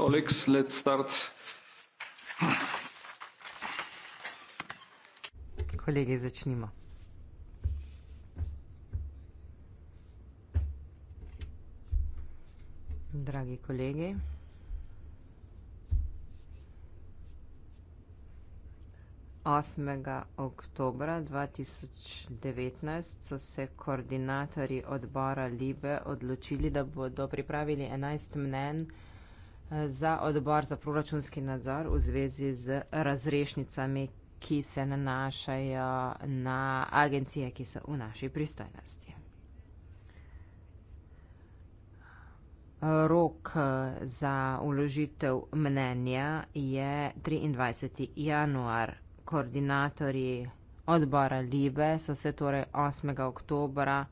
colleagues, let's start. Kolegi, začnimo. Dragi kolegi, Osmega oktobra 2019 so se koordinatorji odbora Libe odločili, da bodo pripravili enajst mnen za odbor za proračunski nadzor v zvezi z razrešnicami, ki se nanašajo na agencije, ki so v naši pristojnosti. Rok za vložitev mnenja je 23. januar. Koordinatorji odbora Libe so se torej 8. oktobra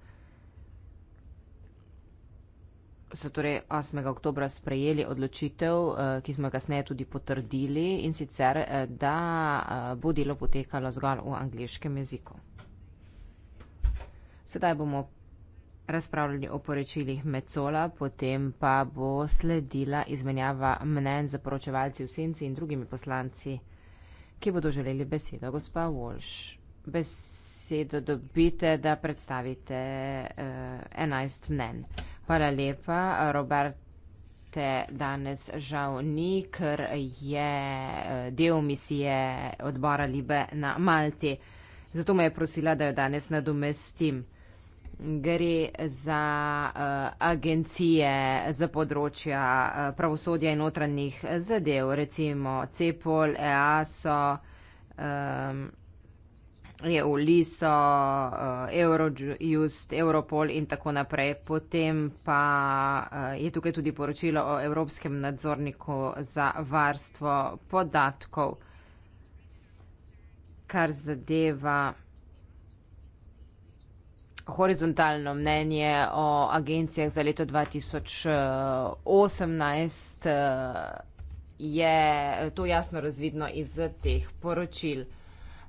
so torej 8. oktobra sprejeli odločitev, eh, ki smo jo kasneje tudi potrdili in sicer, eh, da eh, bo delo potekalo zgolj v angliškem jeziku. Sedaj bomo razpravljali o poročilih Mecola, potem pa bo sledila izmenjava mnen za poročevalci v Senci in drugimi poslanci, ki bodo želeli besedo. Gospa Walsh, besedo dobite, da predstavite 11 mnen. Hvala lepa, Robert te danes žal ni, ker je eh, del misije odbora Libe na Malti. Zato me je prosila, da jo danes nadomestim. Gre za uh, agencije za področja uh, pravosodja in notranjih zadev, recimo CEPOL, EASO, um, je v Liso, eh, Eurojust, Europol in tako naprej. Potem pa eh, je tukaj tudi poročilo o Evropskem nadzorniku za varstvo podatkov, kar zadeva horizontalno mnenje o agencijah za leto 2018. Eh, je to jasno razvidno iz teh poročil.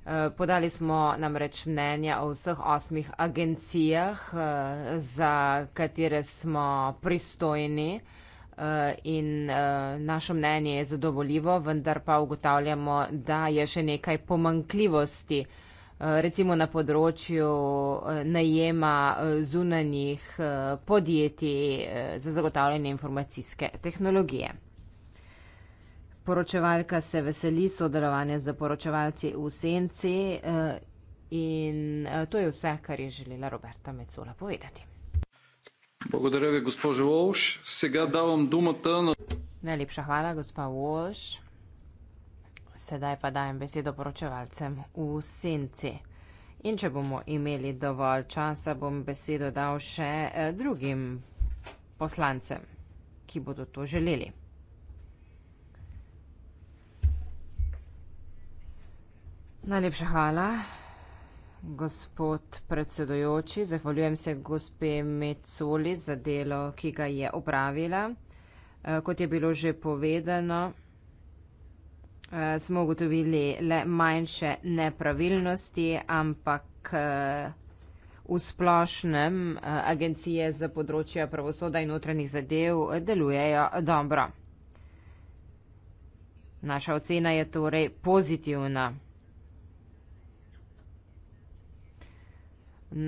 Eh, podali smo namreč mnenja o vseh osmih agencijah, eh, za katere smo pristojni eh, in naše mnenje je zadovoljivo, vendar pa ugotavljamo, da je še nekaj pomankljivosti, recimo na področju najema zunanjih podjetij za zagotavljanje informacijske tehnologije. Poročevalka se veseli sodelovanja z poročevalci v Senci eh, in eh, to je vse, kar je želela Roberta Mecola povedati. Благодаря ви, госпожо Волш. Сега давам думата на... Najlepša hvala, gospa Волш. Sedaj pa dajem besedo poročevalcem v Senci. In če bomo imeli dovolj časa, bom besedo dal še eh, drugim poslancem, ki bodo to želeli. Najlepša hvala, gospod predsedojoči. Zahvaljujem se gospe Mecoli za delo, ki ga je opravila. Eh, kot je bilo že povedano, eh, smo ugotovili le manjše nepravilnosti, ampak eh, v splošnem agencije za področje pravosoda in notranjih zadev delujejo dobro. Naša ocena je torej pozitivna.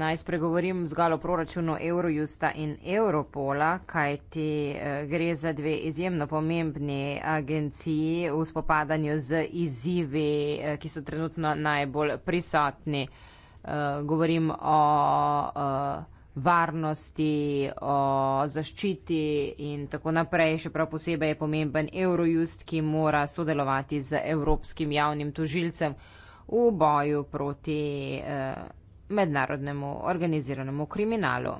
Naj spregovorim zgolj o proračunu Eurojusta in Europola, kajti eh, gre za dve izjemno pomembni agenciji v spopadanju z izzivi, eh, ki so trenutno najbolj prisotni. Eh, govorim o varnosti, o zaščiti in tako naprej. Še prav posebej je pomemben Eurojust, ki mora sodelovati z Evropskim javnim tožilcem v boju proti mednarodnemu organiziranemu kriminalu.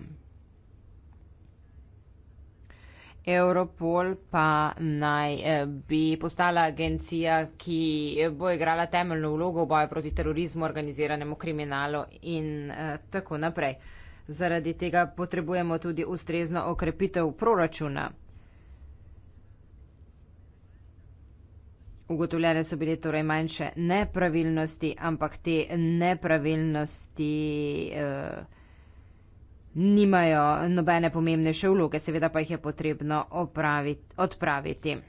Europol pa naj eh, bi postala agencija, ki bo igrala temeljno vlogo v boju proti terorizmu, organiziranemu kriminalu in eh, tako naprej. Zaradi tega potrebujemo tudi ustrezno okrepitev proračuna. Ugotovljene so bile torej manjše nepravilnosti, ampak te nepravilnosti eh, nimajo nobene pomembnejše vloge, seveda pa jih je potrebno opraviti, odpraviti. Eh,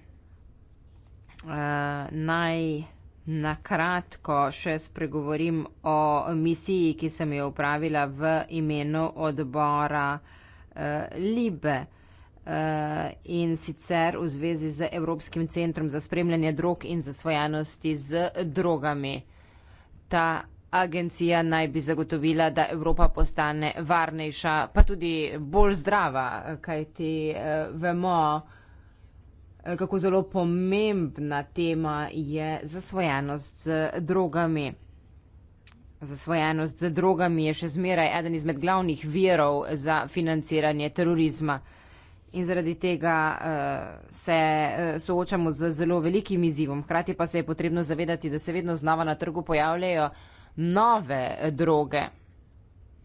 naj na kratko še spregovorim o misiji, ki sem jo upravila v imenu odbora eh, Libe. Eh, in sicer v zvezi z Evropskim centrom za spremljanje drog in zasvojanosti z drogami. Ta agencija naj bi zagotovila, da Evropa postane varnejša, pa tudi bolj zdrava, kajti eh, vemo, eh, kako zelo pomembna tema je zasvojanost z drogami. Zasvojenost z drogami je še zmeraj eden izmed glavnih virov za financiranje terorizma in zaradi tega uh, se uh, soočamo z zelo velikim izzivom. Hkrati pa se je potrebno zavedati, da se vedno znova na trgu pojavljajo nove uh, droge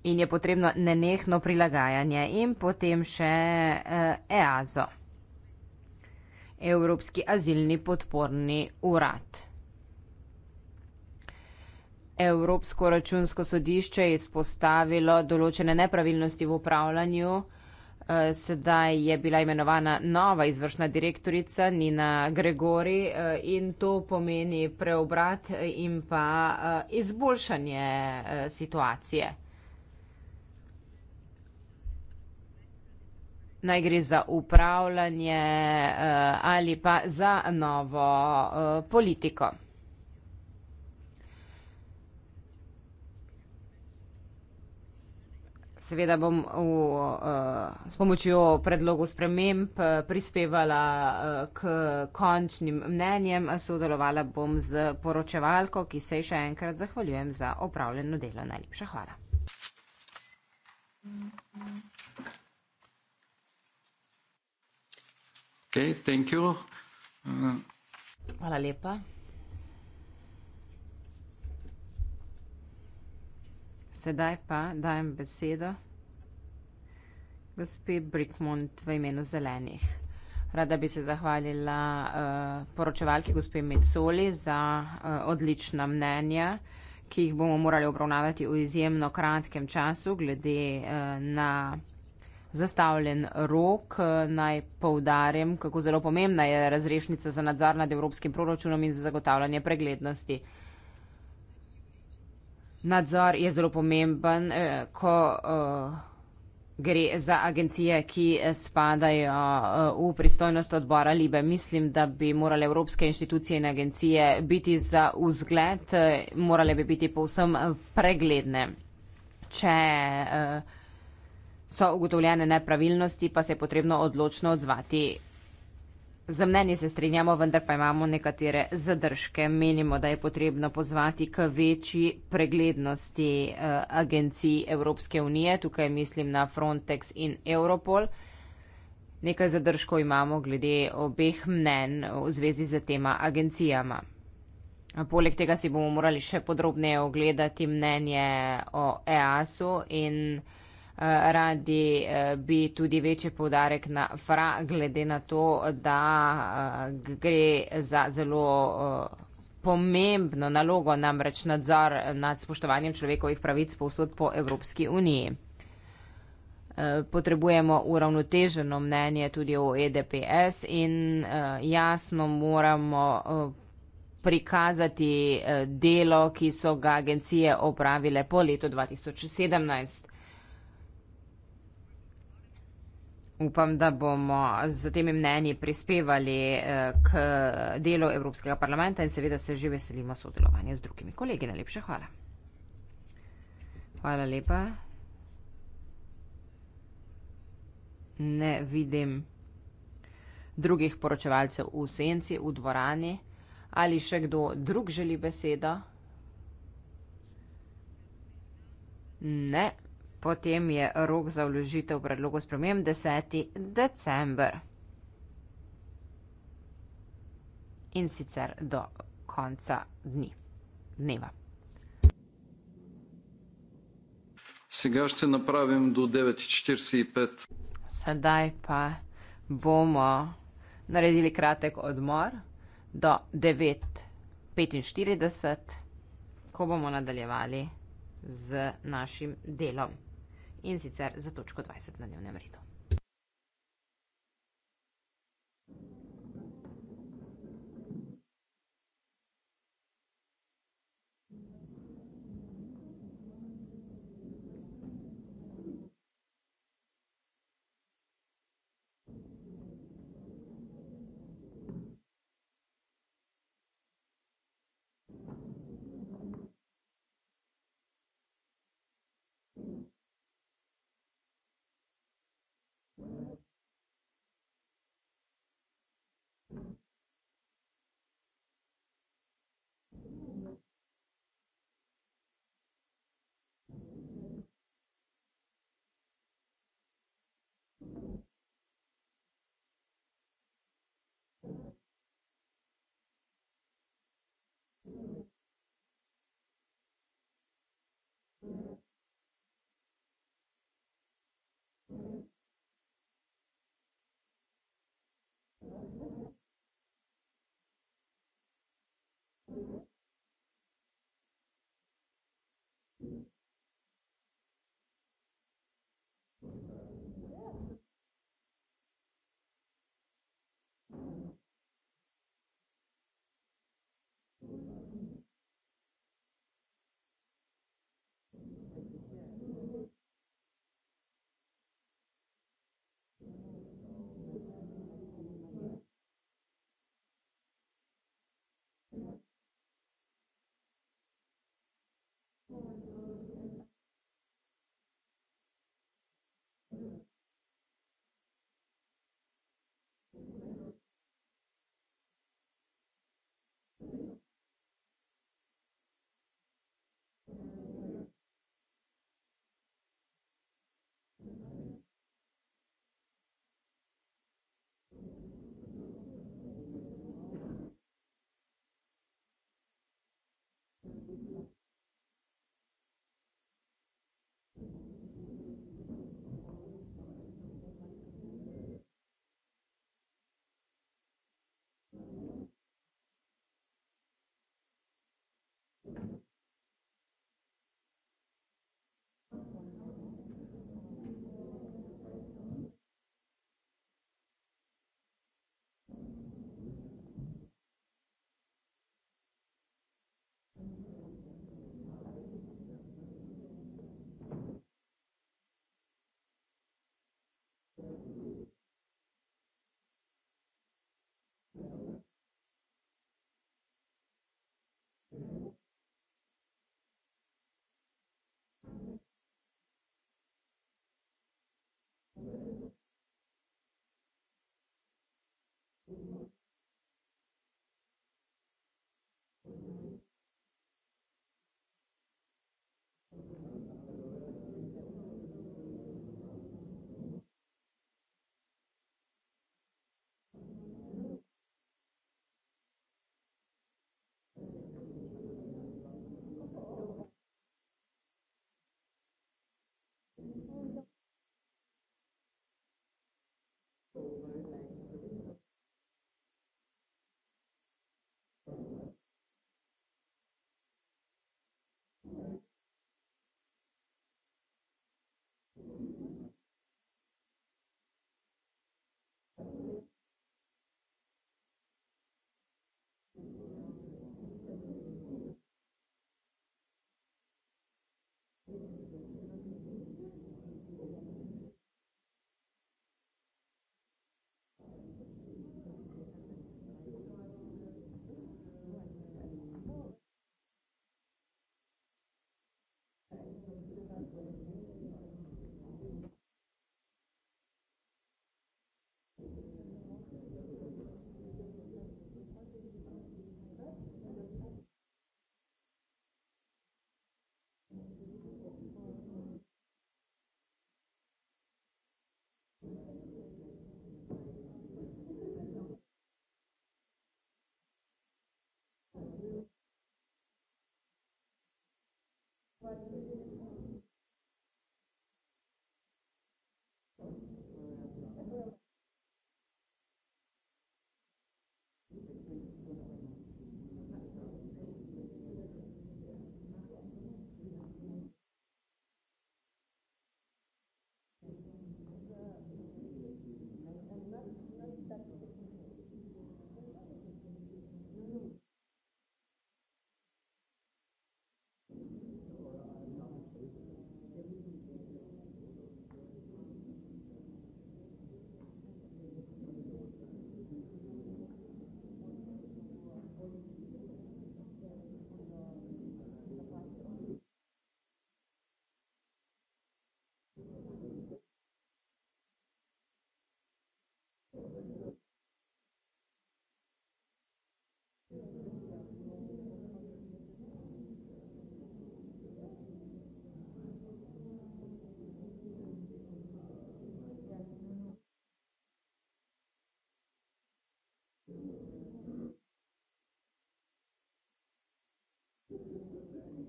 in je potrebno nenehno prilagajanje in potem še uh, EASO, Evropski azilni podporni urad. Evropsko računsko sodišče je izpostavilo določene nepravilnosti v upravljanju Eh, sedaj je bila imenovana nova izvršna direktorica Nina Gregori eh, in to pomeni preobrat eh, in pa izboljšanje situacije. Naj gre za upravljanje ali pa za novo politiko. seveda bom v, uh, s pomočjo predlogu sprememb eh, prispevala uh, k končnim mnenjem. Sodelovala bom z poročevalko, ki se ji še enkrat zahvaljujem za opravljeno delo. Najlepša hvala. Okay, uh. Hvala lepa. Sedaj pa dajem besedo gospe Brickmont v imenu zelenih. Rada bi se zahvalila uh, poročevalki gospe Mecoli za uh, odlična mnenja, ki jih bomo morali obravnavati v izjemno kratkem času glede uh, na zastavljen rok. Naj povdarim, kako zelo pomembna je razrešnica za nadzor nad evropskim proračunom in za zagotavljanje preglednosti. Nadzor je zelo pomemben, eh, ko eh, gre za agencije, ki eh, spadajo v pristojnost odbora Libe. Mislim, da bi morale evropske inštitucije in agencije biti za vzgled, morale bi biti povsem pregledne. Če so ugotovljene nepravilnosti, pa se je potrebno odločno odzvati. Za mnenje se strinjamo, vendar pa imamo nekatere zadržke. Menimo, da je potrebno pozvati k večji preglednosti eh, agencij Evropske unije. Tukaj mislim na Frontex in Europol. Nekaj zadržkov imamo glede obeh mnen v zvezi z tema agencijama. Poleg tega si bomo morali še podrobneje ogledati mnenje o EAS-u in radi eh, bi tudi večji povdarek na fra, glede na to, da eh, gre za zelo eh, pomembno nalogo, namreč nadzor nad spoštovanjem človekovih pravic povsod po Evropski uniji. Potrebujemo uravnoteženo mnenje tudi o EDPS in jasno moramo prikazati delo, ki so ga agencije opravile po letu 2017. Upam, da bomo z temi mnenji prispevali eh, k delu Evropskega parlamenta in seveda se že veselimo sodelovanja z drugimi kolegi. Najlepša hvala. Hvala lepa. Ne vidim drugih poročevalcev v senci, v dvorani. Ali še kdo drug želi besedo? Ne. Potem je rok za vložitev predlogov sprememb 10. december. In sicer do konca dni, dneva. Sega še napravim do 9.45. Sedaj pa bomo naredili kratek odmor do 9.45, ko bomo nadaljevali z našim delom in sicer za točko 20 na dnevnem redu.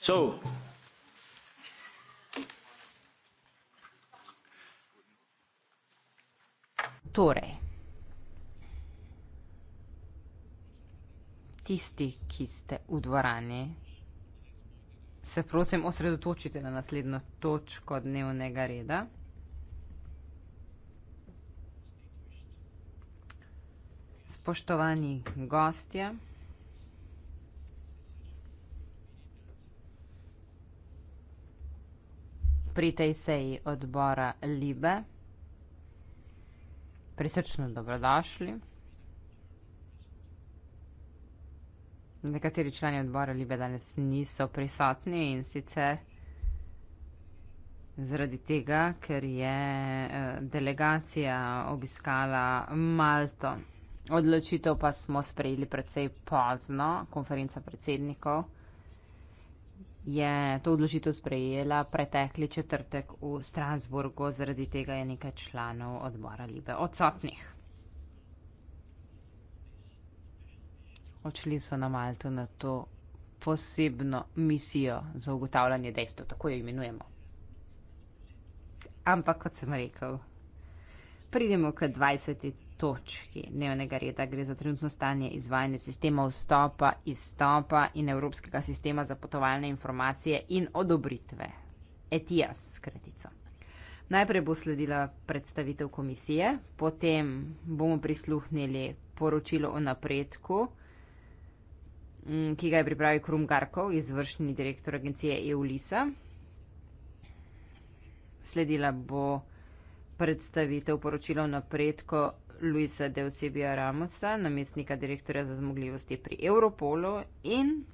so torej tisti, ki ste v dvorani, se prosim osredotočite na naslednjo točko dnevnega reda. Spoštovani gostje. pri tej seji odbora Libe. Prisrčno dobrodošli. Nekateri člani odbora Libe danes niso prisotni, in sicer zaradi tega, ker je eh, delegacija obiskala Malto. Odločitev pa smo sprejeli precej pozno, konferenca predsednikov je to odložitev sprejela pretekli četrtek v Strasburgu, zaradi tega je nekaj članov odbora Libe odsotnih. Odšli so na Malto na to posebno misijo za ugotavljanje dejstev, tako jo imenujemo. Ampak kot sem rekel, pridemo k dvajseti točki dnevnega reda. Gre za trenutno stanje izvajanja sistema vstopa, izstopa in evropskega sistema za potovalne informacije in odobritve. ETIAS, kratico. Najprej bo sledila predstavitev komisije, potem bomo prisluhnili poročilo o napredku, mm, ki ga je pripravil Krum Garkov, izvršni direktor agencije EULISA. Sledila bo predstavitev poročila o napredku Luisa de Osebija Ramosa, namestnika direktorja za zmogljivosti pri Europolu in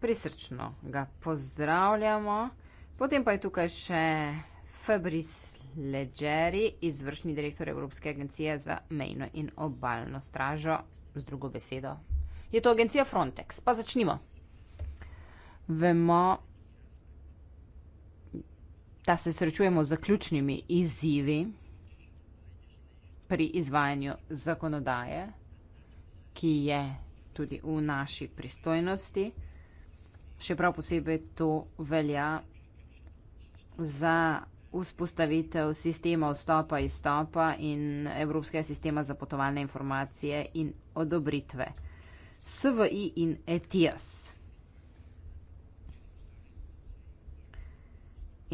prisrčno ga pozdravljamo. Potem pa je tukaj še Fabrice Leggeri, izvršni direktor Evropske agencije za mejno in obaljno stražo. Z drugo besedo. Je to agencija Frontex. Pa začnimo. Vemo, da se srečujemo z ključnimi izzivi pri izvajanju zakonodaje, ki je tudi v naši pristojnosti. Še prav posebej to velja za vzpostavitev sistema vstopa in izstopa in Evropskega sistema za potovalne informacije in odobritve SVI in ETIAS.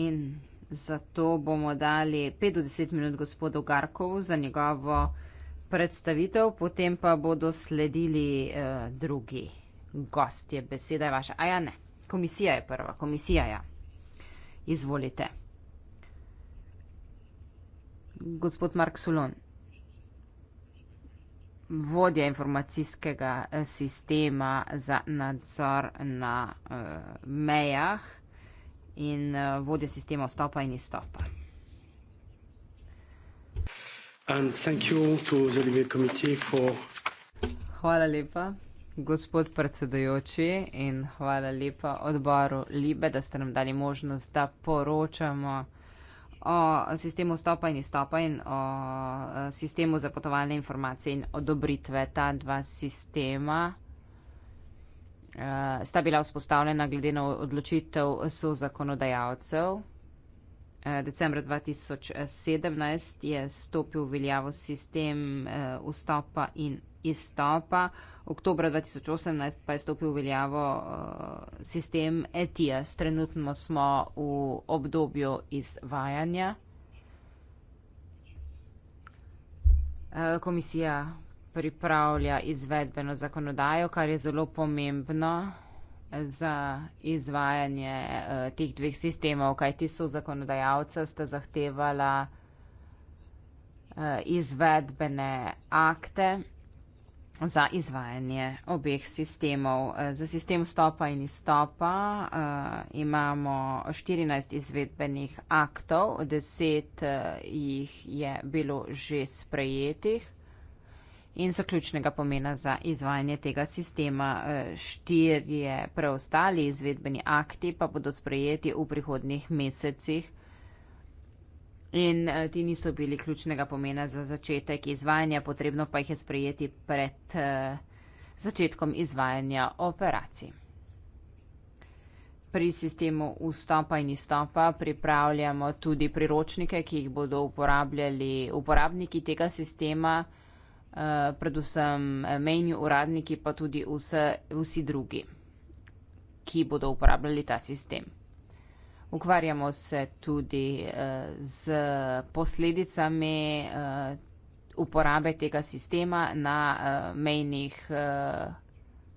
in zato bomo dali 5 do 10 minut gospodu Garkovu za njegovo predstavitev, potem pa bodo sledili eh, drugi gostje. Beseda je vaša. A ja, ne. Komisija je prva. Komisija je. Ja. Izvolite. Gospod Mark Sulon, vodja informacijskega eh, sistema za nadzor na eh, mejah in eh, vodja sistema vstopa in izstopa. Hvala lepa, gospod predsedojoči, in hvala lepa odboru Libe, da ste nam dali možnost, da poročamo o sistemu vstopa in izstopa in o eh, sistemu za potovalne informacije in odobritve ta dva sistema. Eh, sta bila vzpostavljena glede na odločitev so zakonodajalcev. Eh, decembra 2017 je stopil v veljavo sistem eh, vstopa in izstopa, oktober 2018 pa je stopil v veljavo sistem ETIAS. Trenutno smo v obdobju izvajanja. Komisija pripravlja izvedbeno zakonodajo, kar je zelo pomembno za izvajanje uh, teh dveh sistemov, kajti so zakonodajalca sta zahtevala uh, izvedbene akte za izvajanje obeh sistemov. Uh, za sistem stopa in izstopa uh, imamo 14 izvedbenih aktov, 10 uh, jih je bilo že sprejetih in so ključnega pomena za izvajanje tega sistema. E, štirje preostali izvedbeni akti pa bodo sprejeti v prihodnih mesecih. In e, ti niso bili ključnega pomena za začetek izvajanja, potrebno pa jih je sprejeti pred e, začetkom izvajanja operacij. Pri sistemu vstopa in izstopa pripravljamo tudi priročnike, ki jih bodo uporabljali uporabniki tega sistema. Eh, predvsem eh, mejni uradniki, pa tudi vse, vsi drugi, ki bodo uporabljali ta sistem. Ukvarjamo se tudi eh, z posledicami uporabe tega sistema na mejnih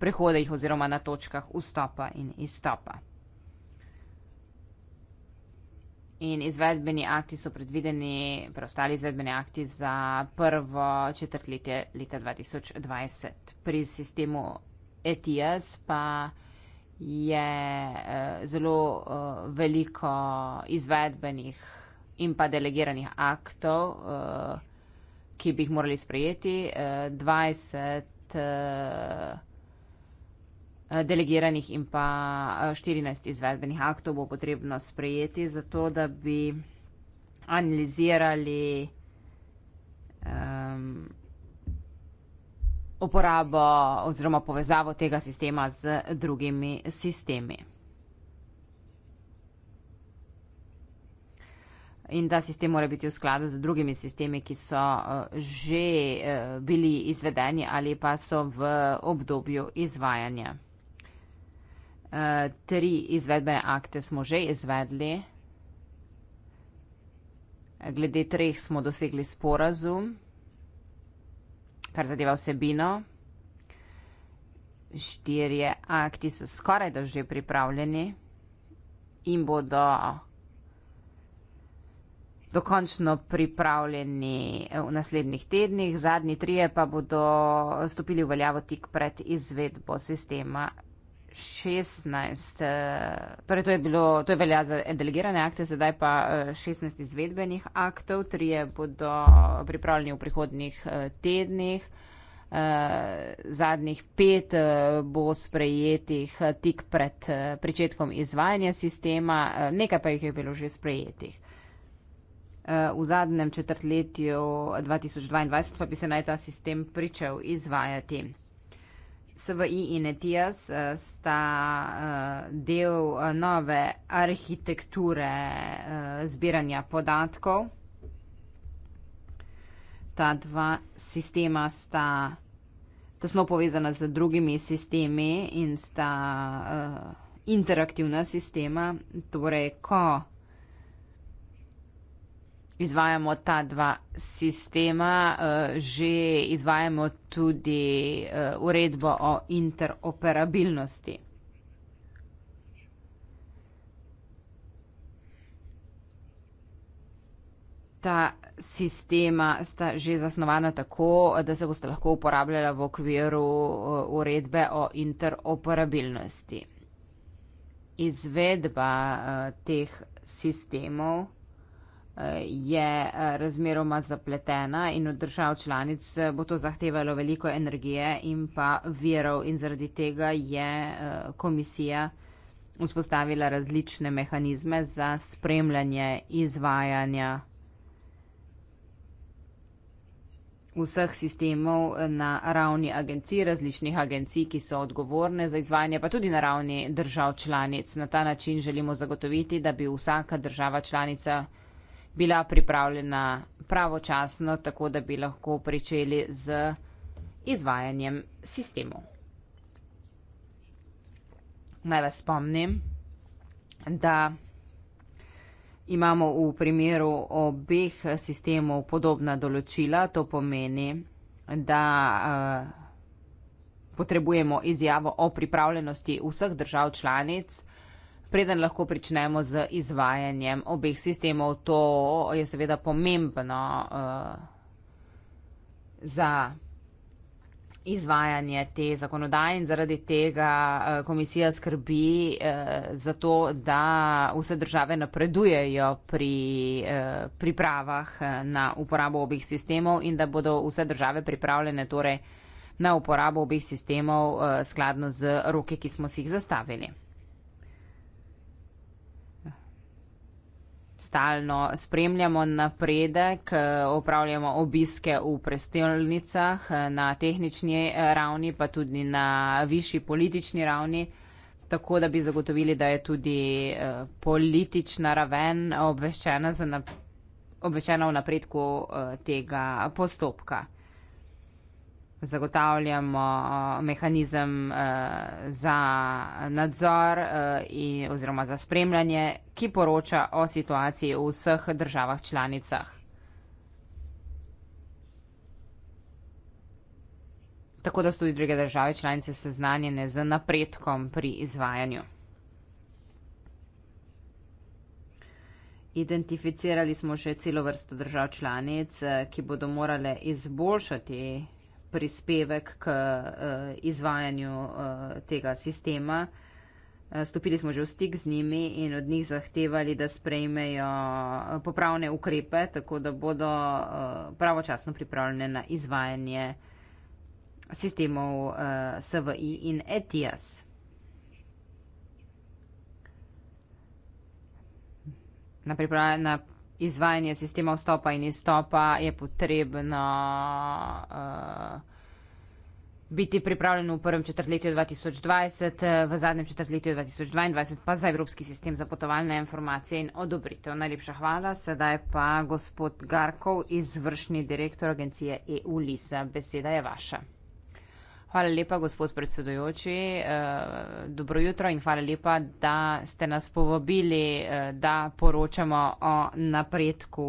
prehodih oziroma na točkah vstopa in izstopa. In izvedbeni akti so predvideni, preostali izvedbeni akti za prvo četrtletje leta 2020. Pri sistemu ETS pa je eh, zelo eh, veliko izvedbenih in pa delegiranih aktov, eh, ki bi jih morali sprejeti. Eh, 20. Eh, Eh, delegiranih in pa 14 eh, izvedbenih aktov bo potrebno sprejeti, zato da bi analizirali um, uporabo oziroma povezavo tega sistema z drugimi sistemi. In ta sistem mora biti v skladu z drugimi sistemi, ki so eh, že bili izvedeni ali pa so v obdobju izvajanja tri izvedbene akte smo že izvedli. Glede treh smo dosegli sporazum, kar zadeva vsebino. Štirje akti so skoraj da že pripravljeni in bodo dokončno pripravljeni v naslednjih tednih, zadnji trije pa bodo stopili v veljavo tik pred izvedbo sistema 16, eh, torej to je bilo, to je velja za delegirane akte, sedaj pa 16 eh, izvedbenih aktov, tri je bodo pripravljeni v prihodnih eh, tednih. Zadnjih pet bo sprejetih tik pred pričetkom izvajanja sistema, nekaj pa jih je bilo že sprejetih. V zadnjem četrtletju 2022 pa bi se naj ta sistem pričel izvajati. SVI in ETIAS eh, sta eh, del eh, nove arhitekture zbiranja podatkov. Ta dva sistema sta tesno povezana z drugimi sistemi in sta interaktivna sistema, torej ko izvajamo ta dva sistema, eh, že izvajamo tudi eh, uredbo o interoperabilnosti. Ta sistema sta že zasnovana tako, da se boste lahko uporabljala v okviru eh, uredbe o interoperabilnosti. Izvedba teh sistemov je eh, razmeroma zapletena in od držav članic eh, bo to zahtevalo veliko energije in pa virov in zaradi tega je eh, komisija vzpostavila različne mehanizme za spremljanje izvajanja vseh sistemov na ravni agencij, različnih agencij, ki so odgovorne za izvajanje, pa tudi na ravni držav članic. Na ta način želimo zagotoviti, da bi vsaka država članica bila pripravljena pravočasno, tako da bi lahko pričeli z izvajanjem sistemov. Naj vas spomnim, da imamo v primeru obeh sistemov podobna določila, to pomeni, da eh, potrebujemo izjavo o pripravljenosti vseh držav članic, preden lahko pričnemo z izvajanjem obeh sistemov. To je seveda pomembno uh, za izvajanje te zakonodaje in zaradi tega uh, komisija skrbi uh, za to, da vse države napredujejo pri uh, pripravah na uporabo obeh sistemov in da bodo vse države pripravljene torej na uporabo obeh sistemov uh, skladno z roke, ki smo si jih zastavili. stalno spremljamo napredek, upravljamo eh, obiske v prestolnicah eh, na tehnični eh, ravni, pa tudi na višji politični ravni, tako da bi zagotovili, da je tudi politična raven obveščena, nap obveščena v napredku tega postopka zagotavljamo mehanizem e, za nadzor e, oziroma za spremljanje, ki poroča o situaciji v vseh državah članicah. Tako da so tudi druge države članice seznanjene z napredkom pri izvajanju. Identificirali smo še celo vrsto držav članic, e, ki bodo morale izboljšati prispevek k uh, izvajanju uh, tega sistema. Uh, stopili smo že v stik z njimi in od njih zahtevali, da sprejmejo popravne ukrepe, tako da bodo uh, pravočasno pripravljene na izvajanje sistemov uh, SVI in ETIAS. Na, priprave, na izvajanje sistema vstopa in izstopa, je potrebno uh, biti pripravljeno v prvem četrtletju 2020, eh, v zadnjem četrtletju 2022 pa za Evropski sistem za potovalne informacije in odobritev. Najlepša hvala. Sedaj pa gospod Garkov, izvršni direktor agencije EU-LISA. Beseda je vaša. Hvala lepa, gospod predsedujoči. Eh, dobro jutro in hvala lepa, da ste nas povabili, eh, da poročamo o napredku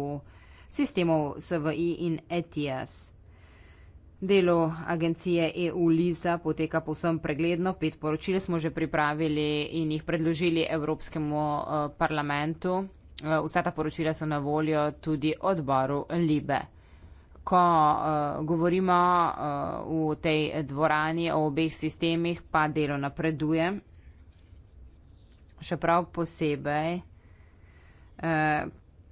sistemov SVI in ETS. Delo agencije EU LISA poteka povsem pregledno. Pet poročil smo že pripravili in jih predložili Evropskemu eh, parlamentu. Vsa ta poročila so na voljo tudi odboru LIBE ko uh, govorimo uh, v tej dvorani o obeh sistemih, pa delo napreduje. Še prav posebej uh,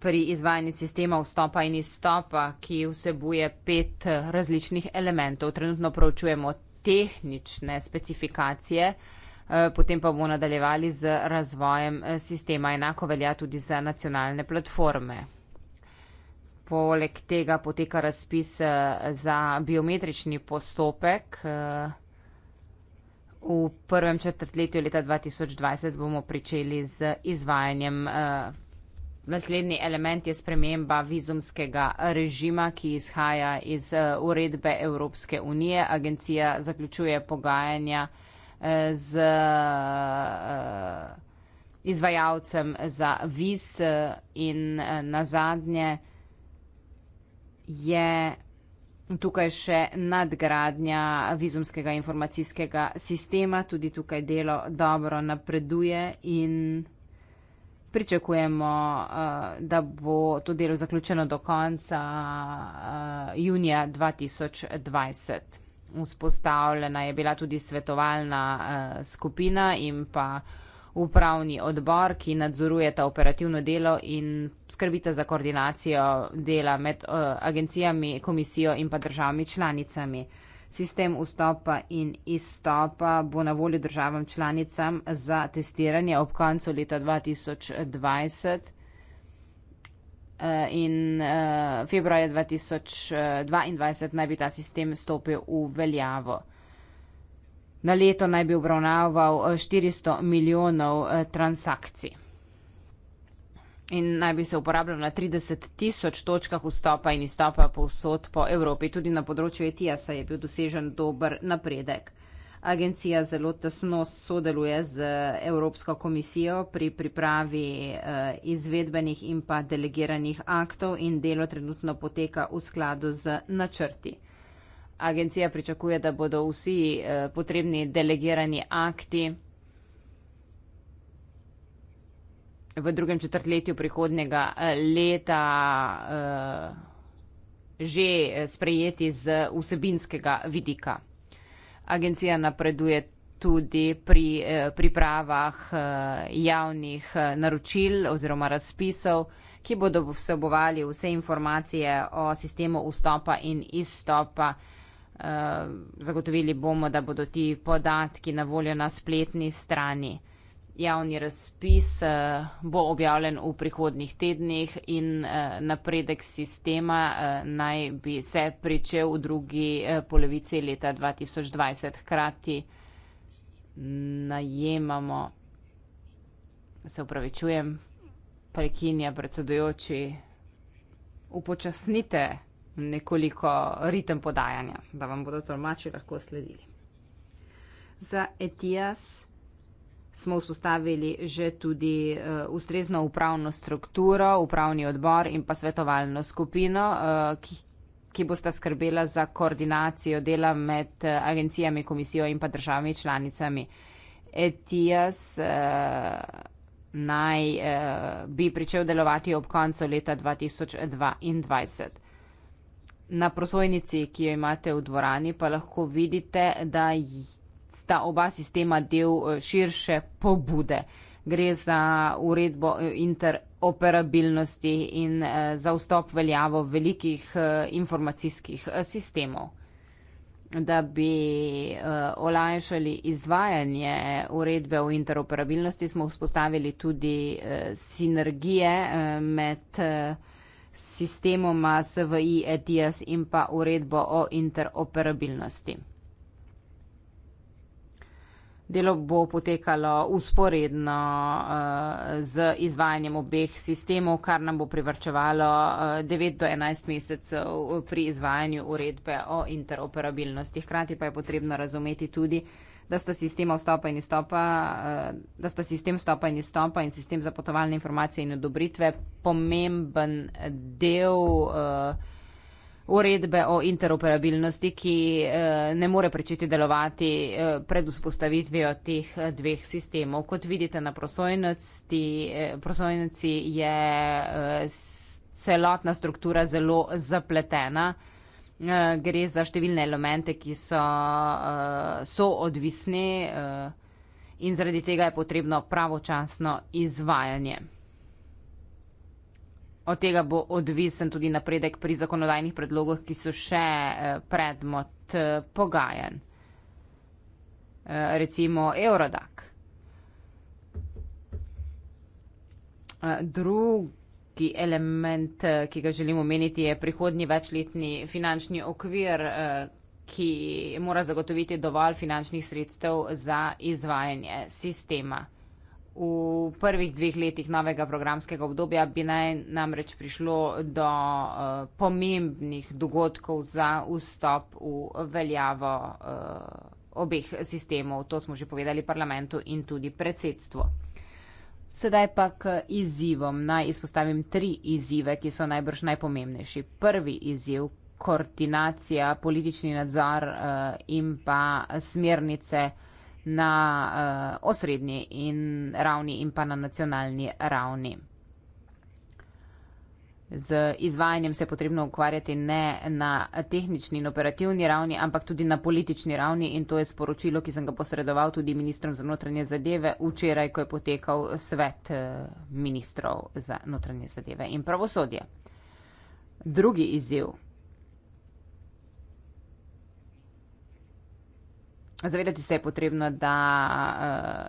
pri izvajanju sistema vstopa in izstopa, ki vsebuje pet različnih elementov. Trenutno proučujemo tehnične specifikacije. Potem pa bomo nadaljevali z razvojem sistema. Enako velja tudi za nacionalne platforme. Poleg tega poteka razpis eh, za biometrični postopek. Eh, v prvem četrtletju leta 2020 bomo pričeli z izvajanjem. Eh, naslednji element je sprememba vizumskega režima, ki izhaja iz uredbe Evropske unije. Agencija zaključuje pogajanja z izvajalcem za viz in na zadnje je tukaj še nadgradnja vizumskega informacijskega sistema, tudi tukaj delo dobro napreduje in pričakujemo, eh, da bo to delo zaključeno do konca eh, junija 2020. Vzpostavljena je bila tudi svetovalna eh, skupina in pa upravni odbor, ki nadzorujeta operativno delo in skrbite za koordinacijo dela med uh, agencijami, komisijo in pa državami članicami. Sistem vstopa in izstopa bo na voljo državam članicam za testiranje ob koncu leta 2020 eh, in eh, februarja 2022 naj bi ta sistem stopil v veljavo. Na leto naj bi obravnaval 400 eh, milijonov eh, transakcij. In naj bi se uporabljal na 30 tisoč točkah vstopa in izstopa povsod po Evropi. Tudi na področju ETS-a je bil dosežen dober napredek. Agencija zelo tesno sodeluje z eh, Evropsko komisijo pri pripravi izvedbenih in pa delegiranih aktov in delo trenutno poteka v skladu z načrti agencija pričakuje, da bodo vsi eh, potrebni delegirani akti v drugem četrtletju prihodnjega eh, leta eh, že sprejeti z vsebinskega vidika. Agencija napreduje tudi pri pripravah javnih naročil oziroma razpisov, ki bodo vsebovali vse informacije o sistemu vstopa in izstopa zagotovili bomo, da bodo ti podatki na voljo na spletni strani. Javni razpis eh, bo objavljen v prihodnih tednih in eh, napredek sistema eh, naj bi se pričel v drugi polovici leta 2020. Hkrati najemamo, se upravičujem, prekinja predsedujoči, upočasnite nekoliko ritem podajanja, da vam bodo tolmači lahko sledili. Za ETIAS smo vzpostavili že tudi uh, ustrezno upravno strukturo, upravni odbor in pa svetovalno skupino, uh, ki ki bosta skrbela za koordinacijo dela med eh, agencijami, komisijo in pa državami članicami. ETIAS eh, naj eh, bi pričel delovati ob koncu leta 2022 na prosojnici, ki jo imate v dvorani, pa lahko vidite, da sta oba sistema del eh, širše pobude. Gre za uredbo eh, interoperabilnosti in eh, za vstop veljavo velikih informacijskih sistemov. Da bi olajšali izvajanje uredbe o interoperabilnosti, smo vzpostavili tudi sinergije med s sistemoma SVI ETS in pa uredbo o interoperabilnosti. Delo bo potekalo usporedno eh, z izvajanjem obeh sistemov, kar nam bo privrčevalo 9 eh, do 11 mesecev pri izvajanju uredbe o interoperabilnosti. Hkrati pa je potrebno razumeti tudi, da sta sistema vstopa in izstopa, eh, da sta sistem vstopa in izstopa in sistem za potovalne informacije in odobritve pomemben del eh, uredbe o interoperabilnosti, ki eh, ne more prečiti delovati pred vzpostavitvijo teh dveh sistemov. Kot vidite na prosojnici je celotna struktura zelo zapletena. Eh, gre za številne elemente, ki so, eh, so odvisni eh, in zaradi tega je potrebno pravočasno izvajanje. Od tega bo odvisen tudi napredek pri zakonodajnih predlogih, ki so še predmot pogajen. Recimo Eurodak. Drug, Ki element, eh, ki ga želim omeniti, je prihodnji večletni finančni okvir, eh, ki mora zagotoviti dovolj finančnih sredstev za izvajanje sistema. V prvih dveh letih novega programskega obdobja bi naj namreč prišlo do eh, pomembnih dogodkov za vstop v veljavo obeh sistemov. To smo že povedali parlamentu in tudi predsedstvu. Sedaj pa k izzivom. Naj izpostavim tri izzive, ki so najbrž najpomembnejši. Prvi izziv - koordinacija, politični nadzor eh, in pa smernice na eh, osrednji in ravni in pa na nacionalni ravni z izvajanjem se potrebno ukvarjati ne na tehnični in operativni ravni, ampak tudi na politični ravni in to je sporočilo, ki sem ga posredoval tudi ministrom za notranje zadeve včeraj, ko je potekal svet eh, ministrov za notranje zadeve in pravosodje. Drugi izziv. Zavedati se je potrebno, da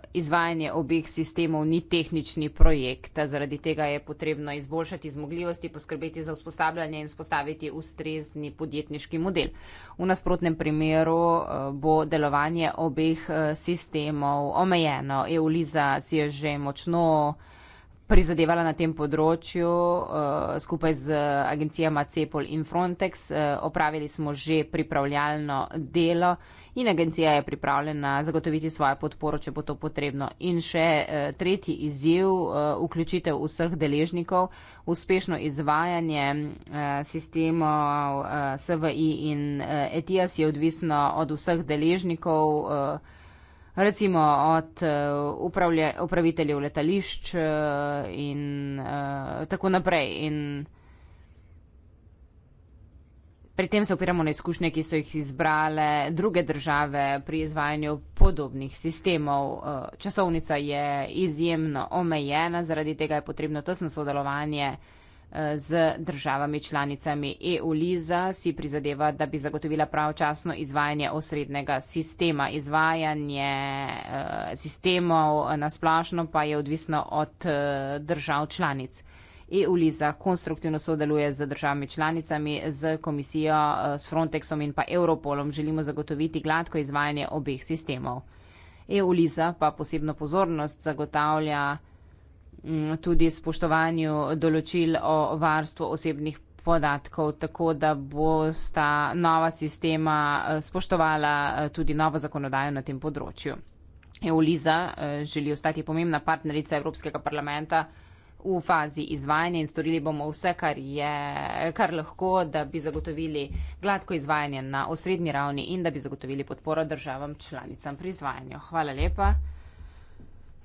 eh, izvajanje obeh sistemov ni tehnični projekt. Zaradi tega je potrebno izboljšati zmogljivosti, poskrbeti za usposabljanje in spostaviti ustrezni podjetniški model. V nasprotnem primeru eh, bo delovanje obeh eh, sistemov omejeno. EULIZA si je že močno prizadevala na tem področju skupaj z agencijama CEPOL in Frontex. Opravili smo že pripravljalno delo in agencija je pripravljena zagotoviti svojo podporo, če bo to potrebno. In še eh, tretji izziv, eh, vključitev vseh deležnikov, uspešno izvajanje eh, sistemov SVI in ETIAS e je odvisno od vseh deležnikov. Recimo od upravlja, upraviteljev letališč in uh, tako naprej. In, uh, Pri tem se opiramo na izkušnje, ki so jih izbrale druge države pri izvajanju podobnih sistemov. Eh, časovnica je izjemno omejena, zaradi tega je potrebno tesno sodelovanje eh, z državami članicami EU-LIZA. Si prizadeva, da bi zagotovila pravočasno izvajanje osrednjega sistema. Izvajanje eh, sistemov nasplašno pa je odvisno od držav članic. EU Liza konstruktivno sodeluje z državami članicami, z komisijo, eh, s Frontexom in pa Europolom, želimo zagotoviti gladko izvajanje obeh sistemov. EU Liza pa posebno pozornost zagotavlja mm, tudi spoštovanju določil o varstvu osebnih podatkov, tako da bo sta nova sistema eh, spoštovala eh, tudi novo zakonodajo na tem področju. EU Liza želi ostati pomembna partnerica Evropskega parlamenta v fazi izvajanja in storili bomo vse, kar je, kar lahko, da bi zagotovili gladko izvajanje na osrednji ravni in da bi zagotovili podporo državam članicam pri izvajanju. Hvala lepa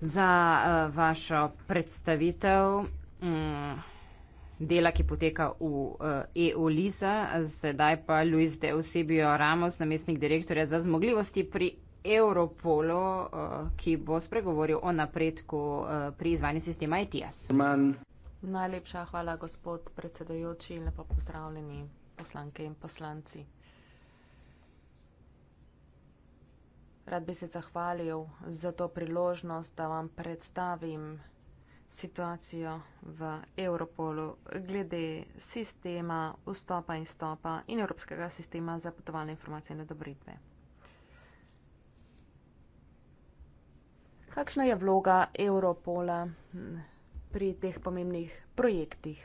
za uh, vašo predstavitev um, dela, ki poteka v uh, eh, EU-LISA. Zdaj pa Luis de Osebio Ramos, namestnik direktorja za zmogljivosti pri. Europolu, eh, ki bo spregovoril o napredku eh, pri izvajanju sistema ETS. Najlepša hvala, gospod predsedajoči, in lepo pozdravljeni poslanke in poslanci. Rad bi se zahvalil za to priložnost, da vam predstavim situacijo v Europolu glede sistema vstopa in stopa in Evropskega sistema za potovalne informacije in odobritve. Kakšna je vloga Europola hm, pri teh pomembnih projektih?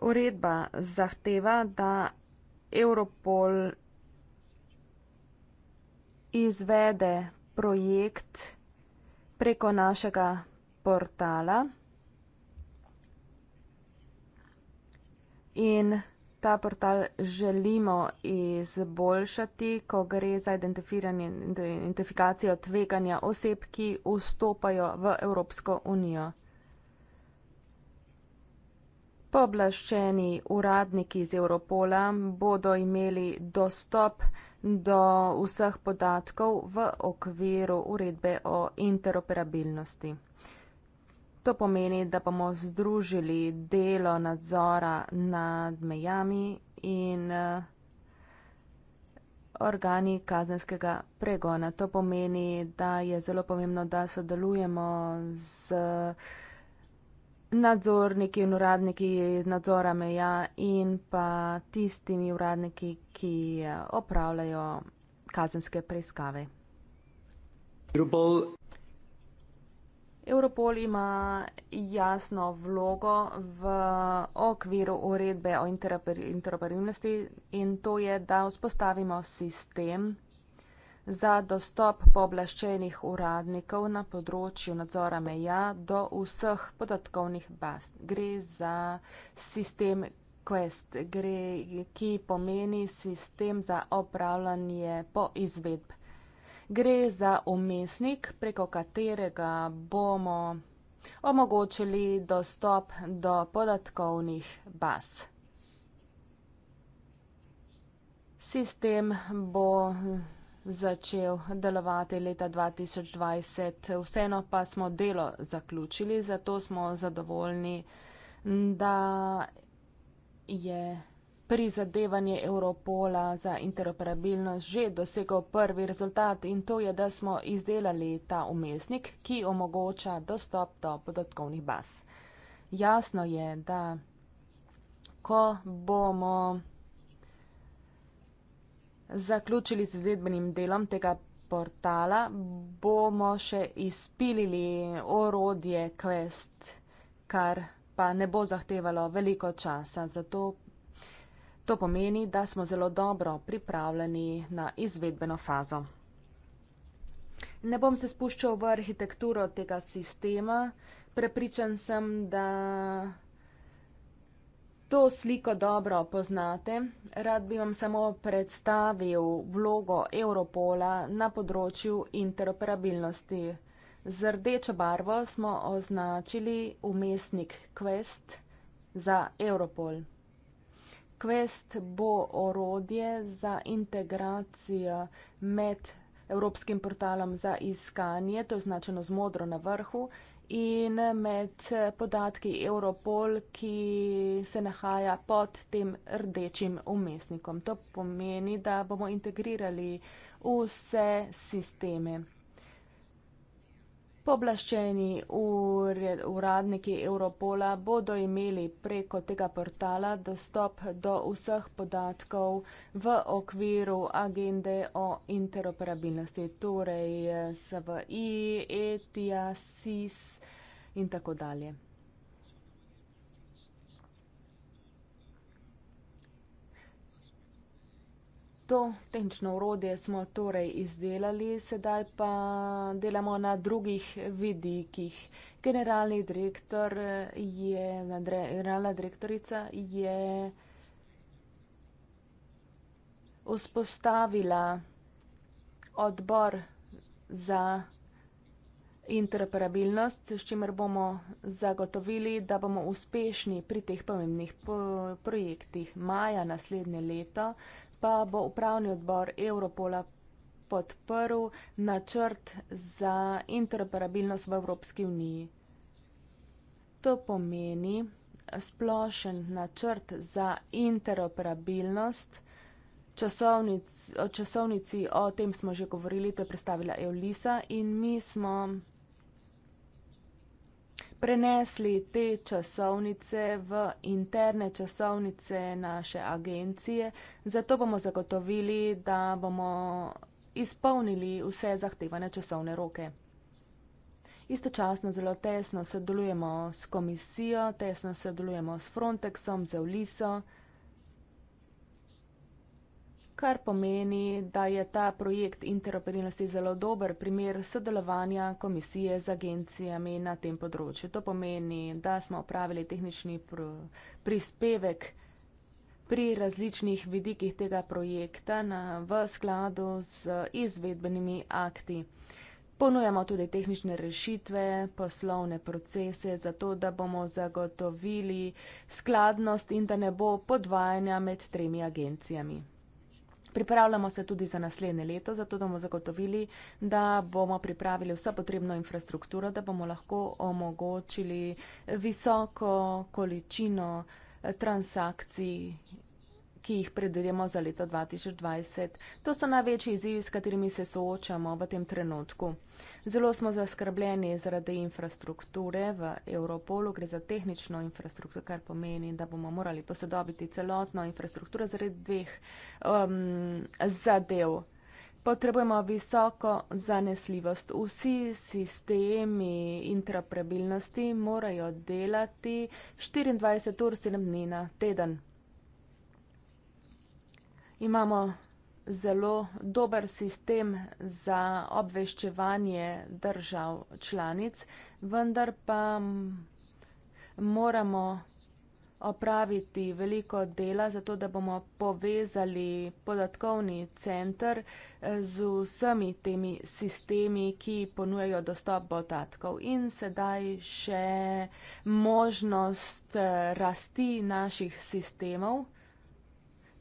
Uredba zahteva, da Europol izvede projekt preko našega portala in ta portal želimo izboljšati, ko gre za identifikacijo, identifikacijo tveganja oseb, ki vstopajo v Evropsko unijo. Poblaščeni uradniki iz Europola bodo imeli dostop do vseh podatkov v okviru uredbe o interoperabilnosti. To pomeni, da bomo združili delo nadzora nad mejami in eh, organi kazenskega pregona. To pomeni, da je zelo pomembno, da sodelujemo z nadzorniki in uradniki nadzora meja in pa tistimi uradniki, ki eh, opravljajo kazenske preiskave. Drubol. Europol ima jasno vlogo v okviru uredbe o interoperabilnosti in to je, da vzpostavimo sistem za dostop pooblaščenih uradnikov na področju nadzora meja do vseh podatkovnih baz. Gre za sistem Quest, gre, ki pomeni sistem za opravljanje po izvedbi. Gre za omesnik, preko katerega bomo omogočili dostop do podatkovnih baz. Sistem bo začel delovati leta 2020, vseeno pa smo delo zaključili, zato smo zadovoljni, da je prizadevanje Europola za interoperabilnost že dosegel prvi rezultat in to je, da smo izdelali ta umestnik, ki omogoča dostop do podatkovnih baz. Jasno je, da ko bomo zaključili z izvedbenim delom tega portala, bomo še izpilili orodje Quest, kar pa ne bo zahtevalo veliko časa, zato To pomeni, da smo zelo dobro pripravljeni na izvedbeno fazo. Ne bom se spuščal v arhitekturo tega sistema, prepričan sem, da to sliko dobro poznate. Rad bi vam samo predstavil vlogo Europola na področju interoperabilnosti. Z rdečo barvo smo označili umestnik Quest za Europol. Quest bo orodje za integracijo med Evropskim portalom za iskanje, to je značeno z modro na vrhu, in med podatki Europol, ki se nahaja pod tem rdečim umestnikom. To pomeni, da bomo integrirali vse sisteme. Pooblaščeni uradniki Europola bodo imeli preko tega portala dostop do vseh podatkov v okviru agende o interoperabilnosti, torej SVI, ETIA, SIS in tako dalje. To tehnično urodje smo torej izdelali, sedaj pa delamo na drugih vidikih. Generalni direktor je, generalna direktorica je vzpostavila odbor za interoperabilnost, s čimer bomo zagotovili, da bomo uspešni pri teh pomembnih projektih. Maja naslednje leto pa bo upravni odbor Europola podprl načrt za interoperabilnost v Evropski uniji. To pomeni splošen načrt za interoperabilnost. Časovnic, o časovnici, o tem smo že govorili, to je predstavila Eulisa in mi smo prenesli te časovnice v interne časovnice naše agencije, zato bomo zagotovili, da bomo izpolnili vse zahtevane časovne roke. Istočasno zelo tesno sodelujemo s komisijo, tesno sodelujemo s Frontexom, z Euliso kar pomeni, da je ta projekt interoperabilnosti zelo dober primer sodelovanja komisije z agencijami na tem področju. To pomeni, da smo opravili tehnični prispevek pri različnih vidikih tega projekta na, v skladu z izvedbenimi akti. Ponujamo tudi tehnične rešitve, poslovne procese, zato da bomo zagotovili skladnost in da ne bo podvajanja med tremi agencijami. Pripravljamo se tudi za naslednje leto, zato bomo zagotovili, da bomo pripravili vso potrebno infrastrukturo, da bomo lahko omogočili visoko količino eh, transakcij ki jih predvidimo za leto 2020. To so največji izzivi, s katerimi se soočamo v tem trenutku. Zelo smo zaskrbljeni zaradi infrastrukture v Europolu, gre za tehnično infrastrukturo, kar pomeni, da bomo morali posodobiti celotno infrastrukturo zaradi dveh um, zadev. Potrebujemo visoko zanesljivost. Vsi sistemi interoperabilnosti morajo delati 24 ur 7 dni na teden imamo zelo dober sistem za obveščevanje držav članic, vendar pa moramo opraviti veliko dela, zato da bomo povezali podatkovni center eh, z vsemi temi sistemi, ki ponujajo dostop podatkov in sedaj še možnost eh, rasti naših sistemov.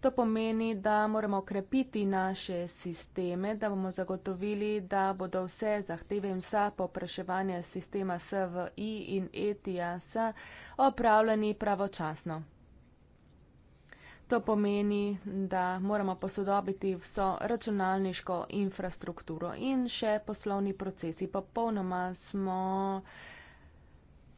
To pomeni, da moramo okrepiti naše sisteme, da bomo zagotovili, da bodo vse zahteve in vsa popraševanja sistema SVI in ETIAS opravljeni pravočasno. To pomeni, da moramo posodobiti vso računalniško infrastrukturo in še poslovni procesi. Popolnoma smo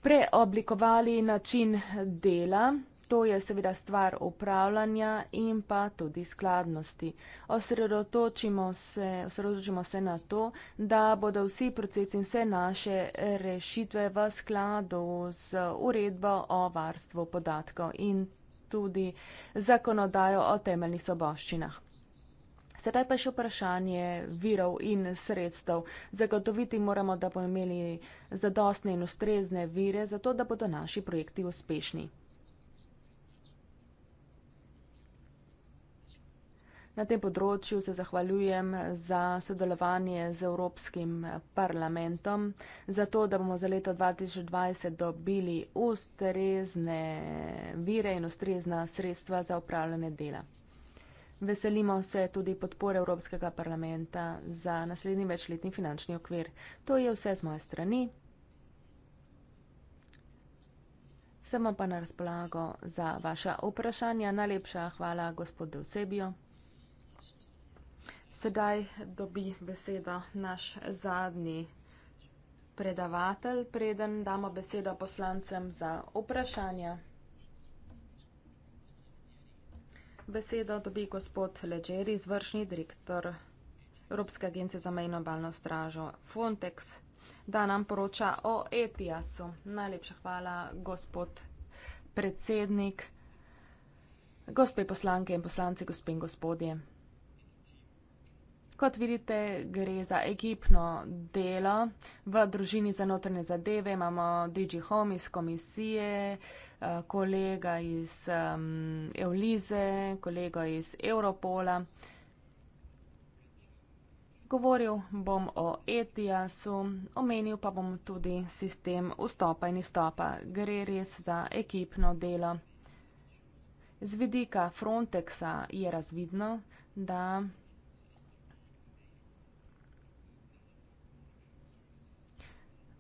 preoblikovali način dela. To je seveda stvar upravljanja in pa tudi skladnosti. Osredotočimo se, osredotočimo se na to, da bodo vsi procesi in vse naše rešitve v skladu z uredbo o varstvu podatkov in tudi zakonodajo o temeljnih soboščinah. Sedaj pa še vprašanje virov in sredstev. Zagotoviti moramo, da bomo imeli zadostne in ustrezne vire, zato da bodo naši projekti uspešni. Na tem področju se zahvaljujem za sodelovanje z Evropskim parlamentom, za to, da bomo za leto 2020 dobili ustrezne vire in ustrezna sredstva za upravljanje dela. Veselimo se tudi podpore Evropskega parlamenta za naslednji večletni finančni okvir. To je vse z moje strani. Sem pa na razpolago za vaša vprašanja. Najlepša hvala gospodu Sebijo. Sedaj dobi besedo naš zadnji predavatelj, preden damo besedo poslancem za vprašanja. Besedo dobi gospod Leđeri, izvršni direktor Evropske agencije za mejno obalno stražo Frontex, da nam poroča o Etiasu. Najlepša hvala, gospod predsednik, gospe poslanke in poslanci, gospe in gospodje. Kot vidite, gre za ekipno delo. V družini za notrne zadeve imamo DJ Home iz komisije, eh, kolega iz Eulize, kolega iz Europola. Govoril bom o ETIAS-u, omenil pa bom tudi sistem vstopa in izstopa. Gre res za ekipno delo. Z vidika Frontexa je razvidno, da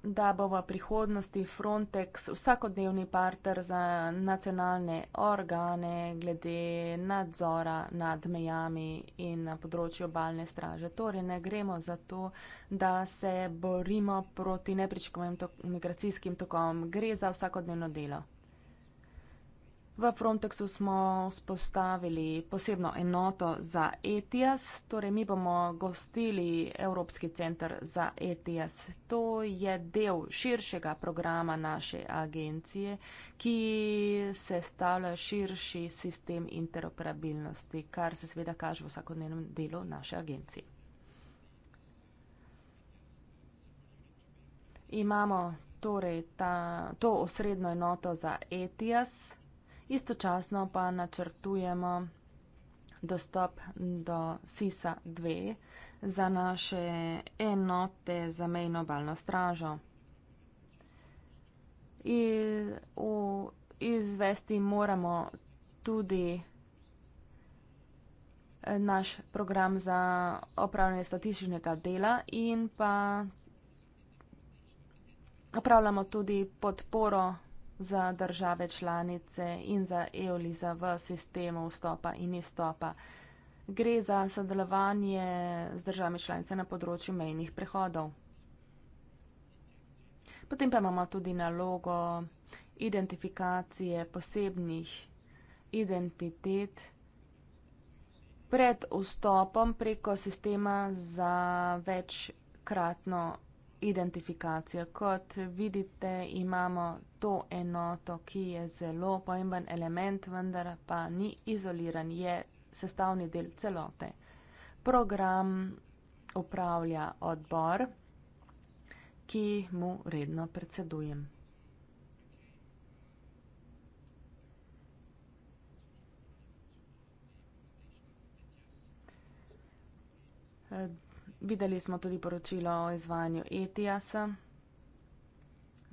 da bo v prihodnosti Frontex vsakodnevni partner za nacionalne organe glede nadzora nad mejami in na področju obalne straže. Torej ne gremo za to, da se borimo proti nepričakovanim to migracijskim tokom. Gre za vsakodnevno delo. V Frontexu smo spostavili posebno enoto za ETS, torej mi bomo gostili Evropski centr za ETS. To je del širšega programa naše agencije, ki se stavlja širši sistem interoperabilnosti, kar se seveda kaže v vsakodnevnem delu naše agencije. Imamo torej ta, to osrednjo enoto za ETS istočasno pa načrtujemo dostop do SISA 2 za naše enote za mejno obalno stražo. Izvesti moramo tudi eh, naš program za opravljanje statističnega dela in pa opravljamo tudi podporo za države članice in za EOLIZA v sistemu vstopa in izstopa. Gre za sodelovanje z državami članice na področju mejnih prehodov. Potem pa imamo tudi nalogo identifikacije posebnih identitet pred vstopom preko sistema za večkratno identifikacijo. Kot vidite, imamo to enoto, ki je zelo pomemben element, vendar pa ni izoliran, je sestavni del celote. Program upravlja odbor, ki mu redno predsedujem. Eh, videli smo tudi poročilo o izvajanju ETIAS-a.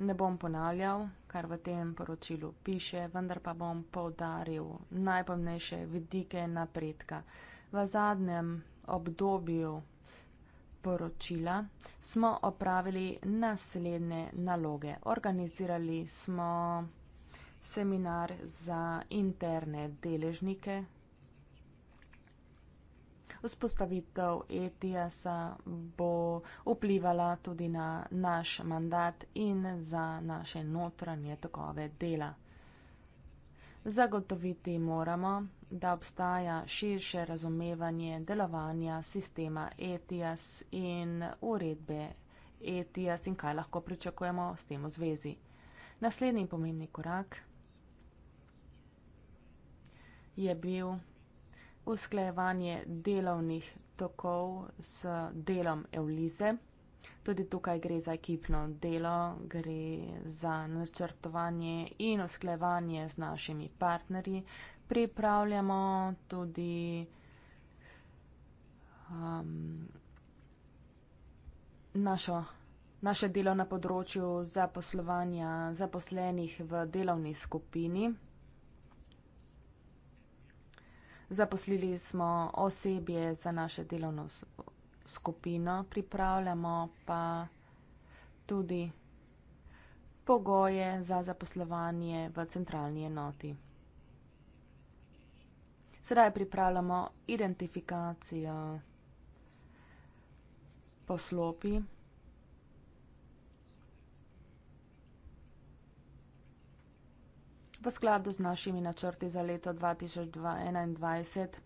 Ne bom ponavljal, kar v tem poročilu piše, vendar pa bom povdaril najpomnejše vidike napredka. V zadnjem obdobju poročila smo opravili naslednje naloge. Organizirali smo seminar za interne deležnike vzpostavitev ETS-a bo vplivala tudi na naš mandat in za naše notranje tokove dela. Zagotoviti moramo, da obstaja širše razumevanje delovanja sistema ETS in uredbe ETS in kaj lahko pričakujemo s tem v zvezi. Naslednji pomembni korak je bil usklajevanje delovnih tokov s delom Eulize. Tudi tukaj gre za ekipno delo, gre za načrtovanje in usklajevanje z našimi partnerji. Pripravljamo tudi um, našo, naše delo na področju zaposlovanja zaposlenih v delovni skupini. Zaposlili smo osebje za naše delovno skupino, pripravljamo pa tudi pogoje za zaposlovanje v centralni enoti. Sedaj pripravljamo identifikacijo poslopi. V skladu z našimi načrti za leto 2021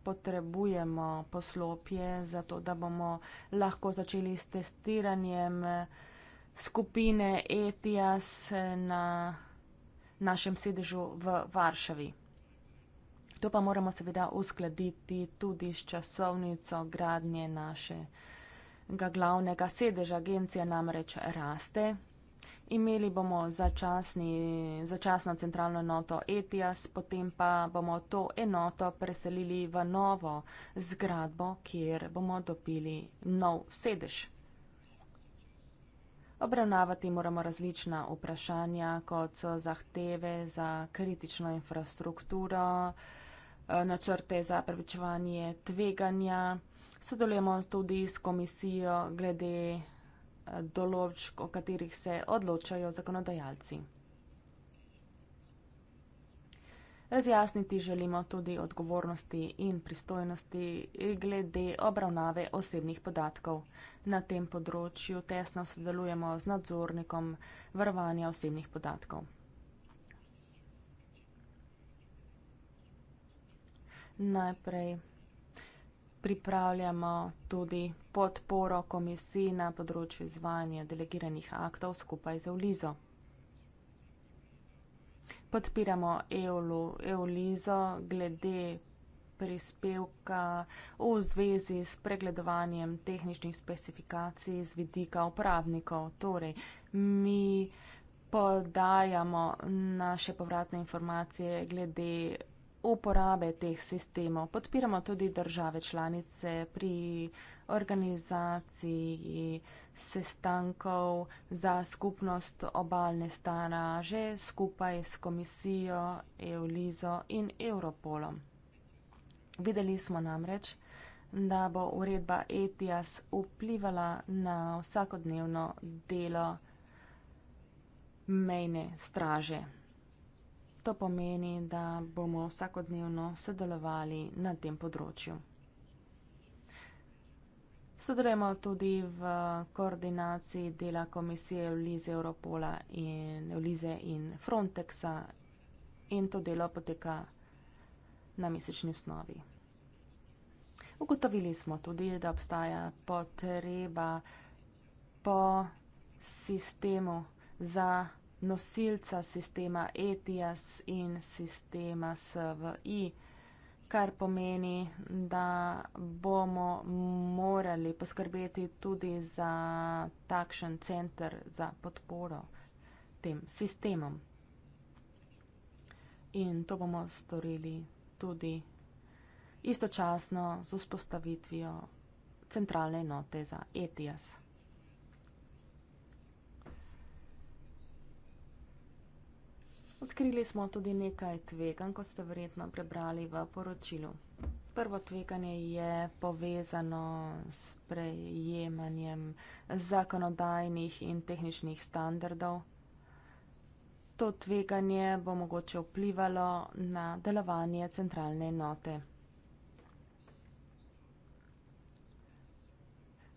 potrebujemo poslopje, zato da bomo lahko začeli s testiranjem skupine ETIAS na našem sedežu v Varšavi. To pa moramo seveda uskladiti tudi s časovnico gradnje našega glavnega sedeža. Agencija namreč raste, Imeli bomo začasni, začasno centralno enoto ETIAS, potem pa bomo to enoto preselili v novo zgradbo, kjer bomo dobili nov sedež. Obravnavati moramo različna vprašanja, kot so zahteve za kritično infrastrukturo, načrte za prevečevanje tveganja. Sodelujemo tudi s komisijo glede določb, o katerih se odločajo zakonodajalci. Razjasniti želimo tudi odgovornosti in pristojnosti glede obravnave osebnih podatkov. Na tem področju tesno sodelujemo z nadzornikom varovanja osebnih podatkov. Najprej pripravljamo tudi podporo komisiji na področju izvajanja delegiranih aktov skupaj z Eulizo. Podpiramo Eulizo glede prispevka v zvezi s pregledovanjem tehničnih specifikacij z vidika uporabnikov. Torej, mi podajamo naše povratne informacije glede uporabe teh sistemov. Podpiramo tudi države članice pri organizaciji sestankov za skupnost obalne staraže skupaj s komisijo EULIZO in Europolom. Videli smo namreč, da bo uredba ETIAS vplivala na vsakodnevno delo mejne straže. To pomeni, da bomo vsakodnevno sodelovali na tem področju. Sodelujemo tudi v koordinaciji dela komisije Elize Europola in Elize in Frontexa in to delo poteka na mesečni osnovi. Ugotovili smo tudi, da obstaja potreba po sistemu za nosilca sistema ETIAS in sistema SVI, kar pomeni, da bomo morali poskrbeti tudi za takšen center za podporo tem sistemom. In to bomo storili tudi istočasno z vzpostavitvijo centralne enote za ETIAS. Odkrili smo tudi nekaj tveganj, kot ste verjetno prebrali v poročilu. Prvo tveganje je povezano s prejemanjem zakonodajnih in tehničnih standardov. To tveganje bo mogoče vplivalo na delovanje centralne enote.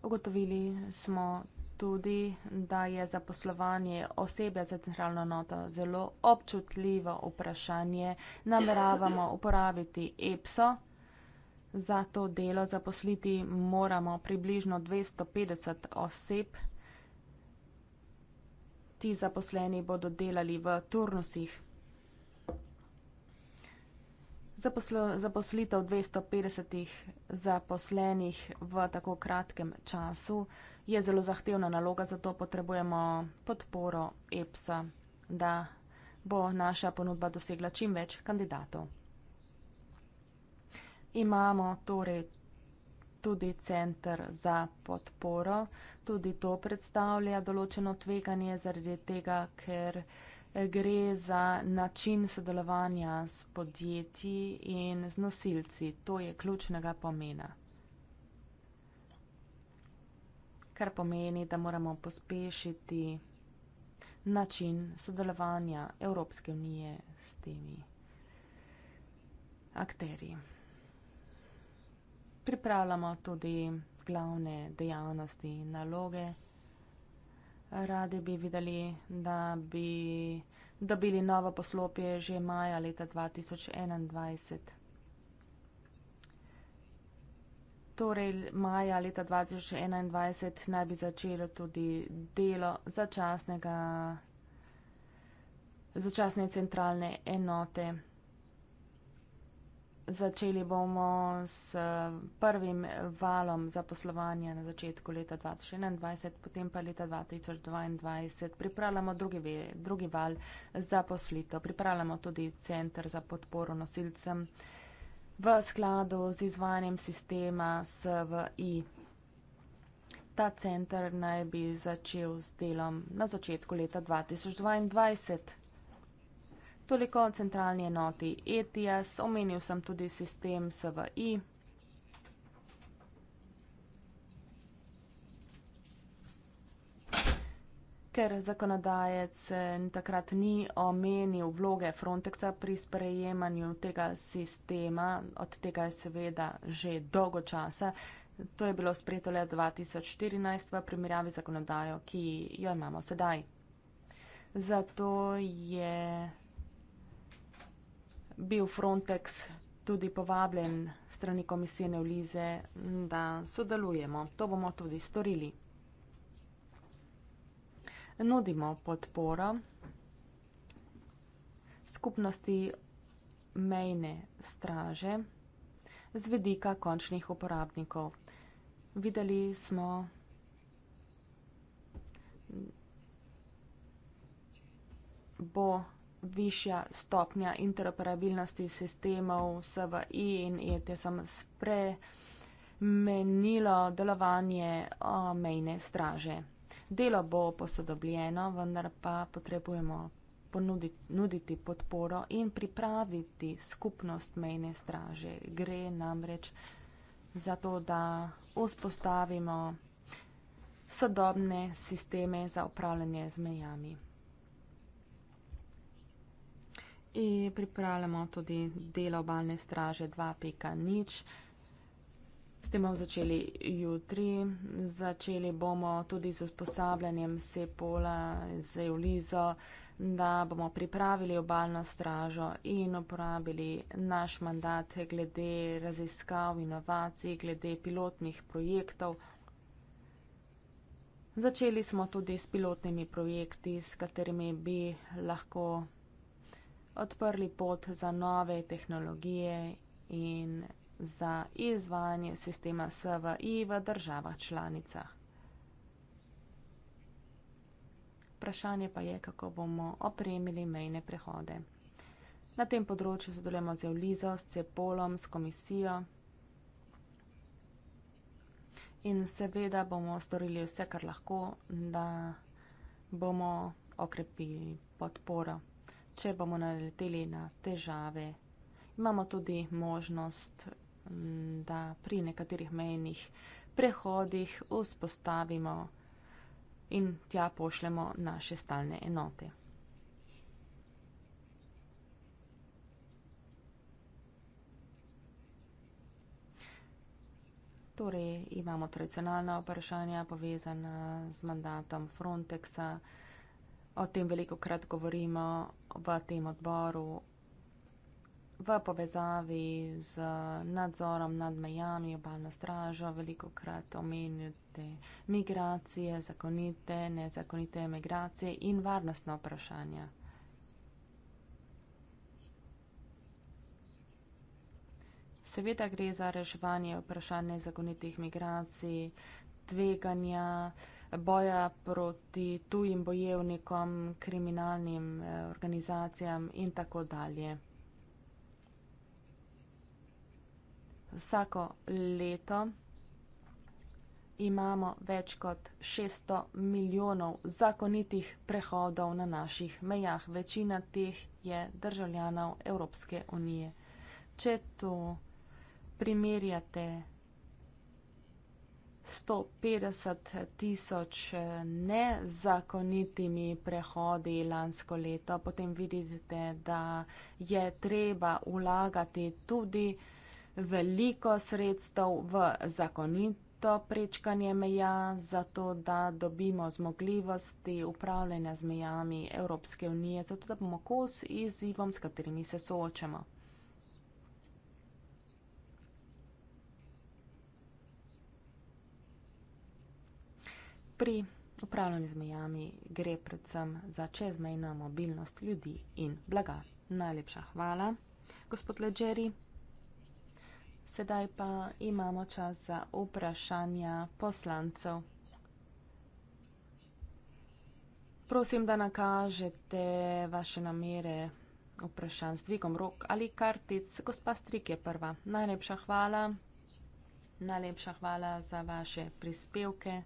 Ugotovili smo tudi, da je zaposlovanje osebja za centralno noto zelo občutljivo vprašanje. Nameravamo uporabiti EPSO. Za to delo zaposliti moramo približno 250 oseb. Ti zaposleni bodo delali v turnusih zaposlo, zaposlitev 250 zaposlenih v tako kratkem času je zelo zahtevna naloga, zato potrebujemo podporo EPSA, da bo naša ponudba dosegla čim več kandidatov. Imamo torej tudi centr za podporo, tudi to predstavlja določeno tveganje zaradi tega, ker gre za način sodelovanja s podjetji in z nosilci. To je ključnega pomena. Kar pomeni, da moramo pospešiti način sodelovanja Evropske unije s temi akterji. Pripravljamo tudi glavne dejavnosti in naloge. Radi bi videli, da bi dobili novo poslopje že maja leta 2021. Torej, maja leta 2021 naj bi začelo tudi delo začasne centralne enote. Začeli bomo s prvim valom zaposlovanja na začetku leta 2021, potem pa leta 2022 pripravljamo drugi, drugi val zaposlitev. Pripravljamo tudi centr za podporo nosilcem v skladu z izvanjem sistema SVI. Ta centr naj bi začel s delom na začetku leta 2022. Toliko o centralni enoti ETS, omenil sem tudi sistem SVI. Ker zakonodajec eh, takrat ni omenil vloge Frontexa pri sprejemanju tega sistema, od tega je seveda že dolgo časa, to je bilo sprejeto le 2014 v primerjavi zakonodajo, ki jo imamo sedaj. Zato je bil Frontex tudi povabljen strani komisije Neolize, da sodelujemo. To bomo tudi storili. Nudimo podporo skupnosti mejne straže z vidika končnih uporabnikov. Videli smo, bo višja stopnja interoperabilnosti sistemov SVI in ETSM spremenilo delovanje mejne straže. Delo bo posodobljeno, vendar pa potrebujemo ponuditi nuditi podporo in pripraviti skupnost mejne straže. Gre namreč za to, da vzpostavimo sodobne sisteme za upravljanje z mejami. in pripravljamo tudi delo obalne straže 2.0. S tem bomo začeli jutri. Začeli bomo tudi z usposabljanjem Sepola z Eulizo, da bomo pripravili obalno stražo in uporabili naš mandat glede raziskav, inovacij, glede pilotnih projektov. Začeli smo tudi s pilotnimi projekti, s katerimi bi lahko odprli pot za nove tehnologije in za izvajanje sistema SVI v državah članicah. Vprašanje pa je, kako bomo opremili mejne prehode. Na tem področju sodelujemo z Eulizo, s Cepolom, s komisijo in seveda bomo storili vse, kar lahko, da bomo okrepili podporo če bomo naleteli na težave. Imamo tudi možnost, mm, da pri nekaterih mejnih prehodih vzpostavimo in tja pošljemo naše stalne enote. Torej imamo tradicionalna vprašanja povezana z mandatom Frontexa. O tem veliko krat govorimo v tem odboru, v povezavi z nadzorom nad mejami, obalna straža, veliko krat omenjate migracije, zakonite, nezakonite migracije in varnostna vprašanja. Seveda gre za reševanje vprašanj nezakonitih migracij, tveganja, boja proti tujim bojevnikom, kriminalnim eh, organizacijam in tako dalje. Vsako leto imamo več kot 600 milijonov zakonitih prehodov na naših mejah. Večina teh je državljanov Evropske unije. Če to primerjate sto petdeset tisoč nezakonitimi prehodi lansko leto, potem vidite, da je treba vlagati tudi veliko sredstev v zakonito prečkanje meja, zato da dobimo zmogljivosti upravljanja z mejami Evropske unije, zato da bomo kos izzivom, s katerimi se soočamo. pri upravljanju z mejami gre predvsem za čezmejna mobilnost ljudi in blaga. Najlepša hvala, gospod Leđeri. Sedaj pa imamo čas za vprašanja poslancev. Prosim, da nakažete vaše namere vprašanj s dvigom rok ali kartic. Gospa Strik je prva. Najlepša hvala. Najlepša hvala za vaše prispevke.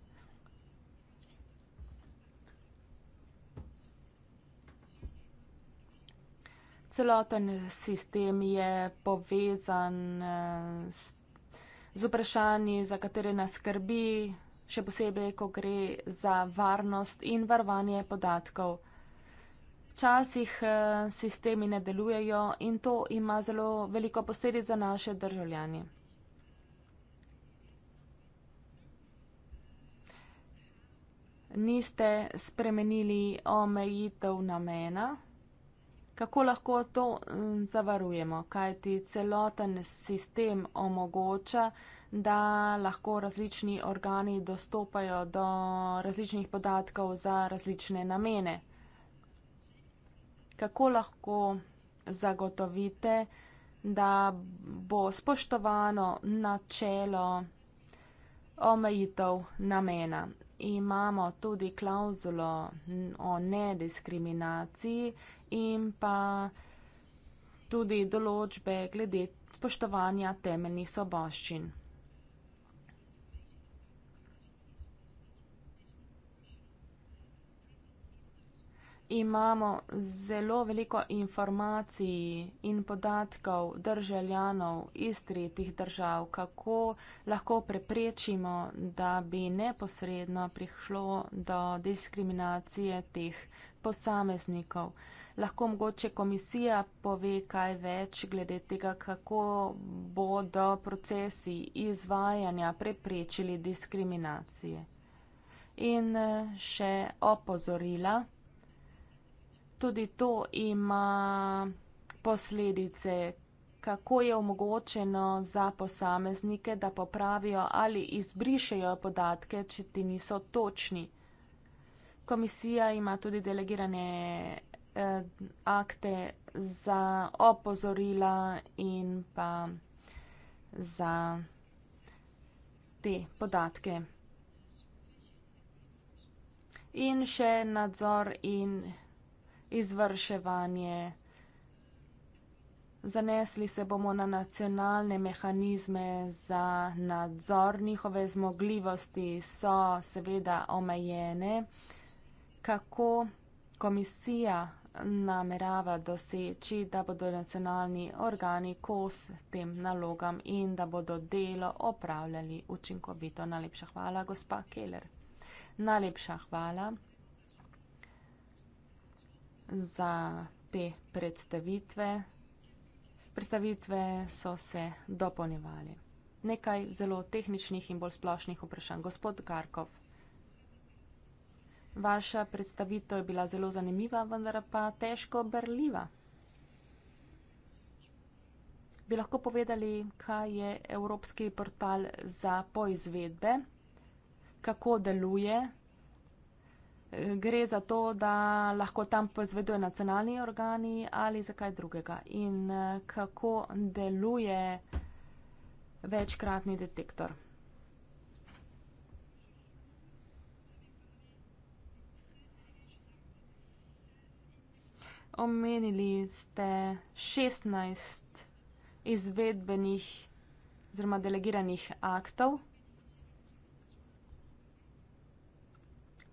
celoten sistem je povezan eh, s, z vprašanji, za katere nas skrbi, še posebej, ko gre za varnost in varovanje podatkov. Včasih eh, sistemi ne delujejo in to ima zelo veliko posledic za naše državljani. Niste spremenili omejitev namena kako lahko to mm, zavarujemo, kaj ti celoten sistem omogoča, da lahko različni organi dostopajo do različnih podatkov za različne namene. Kako lahko zagotovite, da bo spoštovano načelo omejitev namena imamo tudi klauzulo o nediskriminaciji in pa tudi določbe glede spoštovanja temeljnih soboščin. imamo zelo veliko informacij in podatkov državljanov iz tretjih držav, kako lahko preprečimo, da bi neposredno prišlo do diskriminacije teh posameznikov. Lahko mogoče komisija pove kaj več glede tega, kako bodo procesi izvajanja preprečili diskriminacije. In eh, še opozorila tudi to ima posledice, kako je omogočeno za posameznike, da popravijo ali izbrišejo podatke, če ti niso točni. Komisija ima tudi delegirane eh, akte za opozorila in pa za te podatke. In še nadzor in izvrševanje. Zanesli se bomo na nacionalne mehanizme za nadzor. Njihove zmogljivosti so seveda omejene. Kako komisija namerava doseči, da bodo nacionalni organi kos tem nalogam in da bodo delo opravljali učinkovito. Najlepša hvala, gospa Keller. Najlepša hvala za te predstavitve. Predstavitve so se dopolnjevali. Nekaj zelo tehničnih in bolj splošnih vprašanj. Gospod Garkov, vaša predstavitev je bila zelo zanimiva, vendar pa težko brljiva. Bi lahko povedali, kaj je Evropski portal za poizvedbe, kako deluje, gre za to, da lahko tam pozvedo nacionalni organi ali za kaj drugega in eh, kako deluje večkratni detektor. Omenili ste 16 izvedbenih oziroma delegiranih aktov.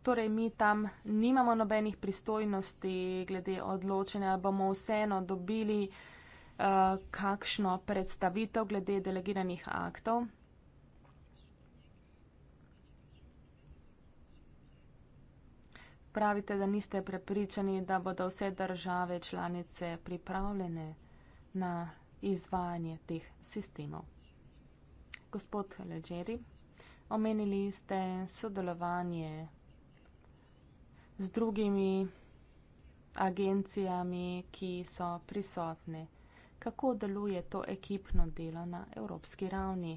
torej mi tam nimamo nobenih pristojnosti glede odločanja, bomo vseeno dobili uh, kakšno predstavitev glede delegiranih aktov. Pravite, da niste prepričani, da bodo vse države članice pripravljene na izvajanje teh sistemov. Gospod Leđeri, omenili ste sodelovanje z drugimi agencijami, ki so prisotne. Kako deluje to ekipno delo na evropski ravni?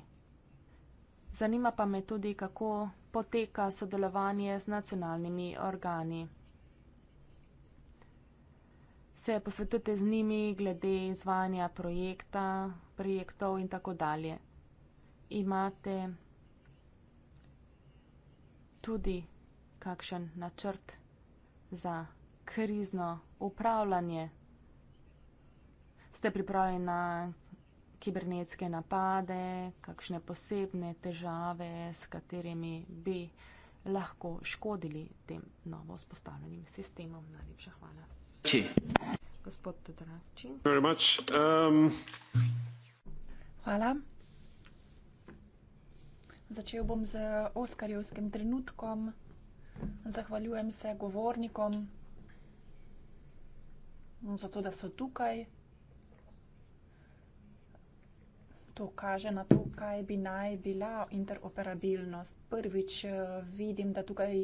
Zanima pa me tudi, kako poteka sodelovanje z nacionalnimi organi. Se posvetujete z njimi glede izvanja projekta, projektov in tako dalje. Imate tudi kakšen načrt za krizno upravljanje? Ste pripravljeni na kibernetske napade, kakšne posebne težave, s katerimi bi lahko škodili tem novo vzpostavljenim sistemom? Najlepša hvala. Či. Gospod Dravči. Um... Hvala. Začel bom z oskarjevskim trenutkom. Zahvaljujem se govornikom za to, da so tukaj. To kaže na to, kaj bi naj bila interoperabilnost. Prvič eh, vidim, da tukaj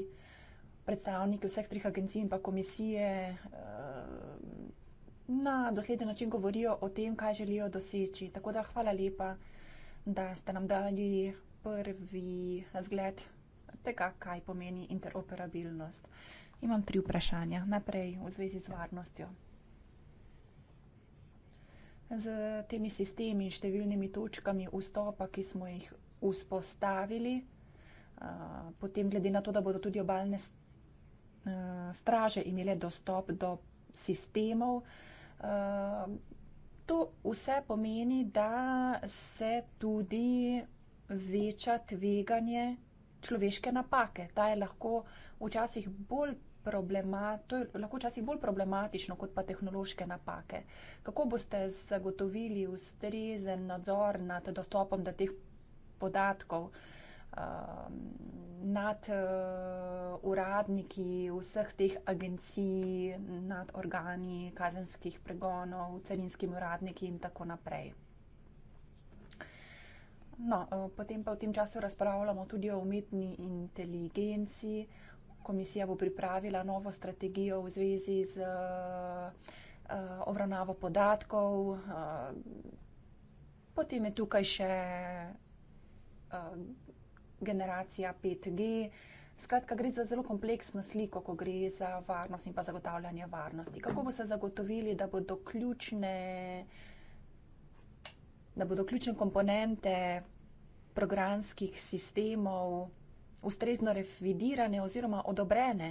predstavniki vseh trih agencij in pa komisije eh, na dosleden način govorijo o tem, kaj želijo doseči. Tako da hvala lepa, da ste nam dali prvi zgled tega, kaj pomeni interoperabilnost. Imam tri vprašanja. Najprej v zvezi z varnostjo. Z temi sistemi in številnimi točkami vstopa, ki smo jih vzpostavili, potem glede na to, da bodo tudi obaljne straže imele dostop do sistemov, to vse pomeni, da se tudi veča tveganje, človeške napake. Ta je lahko včasih bolj, problemat, je lahko včasih bolj problematično kot pa tehnološke napake. Kako boste zagotovili ustrezen nadzor nad dostopom do teh podatkov? Um, nad uh, uradniki vseh teh agencij, nad organi kazenskih pregonov, carinskimi uradniki in tako naprej. No, eh, potem pa v tem času razpravljamo tudi o umetni inteligenci. Komisija bo pripravila novo strategijo v zvezi z eh, eh, obravnavo podatkov. Potem je tukaj še generacija 5G. Skratka, gre za zelo kompleksno sliko, ko gre za varnost in pa zagotavljanje varnosti. Kako bo se zagotovili, da bodo ključne da bodo ključne komponente programskih sistemov ustrezno refidirane oziroma odobrene,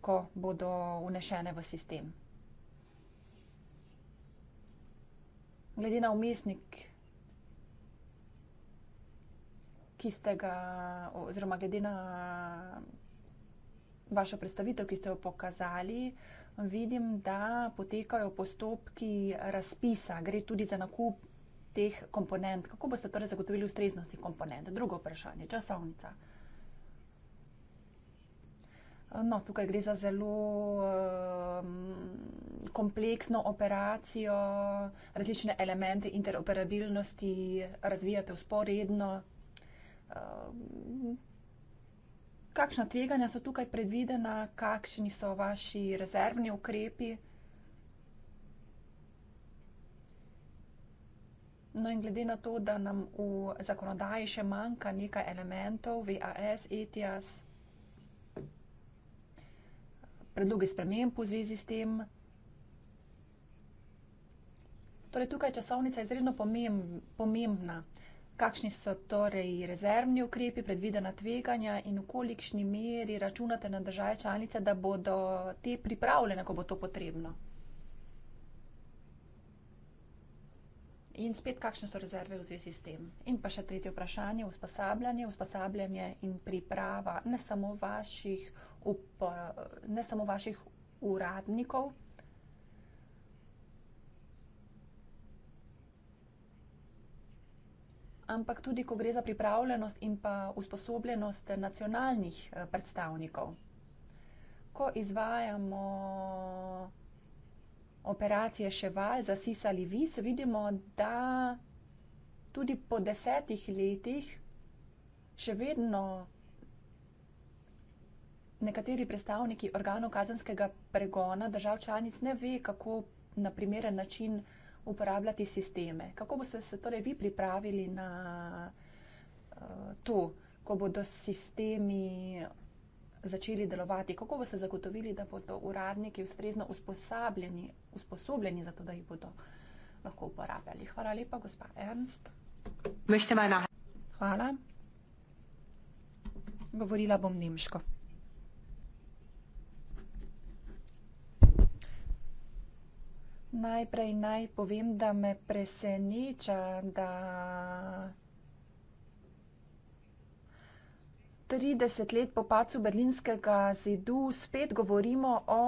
ko bodo unešene v sistem. Glede na umestnik, ki ste ga, oziroma glede na vašo predstavitev, ki ste jo pokazali, vidim, da potekajo postopki razpisa. Gre tudi za nakup teh komponent, kako boste torej zagotovili ustreznost teh komponent? Drugo vprašanje, časovnica. No, tukaj gre za zelo um, kompleksno operacijo, različne elemente interoperabilnosti razvijate usporedno. Um, kakšna tveganja so tukaj predvidena, kakšni so vaši rezervni ukrepi? No in glede na to, da nam v zakonodaji še manjka nekaj elementov, VAS, ETIAS, predlogi sprememb v zvezi s tem. Torej, tukaj je časovnica izredno pomembna. Kakšni so torej rezervni ukrepi, predvidena tveganja in v kolikšni meri računate na države članice, da bodo te pripravljene, ko bo to potrebno? In spet, kakšne so rezerve v zvezi s tem? In pa še tretje vprašanje, usposabljanje, usposabljanje in priprava ne samo vaših, up, ne samo vaših uradnikov. Ampak tudi, ko gre za pripravljenost in pa usposobljenost nacionalnih eh, predstavnikov, ko izvajamo operacije Ševal zasisali vis, vidimo, da tudi po desetih letih še vedno nekateri predstavniki organov kazenskega pregona držav članic ne ve, kako na primeren način uporabljati sisteme. Kako boste se torej vi pripravili na eh, to, ko bodo sistemi začeli delovati? Kako boste zagotovili, da bodo uradniki ustrezno usposabljeni usposobljeni za to, da jih bodo lahko uporabljali. Hvala lepa, gospa Ernst. Hvala. Govorila bom nemško. Najprej naj povem, da me preseneča, da 30 let po pacu berlinskega zidu spet govorimo o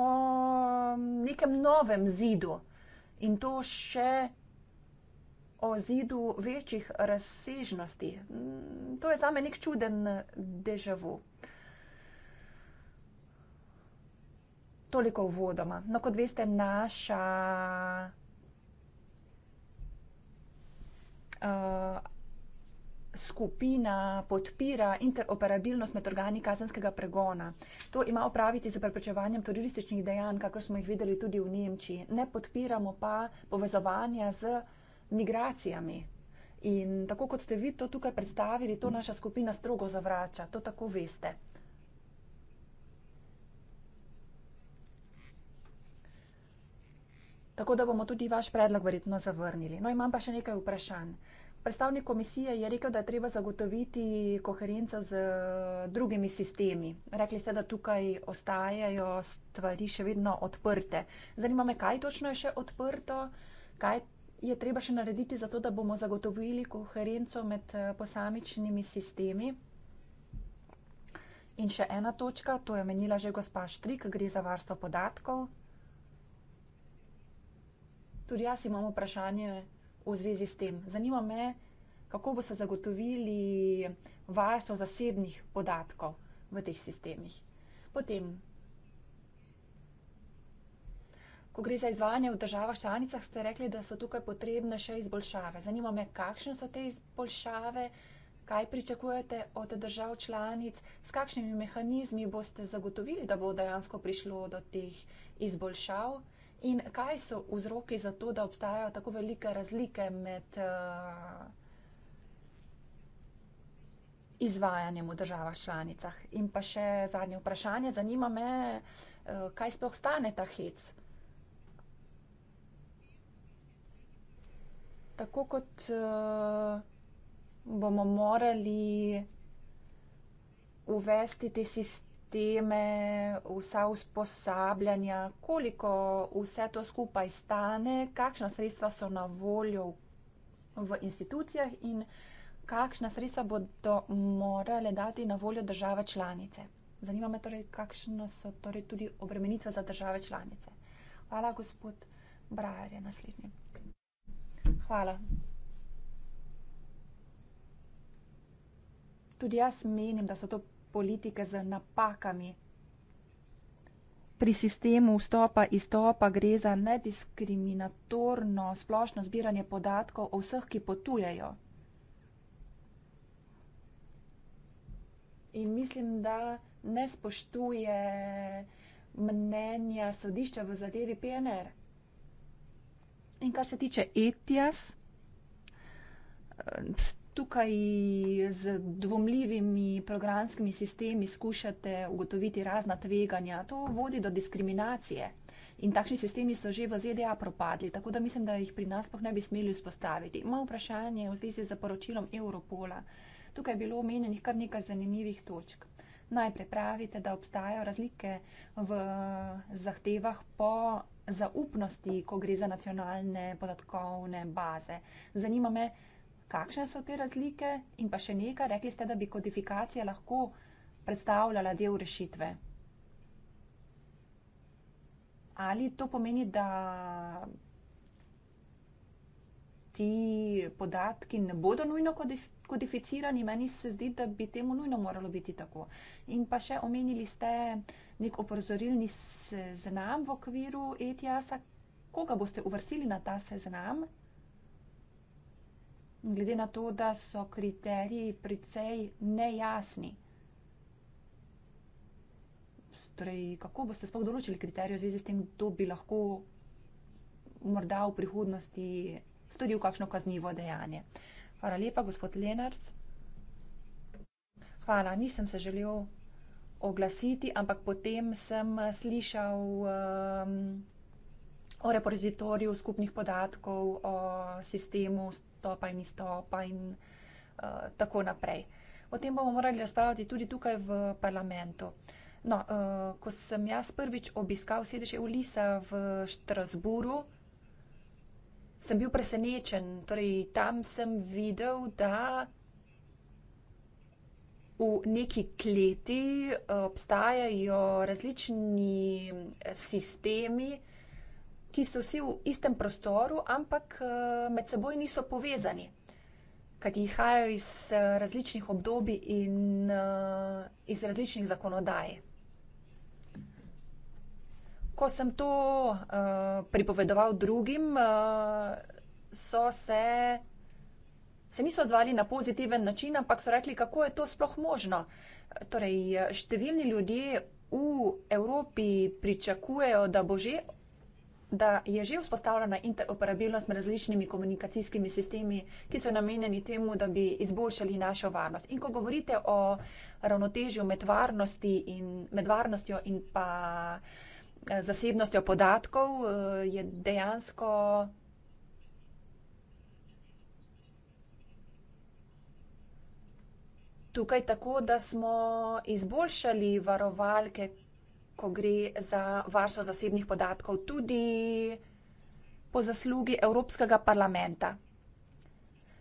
mm, nekem novem zidu in to še o zidu večjih razsežnosti. Mm, to je za me nek čuden deževu. Toliko uvodoma. No, kot veste, naša. Uh, skupina podpira interoperabilnost med organi kazenskega pregona. To ima opraviti z preprečevanjem terorističnih dejanj, kakor smo jih videli tudi v Nemčiji. Ne podpiramo pa povezovanja z migracijami. In tako kot ste vi to tukaj predstavili, to naša skupina strogo zavrača. To tako veste. Tako da bomo tudi vaš predlog verjetno zavrnili. No, imam pa še nekaj vprašanj. Predstavnik komisije je rekel, da je treba zagotoviti koherenca z eh, drugimi sistemi. Rekli ste, da tukaj ostajajo stvari še vedno odprte. Zanima me, kaj točno je še odprto, kaj je treba še narediti za to, da bomo zagotovili koherenco med eh, posamičnimi sistemi. In še ena točka, to je menila že gospa Štrik, gre za varstvo podatkov. Tudi jaz imam vprašanje v zvezi s tem. Zanima me, kako boste zagotovili varstvo zasebnih podatkov v teh sistemih. Potem, ko gre za izvajanje v državah članicah, ste rekli, da so tukaj potrebne še izboljšave. Zanima me, kakšne so te izboljšave, kaj pričakujete od držav članic, s kakšnimi mehanizmi boste zagotovili, da bo dejansko prišlo do teh izboljšav. In kaj so vzroki za to, da obstajajo tako velike razlike med uh, izvajanjem v državah članicah? In pa še zadnje vprašanje, zanima me, uh, kaj sploh stane ta hec? Tako kot uh, bomo morali uvesti te sisteme, teme, vsa usposabljanja, koliko vse to skupaj stane, kakšna sredstva so na voljo v institucijah in kakšna sredstva bodo morale dati na voljo države članice. Zanima me torej, kakšne so torej tudi obremenitve za države članice. Hvala, gospod Brajer je naslednji. Hvala. Tudi jaz menim, da so to politike z napakami. Pri sistemu vstopa in izstopa gre za nediskriminatorno splošno zbiranje podatkov o vseh, ki potujejo. In mislim, da ne spoštuje mnenja sodišča v zadevi PNR. In kar se tiče ETIAS, tukaj z dvomljivimi programskimi sistemi skušate ugotoviti razna tveganja, to vodi do diskriminacije. In takšni sistemi so že v ZDA propadli, tako da mislim, da jih pri nas pač ne bi smeli vzpostaviti. Moje vprašanje je v zvezi z poročilom Europola. Tukaj je bilo omenjenih kar nekaj zanimivih točk. Najprej pravite, da obstajajo razlike v zahtevah po zaupnosti, ko gre za nacionalne podatkovne baze. Zanima me, kakšne so te razlike in pa še nekaj, rekli ste, da bi kodifikacija lahko predstavljala del rešitve. Ali to pomeni, da ti podatki ne bodo nujno kodificirani? Meni se zdi, da bi temu nujno moralo biti tako. In pa še omenili ste nek oporozorilni seznam v okviru ETIAS-a. Koga boste uvrstili na ta seznam glede na to, da so kriteriji precej nejasni. Torej, kako boste sploh določili kriterije v zvezi s tem, kdo bi lahko morda v prihodnosti storil kakšno kaznivo dejanje? Hvala lepa, gospod Lenarc. Hvala, nisem se želel oglasiti, ampak potem sem slišal. Um, o repozitoriju skupnih podatkov, o sistemu stopa in izstopa in uh, tako naprej. O tem bomo morali razpravljati tudi tukaj v parlamentu. No, uh, ko sem jaz prvič obiskal sedež Ulisa v Štrasburu, sem bil presenečen. Torej, tam sem videl, da v neki kleti eh, obstajajo različni sistemi, ki so vsi v istem prostoru, ampak eh, med seboj niso povezani, kajti izhajajo iz eh, različnih obdobij in eh, iz različnih zakonodaj. Ko sem to uh, pripovedoval drugim, uh, so se, se niso odzvali na pozitiven način, ampak so rekli, kako je to sploh možno. Torej, številni ljudje v Evropi pričakujejo, da bo že da je že vzpostavljena interoperabilnost med različnimi komunikacijskimi sistemi, ki so namenjeni temu, da bi izboljšali našo varnost. In ko govorite o ravnotežju med, in, med varnostjo in pa eh, zasebnostjo podatkov, eh, je dejansko. Tukaj tako, da smo izboljšali varovalke, ko gre za varstvo zasebnih podatkov, tudi po zaslugi Evropskega parlamenta.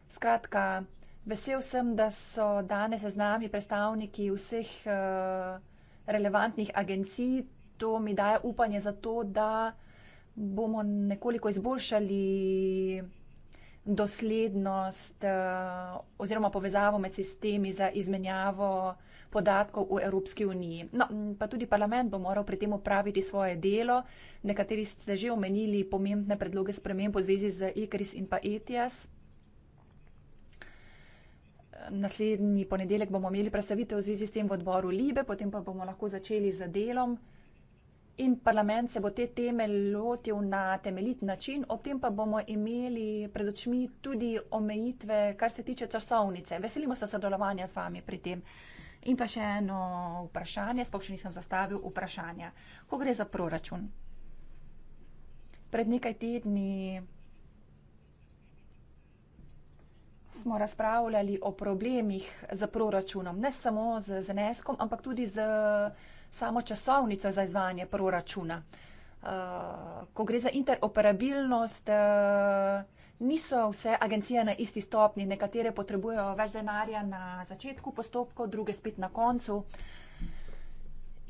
Skratka, vesel sem, da so danes z nami predstavniki vseh eh, relevantnih agencij. To mi daje upanje za to, da bomo nekoliko izboljšali doslednost eh, oziroma povezavo med sistemi za izmenjavo podatkov v Evropski uniji. No, pa tudi parlament bo moral pri tem upraviti svoje delo. Nekateri ste že omenili pomembne predloge sprememb v zvezi z ICRIS in pa ETIAS. Naslednji ponedeljek bomo imeli predstavitev v zvezi s tem v odboru Libe, potem pa bomo lahko začeli z delom. In parlament se bo te teme lotil na temeljit način, ob tem pa bomo imeli pred očmi tudi omejitve, kar se tiče časovnice. Veselimo se sodelovanja z vami pri tem. In pa še eno vprašanje, sploh še nisem zastavil vprašanja. Ko gre za proračun? Pred nekaj tedni smo razpravljali o problemih z proračunom, ne samo z zneskom, ampak tudi z samo časovnico za izvajanje proračuna. Uh, ko gre za interoperabilnost, uh, niso vse agencije na isti stopni, nekatere potrebujejo več denarja na začetku postopkov, druge spet na koncu.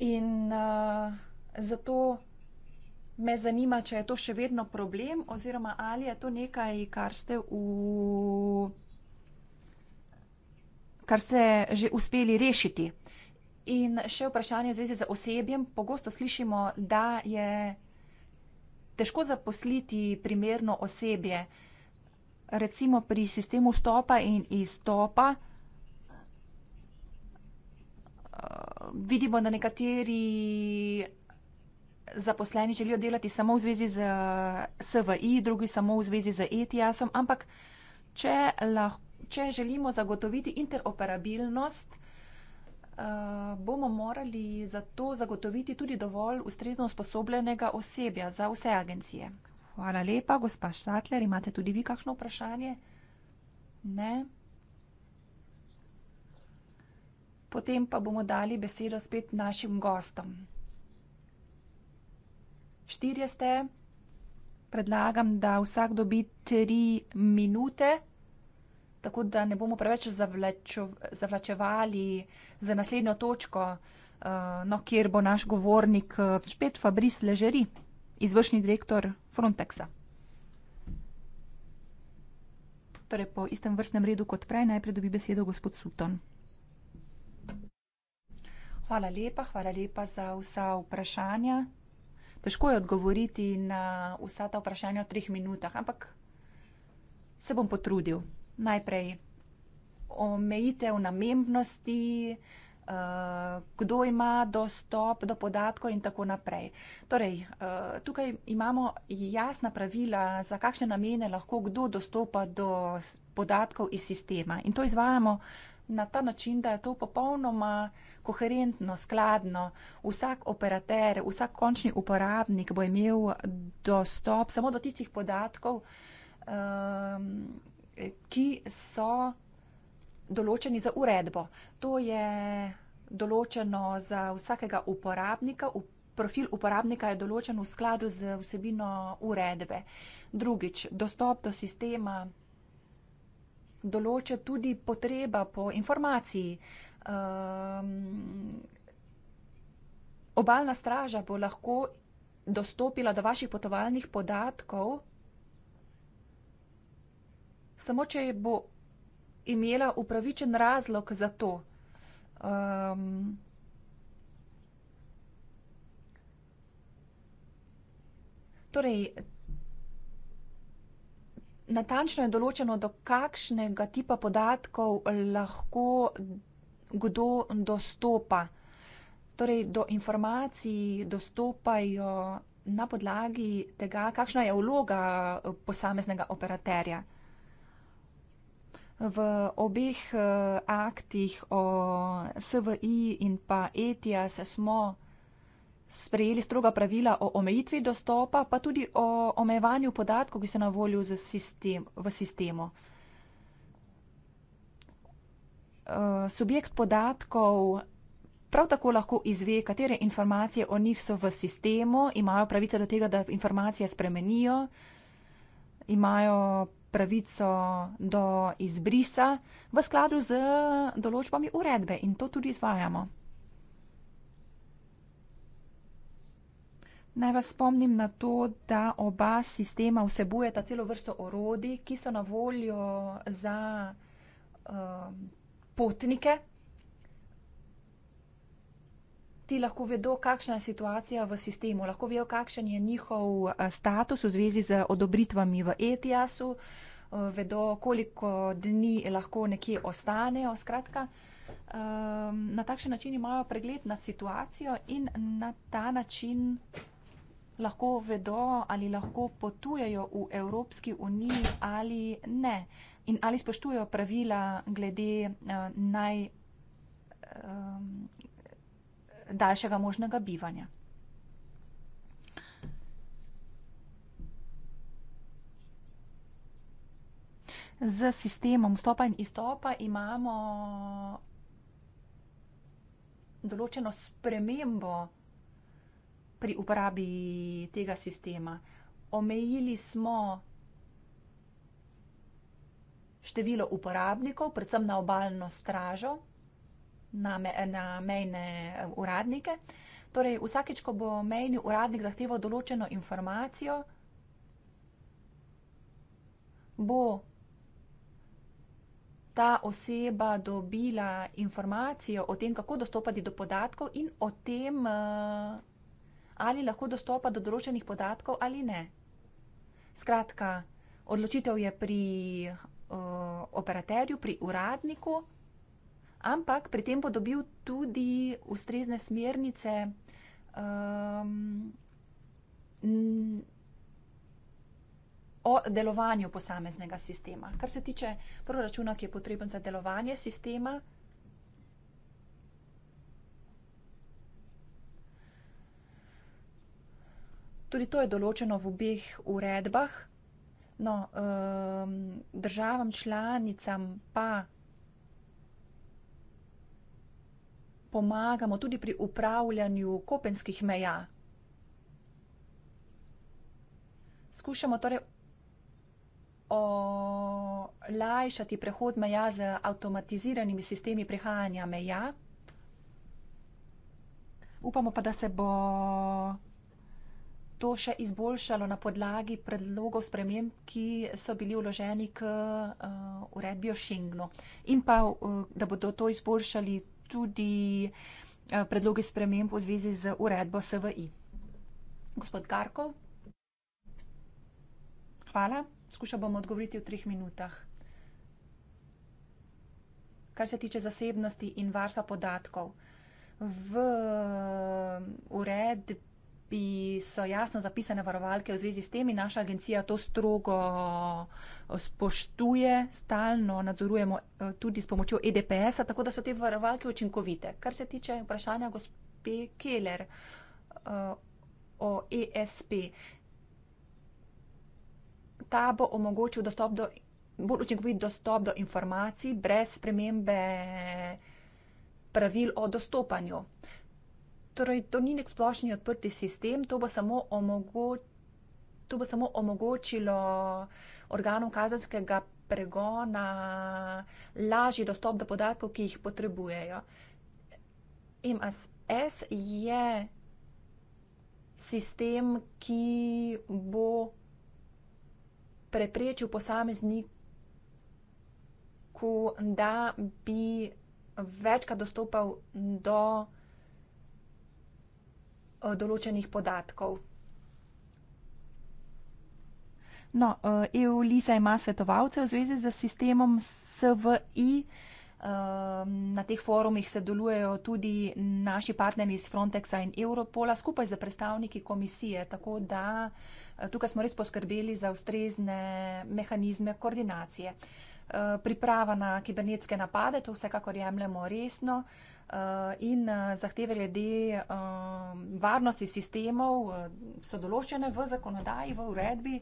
In uh, zato me zanima, če je to še vedno problem oziroma ali je to nekaj, kar ste v kar ste že uspeli rešiti. In še vprašanje v zvezi z osebjem. Pogosto slišimo, da je težko zaposliti primerno osebje. Uh, recimo pri sistemu stopa in izstopa, eh, vidimo, da nekateri zaposleni želijo delati samo v zvezi z eh, SVI, drugi samo v zvezi z ETS-om, ampak če, lahko, če želimo zagotoviti interoperabilnost, eh, bomo morali za to zagotoviti tudi dovolj ustrezno usposobljenega osebja za vse agencije. Hvala lepa, gospa Štatler. Imate tudi vi kakšno vprašanje? Ne. Potem pa bomo dali besedo spet našim gostom. Štirje ste. Predlagam, da vsak dobi tri minute, tako da ne bomo preveč zavlačo, zavlačevali za naslednjo točko, eh, no, kjer bo naš govornik eh, spet Fabris Ležeri izvršni direktor Frontexa. Torej, po istem vrstnem redu kot prej, najprej dobi besedo gospod Sutton. Hvala lepa, hvala lepa za vsa vprašanja. Težko je odgovoriti na vsa ta vprašanja v treh minutah, ampak se bom potrudil. Najprej omejitev namembnosti, uh, uh, kdo ima dostop do podatkov in tako naprej. Torej, uh, tukaj imamo jasna pravila, za kakšne namene lahko kdo dostopa do podatkov iz sistema. In to izvajamo na ta način, da je to popolnoma koherentno, skladno. Vsak operater, vsak končni uporabnik bo imel dostop samo do tistih podatkov, um, ki so določeni za uredbo. To je določeno za vsakega uporabnika. Profil uporabnika je določen v skladu z vsebino uredbe. Drugič, dostop do sistema določa tudi potreba po informaciji. Um, obalna straža bo lahko dostopila do vaših potovalnih podatkov, samo če bo imela upravičen razlog za to. Um, torej, natančno je določeno, do kakšnega tipa podatkov lahko kdo dostopa. Torej, do informacij dostopajo na podlagi tega, kakšna je vloga posameznega operaterja v obeh eh, aktih o SVI in pa ETIAS smo sprejeli stroga pravila o omejitvi dostopa, pa tudi o omejevanju podatkov, ki so na voljo sistem, v sistemu. Eh, subjekt podatkov prav tako lahko izve, katere informacije o njih so v sistemu, imajo pravico do tega, da informacije spremenijo, imajo pravico do izbrisa v skladu z določbami uredbe in to tudi izvajamo. Naj vas spomnim na to, da oba sistema vsebujeta celo vrsto orodij, ki so na voljo za uh, potnike, ti lahko vedo, kakšna je situacija v sistemu, lahko vejo, kakšen je njihov eh, status v zvezi z odobritvami v ETS-u, eh, vedo, koliko dni lahko nekje ostanejo. Skratka, ehm, na takšen način imajo pregled nad situacijo in na ta način lahko vedo, ali lahko potujejo v Evropski uniji ali ne in ali spoštujejo pravila glede eh, naj. Ehm, daljšega možnega bivanja. Z sistemom vstopa in izstopa imamo določeno spremembo pri uporabi tega sistema. Omejili smo število uporabnikov, predvsem na obaljno stražo na, me, na mejne eh, uradnike. Torej, vsakeč, ko bo mejni uradnik zahteval določeno informacijo, bo ta oseba dobila informacijo o tem, kako dostopati do podatkov in o tem, eh, ali lahko dostopa do določenih podatkov ali ne. Skratka, odločitev je pri uh, operaterju, pri uradniku ampak pri tem bo dobil tudi ustrezne smernice, um, O delovanju posameznega sistema. Kar se tiče proračuna, ki je potreben za delovanje sistema, tudi to je določeno v obeh uredbah, no, um, državam članicam pa pomagamo tudi pri upravljanju kopenskih meja. Skušamo torej olajšati prehod meja z avtomatiziranimi sistemi prehajanja meja. Upamo pa, da se bo to še izboljšalo na podlagi predlogov sprememb, ki so bili vloženi k uh, uredbi o Schengnu. In pa, uh, da bodo to izboljšali tudi eh, predloge sprememb v zvezi z uredbo SVI. Gospod Karkov. Hvala. Skušal bom odgovoriti v treh minutah. Kar se tiče zasebnosti in varstva podatkov, v eh, uredbi bi so jasno zapisane varovalke v zvezi s tem in naša agencija to strogo eh, spoštuje, stalno nadzorujemo eh, tudi s pomočjo EDPS-a, tako da so te varovalke učinkovite. Kar se tiče vprašanja gospe Keller eh, o ESP, ta bo omogočil dostop do, bolj učinkovit dostop do informacij brez spremembe pravil o dostopanju. Torej, to ni nek splošni odprti sistem, to bo samo, omogo to bo samo omogočilo organom kazenskega pregona lažji dostop do podatkov, ki jih potrebujejo. MSS je sistem, ki bo preprečil posamezniku, da bi večkrat dostopal do. Eh, določenih podatkov. No, EU-LISA eh, e ima svetovalce v zvezi z sistemom SVI. Ehm, na teh forumih se delujejo tudi naši partneri iz Frontexa in Europola skupaj z predstavniki komisije, tako da eh, tukaj smo res poskrbeli za ustrezne mehanizme koordinacije. Priprava na kibernetske napade, to vsekakor jemljemo resno. Eh, in eh, zahteve glede eh, varnosti sistemov so določene v zakonodaji, v uredbi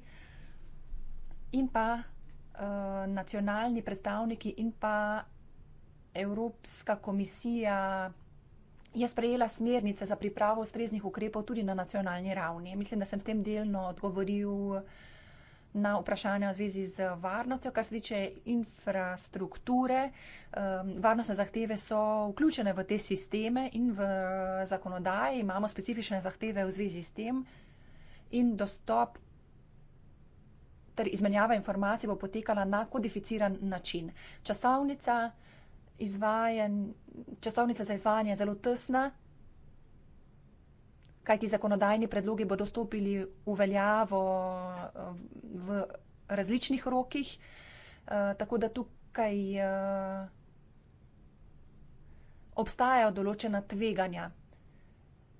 in pa nacionalni predstavniki in pa Evropska komisija je sprejela smernice za pripravo ustreznih ukrepov tudi na nacionalni ravni. Mislim, da sem s tem delno odgovoril na vprašanje v zvezi z varnostjo, kar se tiče infrastrukture. Ehm, varnostne zahteve so vključene v te sisteme in v zakonodaji, imamo specifične zahteve v zvezi s tem in dostop ter izmenjava informacij bo potekala na kodificiran način. Časovnica, izvajen, časovnica za izvajanje je zelo tesna, kaj ti zakonodajni predlogi bodo stopili v veljavo eh, v različnih rokih. Eh, tako da tukaj eh, obstajajo določena tveganja.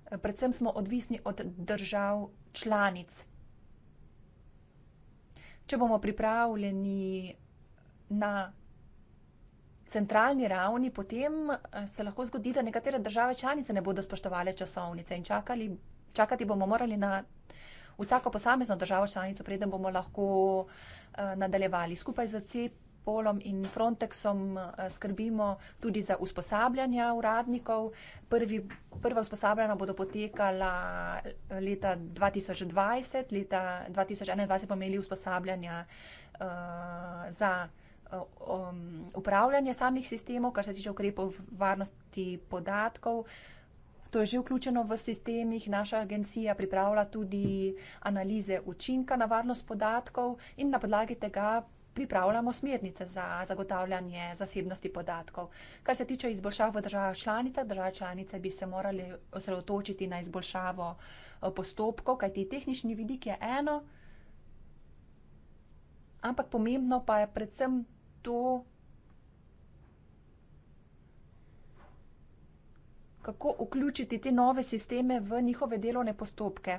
Predvsem smo odvisni od držav članic. Če bomo pripravljeni na centralni ravni, potem eh, se lahko zgodi, da nekatere države članice ne bodo spoštovali časovnice in čakali, čakati bomo morali na vsako posamezno državo članico, preden bomo lahko eh, nadaljevali skupaj za CEP. In Frontexom eh, skrbimo tudi za usposabljanja uradnikov. Prvi, prva usposabljanja bodo potekala leta 2020, leta 2021 bomo imeli usposabljanja uh, za. Eh, um, upravljanje samih sistemov, kar se tiče ukrepov varnosti podatkov. To je že vključeno v sistemih. Naša agencija pripravlja tudi analize učinka na varnost podatkov in na podlagi tega pripravljamo smernice za zagotavljanje zasebnosti podatkov. Kar se tiče izboljšav v državah članicah, države članice bi se morali osredotočiti na izboljšavo eh, postopkov, kajti tehnični vidik je eno, ampak pomembno pa je predvsem to, kako vključiti te nove sisteme v njihove delovne postopke.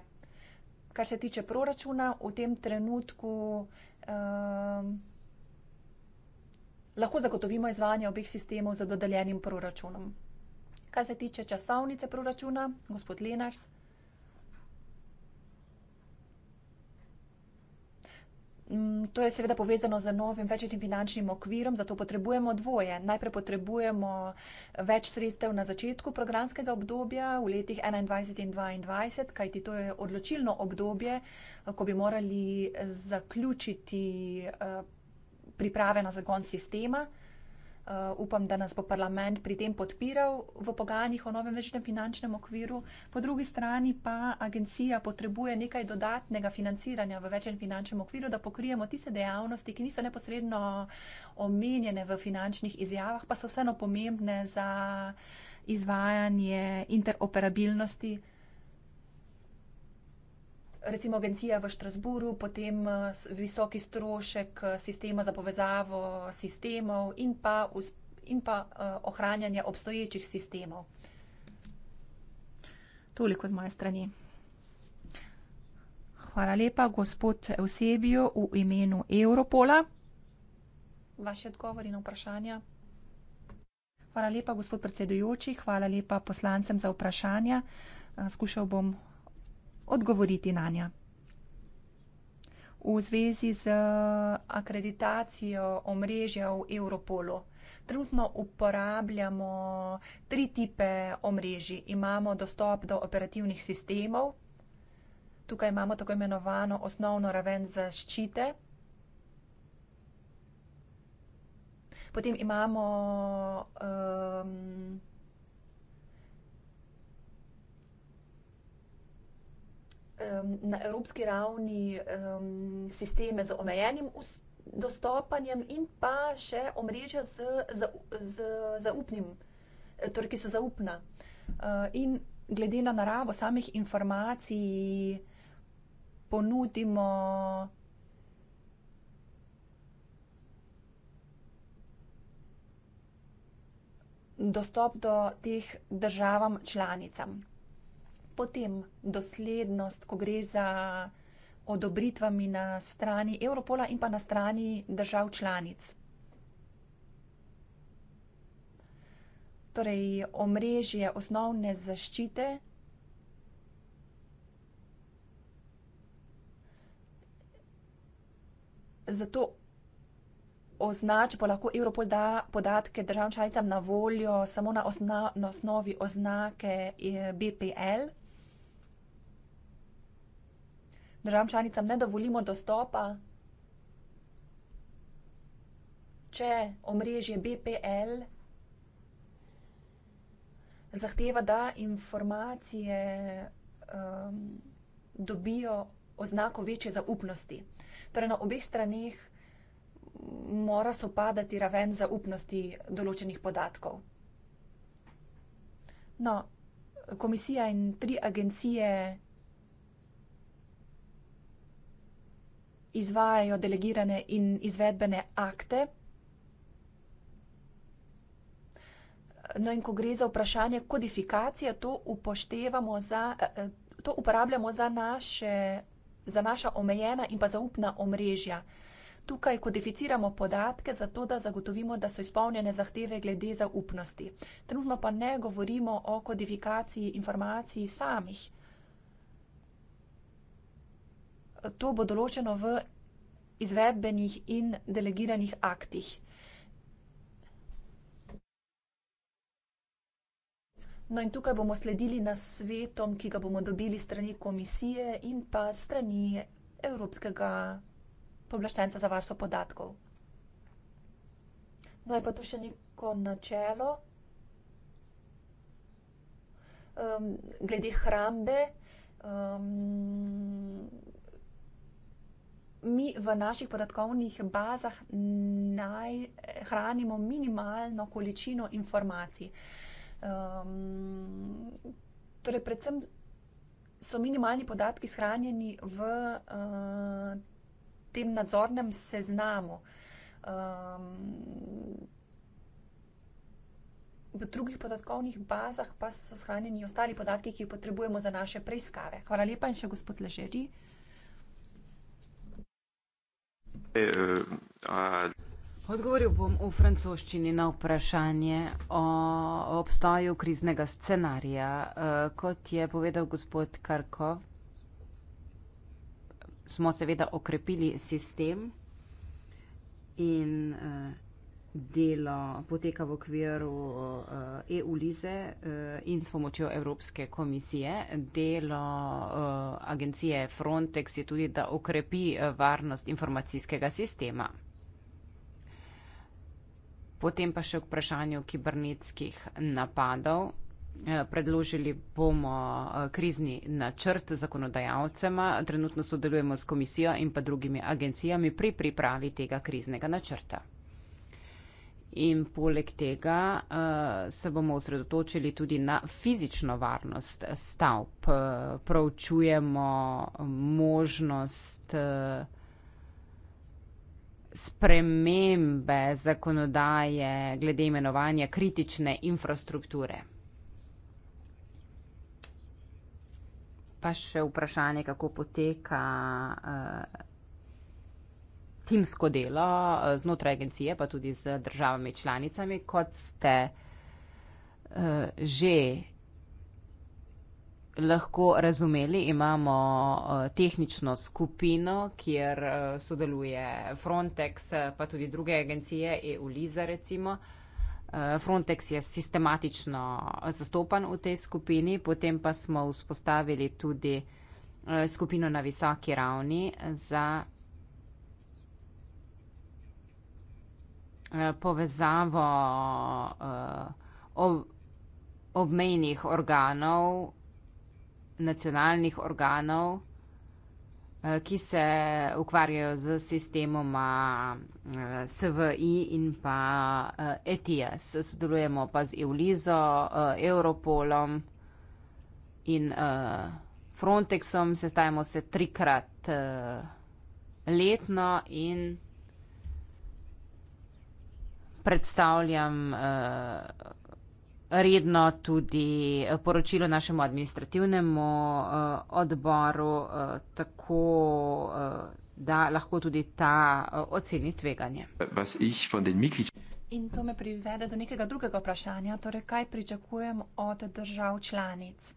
Kar se tiče proračuna, v tem trenutku um, lahko zagotovimo izvajanje obeh sistemov z dodeljenim proračunom. Kar se tiče časovnice proračuna, gospod Lenars, Mm, to je seveda povezano z novim večjim finančnim okvirom, zato potrebujemo dvoje. Najprej potrebujemo več sredstev na začetku programskega obdobja v letih 2021 in 2022, kajti to je odločilno obdobje, eh, ko bi morali zaključiti eh, priprave na zagon sistema. Eh, upam, da nas bo parlament pri tem podpiral v pogajanjih o novem večnem finančnem okviru, po drugi strani pa agencija potrebuje nekaj dodatnega financiranja v večnem finančnem okviru, da pokrijemo tiste dejavnosti, ki niso neposredno omenjene v finančnih izjavah, pa so vseeno pomembne za izvajanje interoperabilnosti recimo agencija v Štrasburu, potem eh, visoki strošek eh, sistema za povezavo sistemov in pa, in pa eh, ohranjanje obstoječih sistemov. Toliko z moje strani. Hvala lepa, gospod Eusebijo, v imenu Europola. Vaši odgovori na vprašanja. Hvala lepa, gospod predsedujoči, hvala lepa poslancem za vprašanja. Skušal bom odgovoriti na nja. V zvezi z eh, akreditacijo omrežja v Europolu. Trenutno uporabljamo tri tipe omrežij. Imamo dostop do operativnih sistemov, tukaj imamo tako imenovano osnovno raven zaščite. Potem imamo um, um, na evropski ravni um, sisteme z omejenim dostopanjem in pa še omrežja z, z, z zaupnim, torej ki so zaupna. Uh, in glede na naravo samih informacij ponudimo. Dostop do teh državam članicam potem doslednost, ko gre za odobritvami na strani Evropola in pa na strani držav članic. Torej, omrežje osnovne zaščite za to označbo lahko Evropol da podatke državam članicam na voljo samo na, osno, na osnovi oznake eh, BPL državam članicam ne dovolimo dostopa, če omrežje BPL zahteva, da informacije um, dobijo oznako večje zaupnosti. Torej, na obeh straneh mora sopadati raven zaupnosti določenih podatkov. No, komisija in tri agencije izvajajo delegirane in izvedbene akte. No in ko gre za vprašanje kodifikacije, to upoštevamo za, eh, eh, to uporabljamo za naše, za naša omejena in pa zaupna omrežja. Tukaj kodificiramo podatke zato, da zagotovimo, da so izpolnjene zahteve glede zaupnosti. Trenutno pa ne govorimo o kodifikaciji informacij samih to bo določeno v izvedbenih in delegiranih aktih. No in tukaj bomo sledili nasvetom, ki ga bomo dobili strani komisije in pa strani Evropskega poblaščenca za varstvo podatkov. No je pa tu še neko načelo. Um, glede hrambe, um, mi v naših podatkovnih bazah naj eh, hranimo minimalno količino informacij. Um, torej, predvsem so minimalni podatki shranjeni v uh, tem nadzornem seznamu. Um, v drugih podatkovnih bazah pa so shranjeni ostali podatki, ki jih potrebujemo za naše preiskave. Hvala lepa in še gospod Ležeri. Eh, eh, Odgovoril bom v francoščini na vprašanje o obstoju kriznega scenarija. Eh, kot je povedal gospod Karko, smo seveda okrepili sistem in delo poteka v okviru uh, eh, EU Lize uh, in s pomočjo Evropske komisije. Delo uh, agencije Frontex je tudi, da okrepi uh, varnost informacijskega sistema. Potem pa še k vprašanju kibernetskih napadov. Predložili bomo krizni načrt zakonodajalcema. Trenutno sodelujemo s komisijo in pa drugimi agencijami pri pripravi tega kriznega načrta in poleg tega uh, se bomo osredotočili tudi na fizično varnost stavb. Uh, eh, Pravčujemo možnost uh, spremembe zakonodaje glede imenovanja kritične infrastrukture. Pa še vprašanje, kako poteka. Uh, timsko delo eh, znotraj agencije, pa tudi z državami članicami, kot ste eh, že lahko razumeli, imamo eh, tehnično skupino, kjer sodeluje Frontex, pa tudi druge agencije, EULIZA recimo. Frontex je sistematično zastopan v tej skupini, potem pa smo vzpostavili tudi skupino na visoki ravni za Eh, povezavo eh, obmejnih organov, nacionalnih organov, eh, ki se ukvarjajo s sistemoma SVI in pa ETIAS. E Sodelujemo pa z EULIZO, Europolom in Frontexom, sestajamo se trikrat letno in predstavljam eh, redno tudi poročilo našemu administrativnemu eh, odboru, eh, tako da lahko tudi ta oceni tveganje. In to me privede do nekega drugega vprašanja, torej kaj pričakujem od držav članic?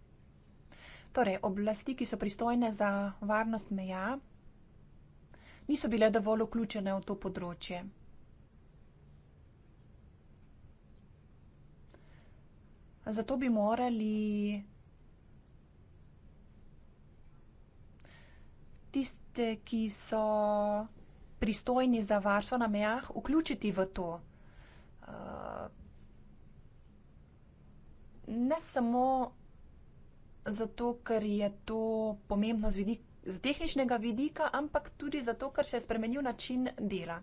Torej, oblasti, ki so pristojne za varnost meja, niso bile dovolj vključene v to področje. Zato bi morali tiste, ki so pristojni za varstvo na mejah, vključiti v to. Eh, ne samo zato, ker je to pomembno z, vidik, z tehničnega vidika, ampak tudi zato, ker se je spremenil način dela.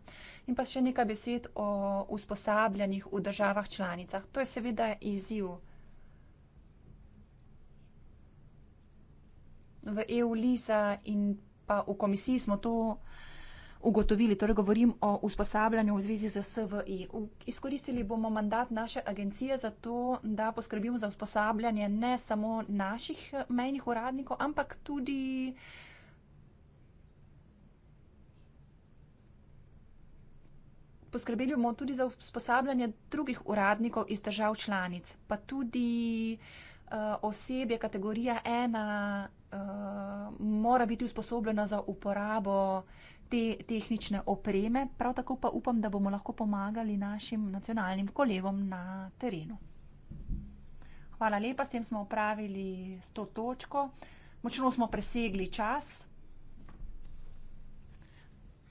In pa še nekaj besed o usposabljanjih v državah članicah. To je seveda izziv. v EU-LISA in pa v komisiji smo to ugotovili. Torej govorim o usposabljanju v zvezi z SVI. E. Izkoristili bomo mandat naše agencije za to, da poskrbimo za usposabljanje ne samo naših mejnih uradnikov, ampak tudi Poskrbeli bomo tudi za usposabljanje drugih uradnikov iz držav članic, pa tudi uh, osebje kategorija ena Eh, mora biti usposobljena za uporabo te tehnične opreme. Prav tako pa upam, da bomo lahko pomagali našim nacionalnim kolegom na terenu. Hvala lepa, s tem smo opravili s to točko. Močno smo presegli čas.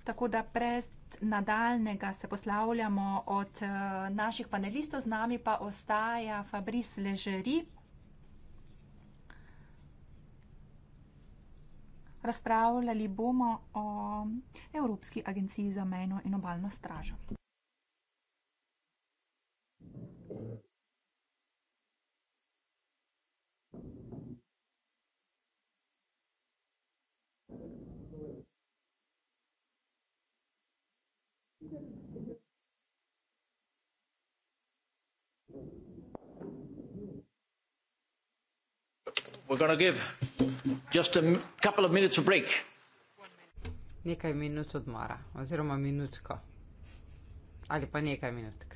Tako da prez nadaljnega se poslavljamo od eh, naših panelistov, z nami pa ostaja Fabrice Ležeri. Razpravljali bomo o Evropski agenciji za mejno in obaljno stražo. We're going to give just a couple of minutes of break. Nekaj minut odmora, oziroma minutko. Ali pa nekaj minutk.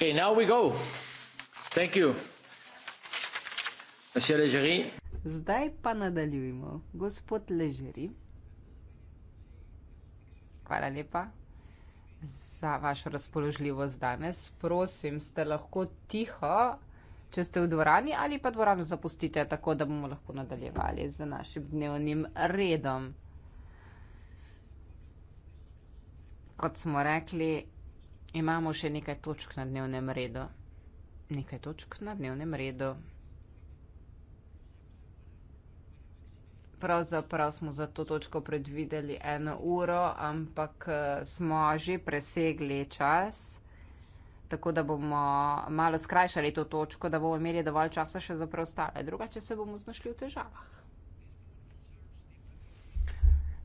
Okay, now we go. Thank you. Monsieur Legeri. Zdaj pa nadaljujemo. Gospod Legeri. Hvala lepa za vašo razpoložljivost danes. Prosim, ste lahko tiho, če ste v dvorani ali pa dvorano zapustite, tako da bomo lahko nadaljevali z našim dnevnim redom. Kot smo rekli, Imamo še nekaj točk na dnevnem redu. Nekaj točk na dnevnem redu. Pravzaprav smo za to točko predvideli eno uro, ampak, smo že presegli čas. Tako da bomo malo skrajšali to točko, da bomo imeli dovolj časa še za preostale. Drugače se bomo znašli v težavah.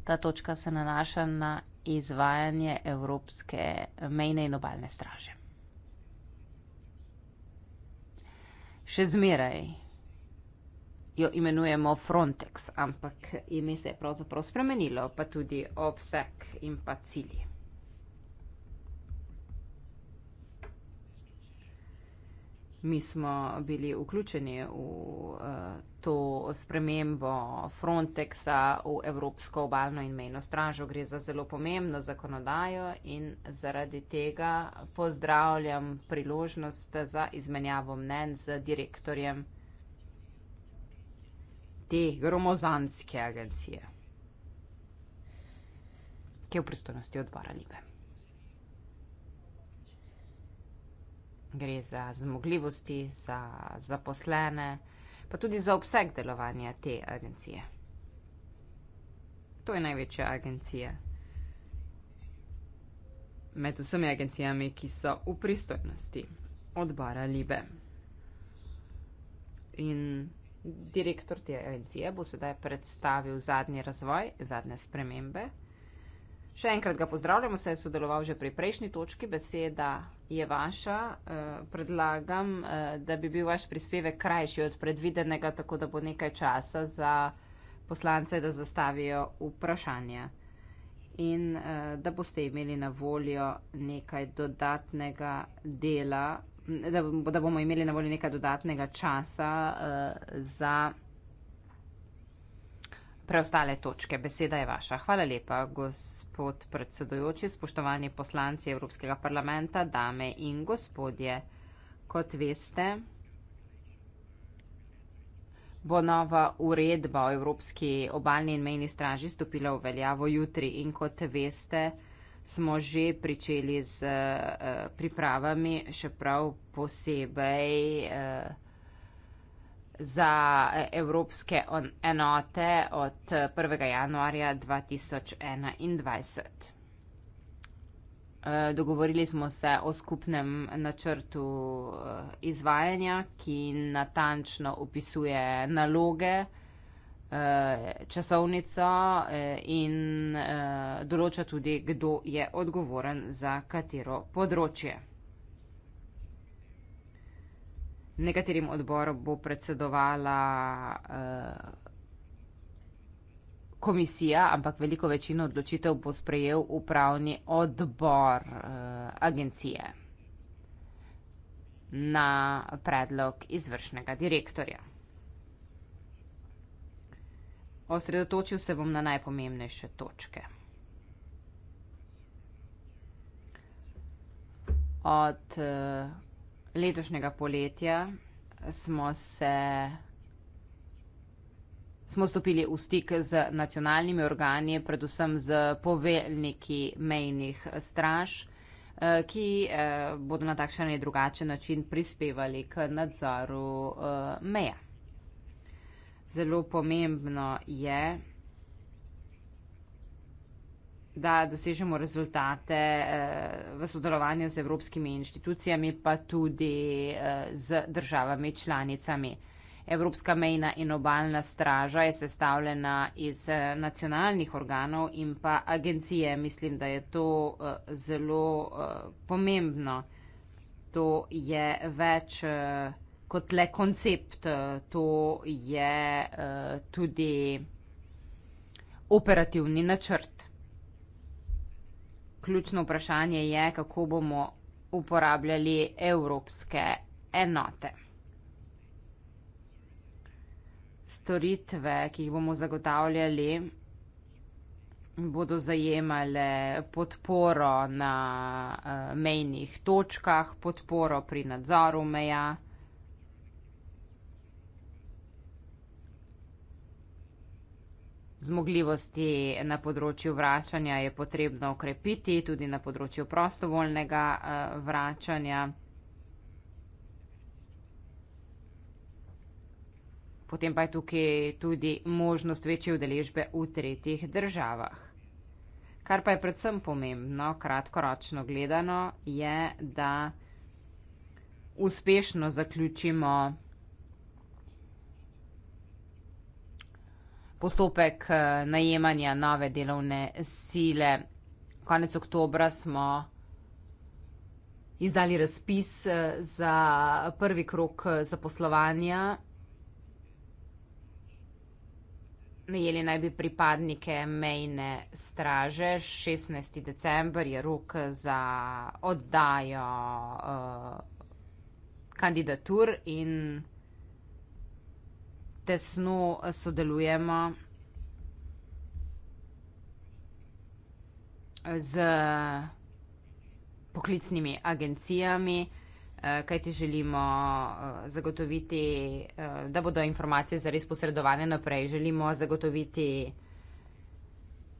Ta točka se nanaša na izvajanje Evropske mejne in obalne straže. Še zmeraj jo imenujemo Frontex, ampak ime se je pravzaprav spremenilo, pa tudi obseg in pa cilji. mi smo bili vključeni v eh, to spremembo Frontexa v Evropsko obalno in mejno stražo. Gre za zelo pomembno zakonodajo in zaradi tega pozdravljam priložnost za izmenjavo mnen z direktorjem te gromozanske agencije, ki je v pristojnosti odbora Libe. gre za zmogljivosti, za zaposlene, pa tudi za obseg delovanja te agencije. To je največja agencija med vsemi agencijami, ki so v pristojnosti odbora Libe. In direktor te agencije bo sedaj predstavil zadnji razvoj, zadnje spremembe. Še enkrat ga pozdravljamo, se je sodeloval že pri prejšnji točki, beseda je vaša. Eh, predlagam, eh, da bi bil vaš prispevek krajši od predvidenega, tako da bo nekaj časa za poslance, da zastavijo vprašanja in eh, da boste imeli na voljo nekaj dodatnega dela, da bomo imeli na voljo nekaj dodatnega časa za. Preostale točke, beseda je vaša. Hvala lepa, gospod predsedujoči, spoštovani poslanci Evropskega parlamenta, dame in gospodje. Kot veste, bo nova uredba o Evropski obalni in mejni straži stopila v veljavo jutri in kot veste, smo že pričeli z uh, pripravami, še prav posebej. Uh, za e, evropske enote od 1. E, januarja 2021. E, dogovorili smo se o skupnem načrtu izvajanja, ki natančno opisuje naloge, časovnico in določa tudi, kdo je odgovoren za katero področje nekaterim odborom bo predsedovala eh, komisija, ampak veliko večino odločitev bo sprejel upravni odbor eh, agencije na predlog izvršnega direktorja. Osredotočil se bom na najpomembnejše točke. Od eh, letošnjega poletja smo se smo stopili v stik z nacionalnimi organi, predvsem z poveljniki mejnih straž, eh, ki eh, bodo na takšen ali drugačen način prispevali k nadzoru eh, meja. Zelo pomembno je, da dosežemo rezultate eh, v sodelovanju z evropskimi inštitucijami, pa tudi eh, z državami članicami. Evropska mejna in obaljna straža je sestavljena iz eh, nacionalnih organov in pa agencije. Mislim, da je to zelo pomembno. To je več kot le koncept, to je tudi operativni načrt ključno vprašanje je, kako bomo uporabljali evropske enote. Storitve, ki jih bomo zagotavljali, bodo zajemale podporo na, eh, mejnih točkah, podporo pri nadzoru meja. Zmogljivosti na področju vračanja je potrebno okrepiti, tudi na področju prostovoljnega eh, vračanja. Potem pa je tukaj tudi možnost večje udeležbe v tretjih državah. Kar pa je predvsem pomembno, kratkoročno gledano, je, da uspešno zaključimo postopek eh, najemanja nove delovne sile. Konec oktobra smo izdali razpis eh, za prvi krok eh, zaposlovanja. Najeli naj bi pripadnike mejne straže. 16. december je rok za oddajo uh, kandidatur in tesno sodelujemo z poklicnimi agencijami, eh, kajti želimo eh, zagotoviti, eh, da bodo informacije zares posredovane naprej. Želimo zagotoviti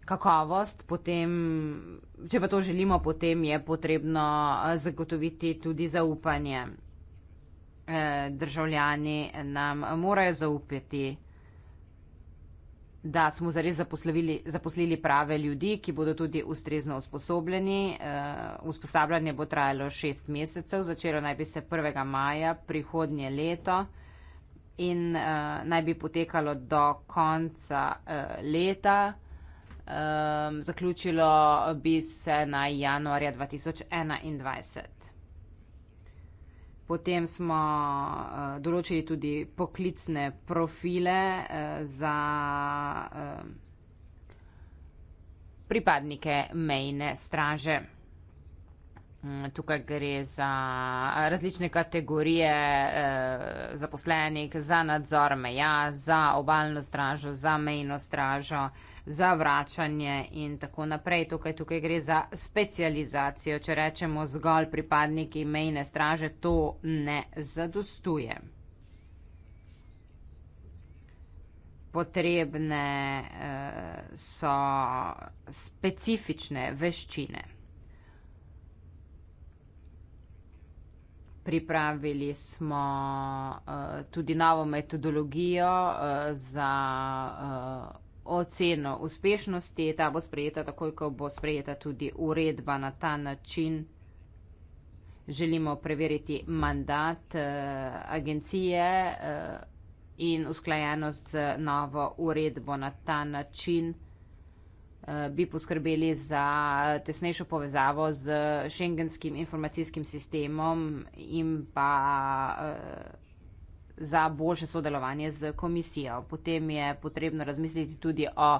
kakovost, potem, če pa to želimo, potem je potrebno zagotoviti tudi zaupanje. Eh, državljani nam morajo zaupiti, da smo zares zaposlili, zaposlili prave ljudi, ki bodo tudi ustrezno usposobljeni. Eh, usposabljanje bo trajalo šest mesecev, začelo naj bi se 1. maja prihodnje leto in eh, naj bi potekalo do konca leta. Um, zaključilo bi se naj januarja 2021. Potem smo uh, določili tudi poklicne profile uh, za uh, pripadnike mejne straže. Mm, tukaj gre za različne kategorije eh, zaposlenih, za nadzor meja, za obaljno stražo, za mejno stražo, eh, za vračanje in tako naprej. Tukaj, tukaj gre za specializacijo. Če rečemo zgolj pripadniki mejne straže, to ne zadostuje. Potrebne eh, so specifične veščine. Pripravili smo uh, tudi novo metodologijo uh, za eh, oceno uspešnosti, ta bo sprejeta takoj, ko bo sprejeta tudi uredba na ta način. Želimo preveriti mandat eh, agencije eh, in usklajenost z novo uredbo na ta način eh, bi poskrbeli za tesnejšo povezavo z šengenskim informacijskim sistemom in pa eh, za boljše sodelovanje z komisijo. Potem je potrebno razmisliti tudi o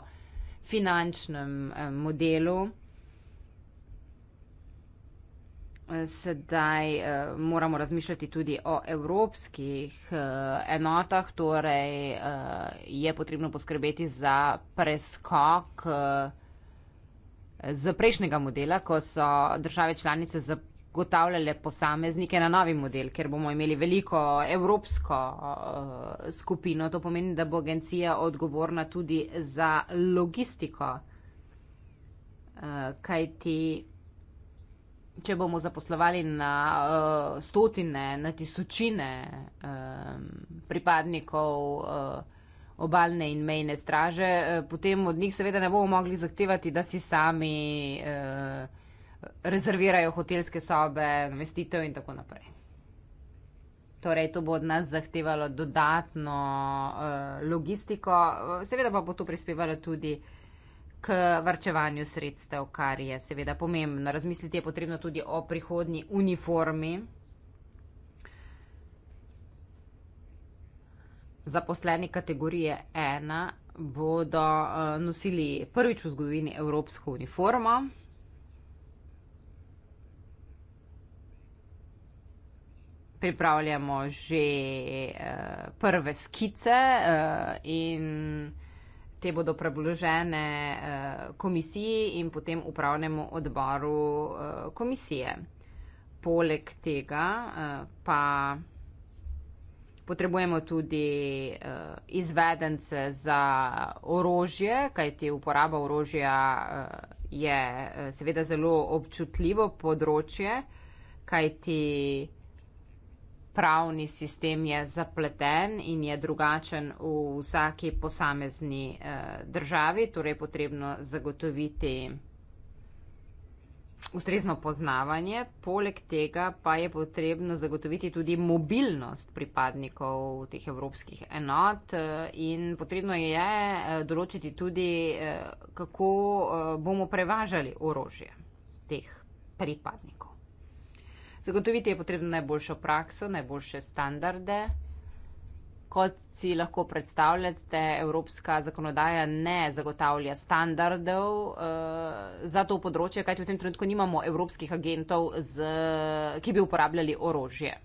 finančnem eh, modelu. Sedaj eh, moramo razmišljati tudi o evropskih eh, enotah, torej eh, je potrebno poskrbeti za preskok eh, z prejšnjega modela, ko so države članice zaprli ugotavljale posameznike na novi model, ker bomo imeli veliko eh, evropsko uh, skupino. To pomeni, da bo agencija odgovorna tudi za logistiko, uh, kajti če bomo zaposlovali na uh, stotine, na tisočine uh, pripadnikov. Uh, obalne in mejne straže, potem od njih seveda ne bomo mogli zahtevati, da si sami eh, rezervirajo hotelske sobe, namestitev in tako naprej. Torej, to bo od nas zahtevalo dodatno uh, logistiko, seveda pa bo to prispevalo tudi k vrčevanju sredstev, kar je seveda pomembno. Razmisliti je potrebno tudi o prihodnji uniformi. Zaposleni kategorije 1 bodo uh, nosili prvič v zgodovini evropsko uniformo. pripravljamo že uh, prve skice uh, in te bodo predložene uh, eh, komisiji in potem upravnemu odboru uh, komisije. Poleg tega uh, pa potrebujemo tudi uh, izvedence za orožje, kajti uporaba orožja uh, je uh, seveda zelo občutljivo področje, kajti pravni sistem je zapleten in je drugačen v vsaki posamezni eh, državi, torej potrebno zagotoviti ustrezno poznavanje, poleg tega pa je potrebno zagotoviti tudi mobilnost pripadnikov teh evropskih enot eh, in potrebno je eh, določiti tudi, kako bomo prevažali orožje teh pripadnikov. Zagotoviti je potrebno najboljšo prakso, najboljše standarde. Kot si lahko predstavljate, evropska zakonodaja ne zagotavlja standardov uh, za to področje, kajti v tem trenutku nimamo evropskih agentov, z, ki bi uporabljali orožje.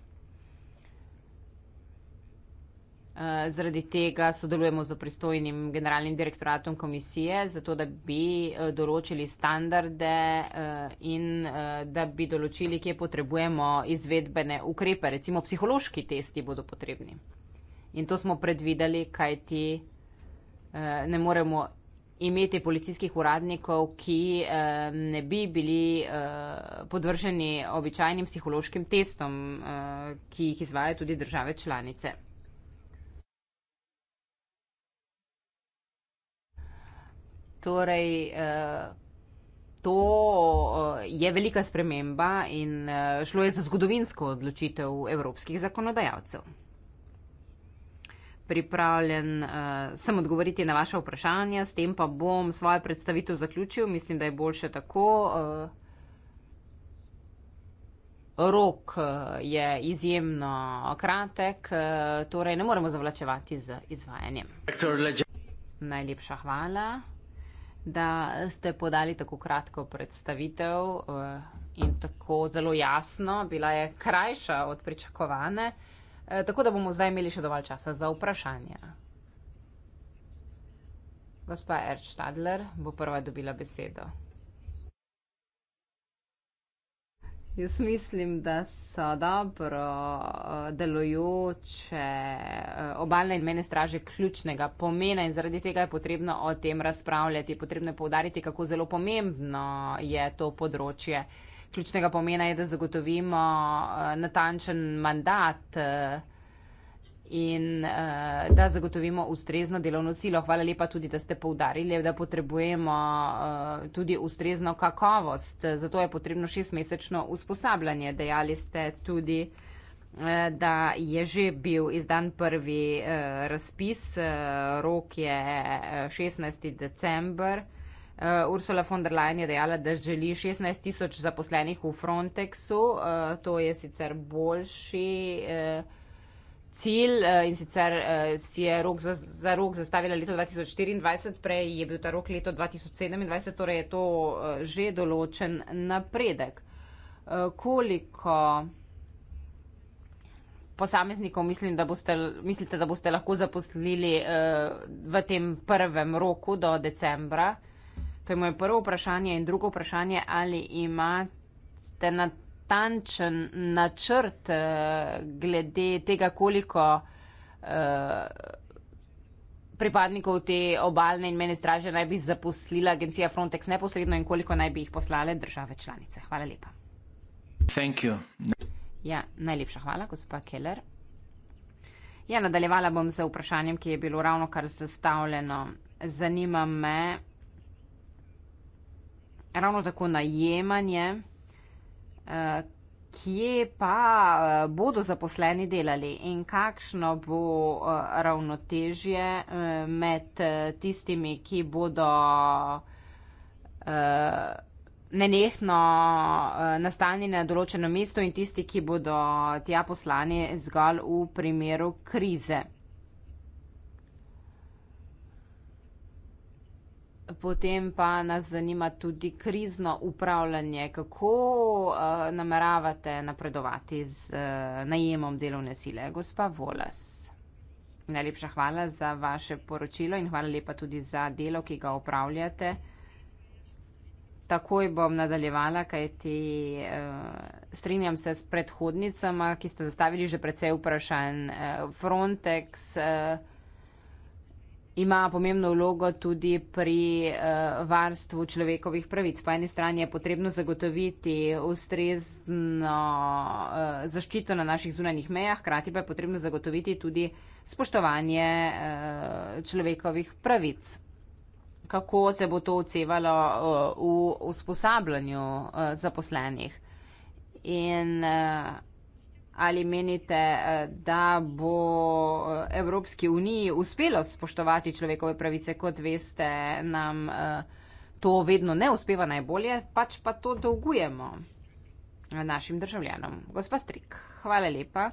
Eh, zaradi tega sodelujemo z pristojnim generalnim direktoratom komisije, zato da bi eh, določili standarde eh, in da bi določili, kje potrebujemo izvedbene ukrepe. Recimo psihološki testi bodo potrebni. In to smo predvideli, kaj ti ne moremo imeti policijskih uradnikov, ki ne bi bili podvrženi običajnim psihološkim testom, ki jih izvaja tudi države članice. Torej, eh, to eh, je velika sprememba in eh, šlo je za zgodovinsko odločitev evropskih zakonodajalcev. Pripravljen uh, sem odgovoriti na vaše vprašanja, s tem pa bom svojo predstavitev zaključil. Mislim, da je boljše tako. Uh, rok je izjemno kratek, uh, torej ne moremo zavlačevati z izvajanjem. Najlepša hvala da ste podali tako kratko predstavitev eh, in tako zelo jasno. Bila je krajša od pričakovane, eh, tako da bomo zdaj imeli še dovolj časa za vprašanja. Gospa Erč Stadler bo prva dobila besedo. Jaz mislim, da so dobro eh, delujoče eh, obalne in mene straže ključnega pomena in zaradi tega je potrebno o tem razpravljati. Potrebno je povdariti, kako zelo pomembno je to področje. Ključnega pomena je, da zagotovimo eh, natančen mandat in uh, da zagotovimo ustrezno delovno silo. Hvala lepa tudi, da ste poudarili, da potrebujemo uh, tudi ustrezno kakovost. Zato je potrebno šestmesečno usposabljanje. Dejali ste tudi, uh, da je že bil izdan prvi uh, razpis. Uh, rok je 16. december. Uh, Ursula von der Leyen je dejala, da želi 16 tisoč zaposlenih v Frontexu. Uh, to je sicer boljši. Uh, cilj eh, in sicer eh, si je rok za, za rok zastavila leto 2024, prej je bil ta rok leto 2027, torej je to eh, že določen napredek. Koliko posameznikov mislim, da boste, mislite, da boste lahko zaposlili v tem prvem roku do decembra? To je moje prvo vprašanje in drugo vprašanje, ali imate na natančen načrt eh, glede tega, koliko eh, pripadnikov te obalne in mejne straže naj bi zaposlila agencija Frontex neposredno in koliko naj bi jih poslale države članice. Hvala lepa. Thank you. Ja, najlepša hvala, gospa Keller. Ja, nadaljevala bom z vprašanjem, ki je bilo ravno kar zastavljeno. Zanima me ravno tako najemanje kje pa eh, bodo zaposleni delali in kakšno bo eh, ravnotežje eh, med tistimi, ki bodo nenehno nastanjeni na določeno mesto in tisti, ki bodo tja poslani zgolj v primeru krize. Potem pa nas zanima tudi krizno upravljanje. Kako uh, nameravate napredovati z uh, najemom delovne sile, gospa Volas? Najlepša hvala za vaše poročilo in hvala lepa tudi za delo, ki ga upravljate. Takoj bom nadaljevala, kajti uh, strinjam se s predhodnicama, ki ste zastavili že precej vprašanj. Uh, Frontex. Uh, ima pomembno vlogo tudi pri uh, varstvu človekovih pravic. Po eni strani je potrebno zagotoviti ustrezno uh, zaščito na naših zunanjih mejah, hkrati pa je potrebno zagotoviti tudi spoštovanje uh, človekovih pravic. Kako se bo to odsevalo uh, v usposabljanju uh, zaposlenih? In, uh, ali menite, eh, da bo eh, Evropski uniji uspelo spoštovati človekove pravice, kot veste, nam eh, to vedno ne uspeva najbolje, pač pa to dolgujemo našim državljanom. Gospa Strik, hvala lepa.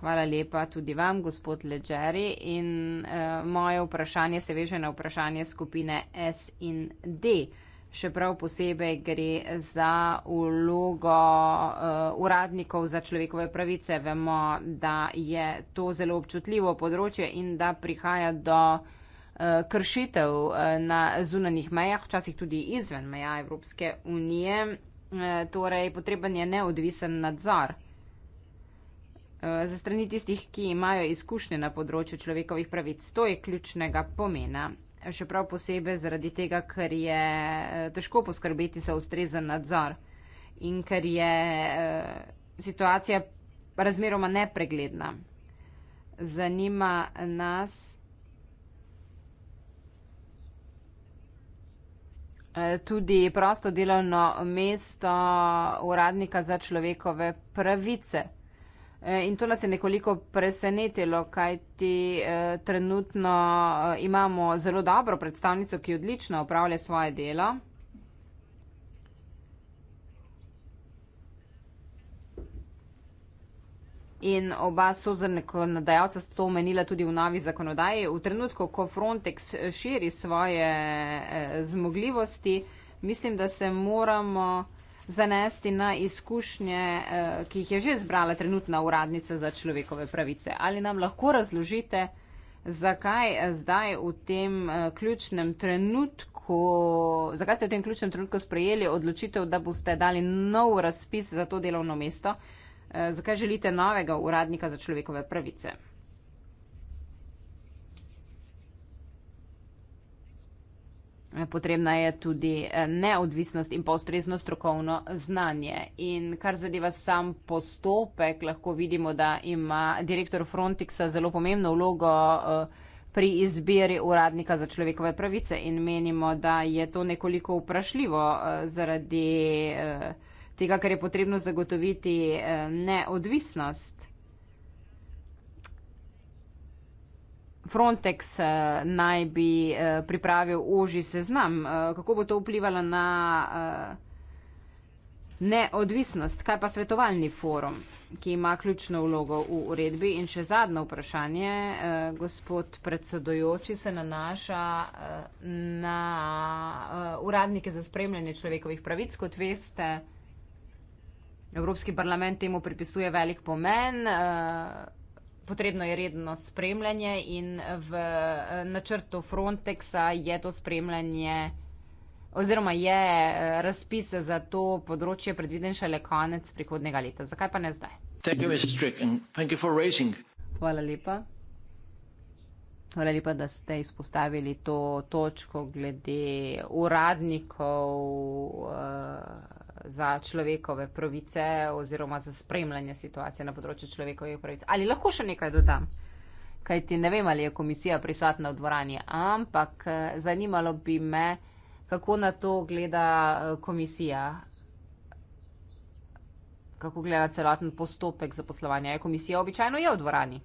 Hvala lepa tudi vam, gospod Leđeri. In uh, moje vprašanje se veže na vprašanje skupine S in D. Uh, še prav posebej gre za vlogo uh, eh, uradnikov za človekove pravice. Vemo, da je to zelo občutljivo področje in da prihaja do uh, kršitev uh, na zunanih mejah, včasih tudi izven meja Evropske unije. Uh, torej, potreben je neodvisen nadzor. Za strani tistih, ki imajo izkušnje na področju človekovih pravic, to je ključnega pomena še prav posebej zaradi tega, ker je eh, težko poskrbeti za ustrezen nadzor in ker je eh, situacija razmeroma nepregledna. Zanima nas eh, tudi prosto delovno mesto uradnika za človekove pravice. E, in to nas je nekoliko presenetilo, kajti eh, trenutno eh, imamo zelo dobro predstavnico, ki odlično opravlja svoje delo. In oba sozornikovnodajalca so to omenila tudi v novi zakonodaji. V trenutku, ko Frontex e, širi svoje eh, zmogljivosti, mislim, da se moramo zanesti na izkušnje, eh, ki jih je že zbrala trenutna uradnica za človekove pravice. Ali nam lahko razložite, zakaj eh, zdaj v tem eh, ključnem trenutku, zakaj ste v tem ključnem trenutku sprejeli odločitev, da boste dali nov razpis za to delovno mesto, zakaj želite novega uradnika za človekove pravice? Potrebna je tudi eh, neodvisnost in pa ustrezno strokovno znanje. In kar zadeva sam postopek, lahko vidimo, da ima direktor Frontexa zelo pomembno vlogo eh, pri izbiri uradnika za človekove pravice in menimo, da je to nekoliko vprašljivo eh, zaradi tega, ker je potrebno zagotoviti neodvisnost. Frontex eh, naj bi eh, pripravil oži seznam. Eh, kako bo to vplivalo na neodvisnost? Kaj pa svetovalni forum, ki ima ključno vlogo v uredbi? In še zadnje vprašanje, gospod predsedojoči, se nanaša na uradnike za spremljanje človekovih pravic, kot veste. Evropski parlament temu pripisuje velik pomen potrebno je redno spremljanje in v eh, načrtu Frontexa je to spremljanje oziroma je eh, razpis za to področje predviden šele konec prihodnega leta. Zakaj pa ne zdaj? Hvala lepa. Hvala lepa, da ste izpostavili to točko glede uradnikov. Uh, za človekove pravice oziroma za spremljanje situacije na področju človekovih pravic. Ali lahko še nekaj dodam? Kaj ti ne vem, ali je komisija prisotna v dvorani, ampak eh, zanimalo bi me, kako na to gleda eh, komisija. Kako gleda celoten postopek zaposlovanja? Je komisija običajno je v dvorani?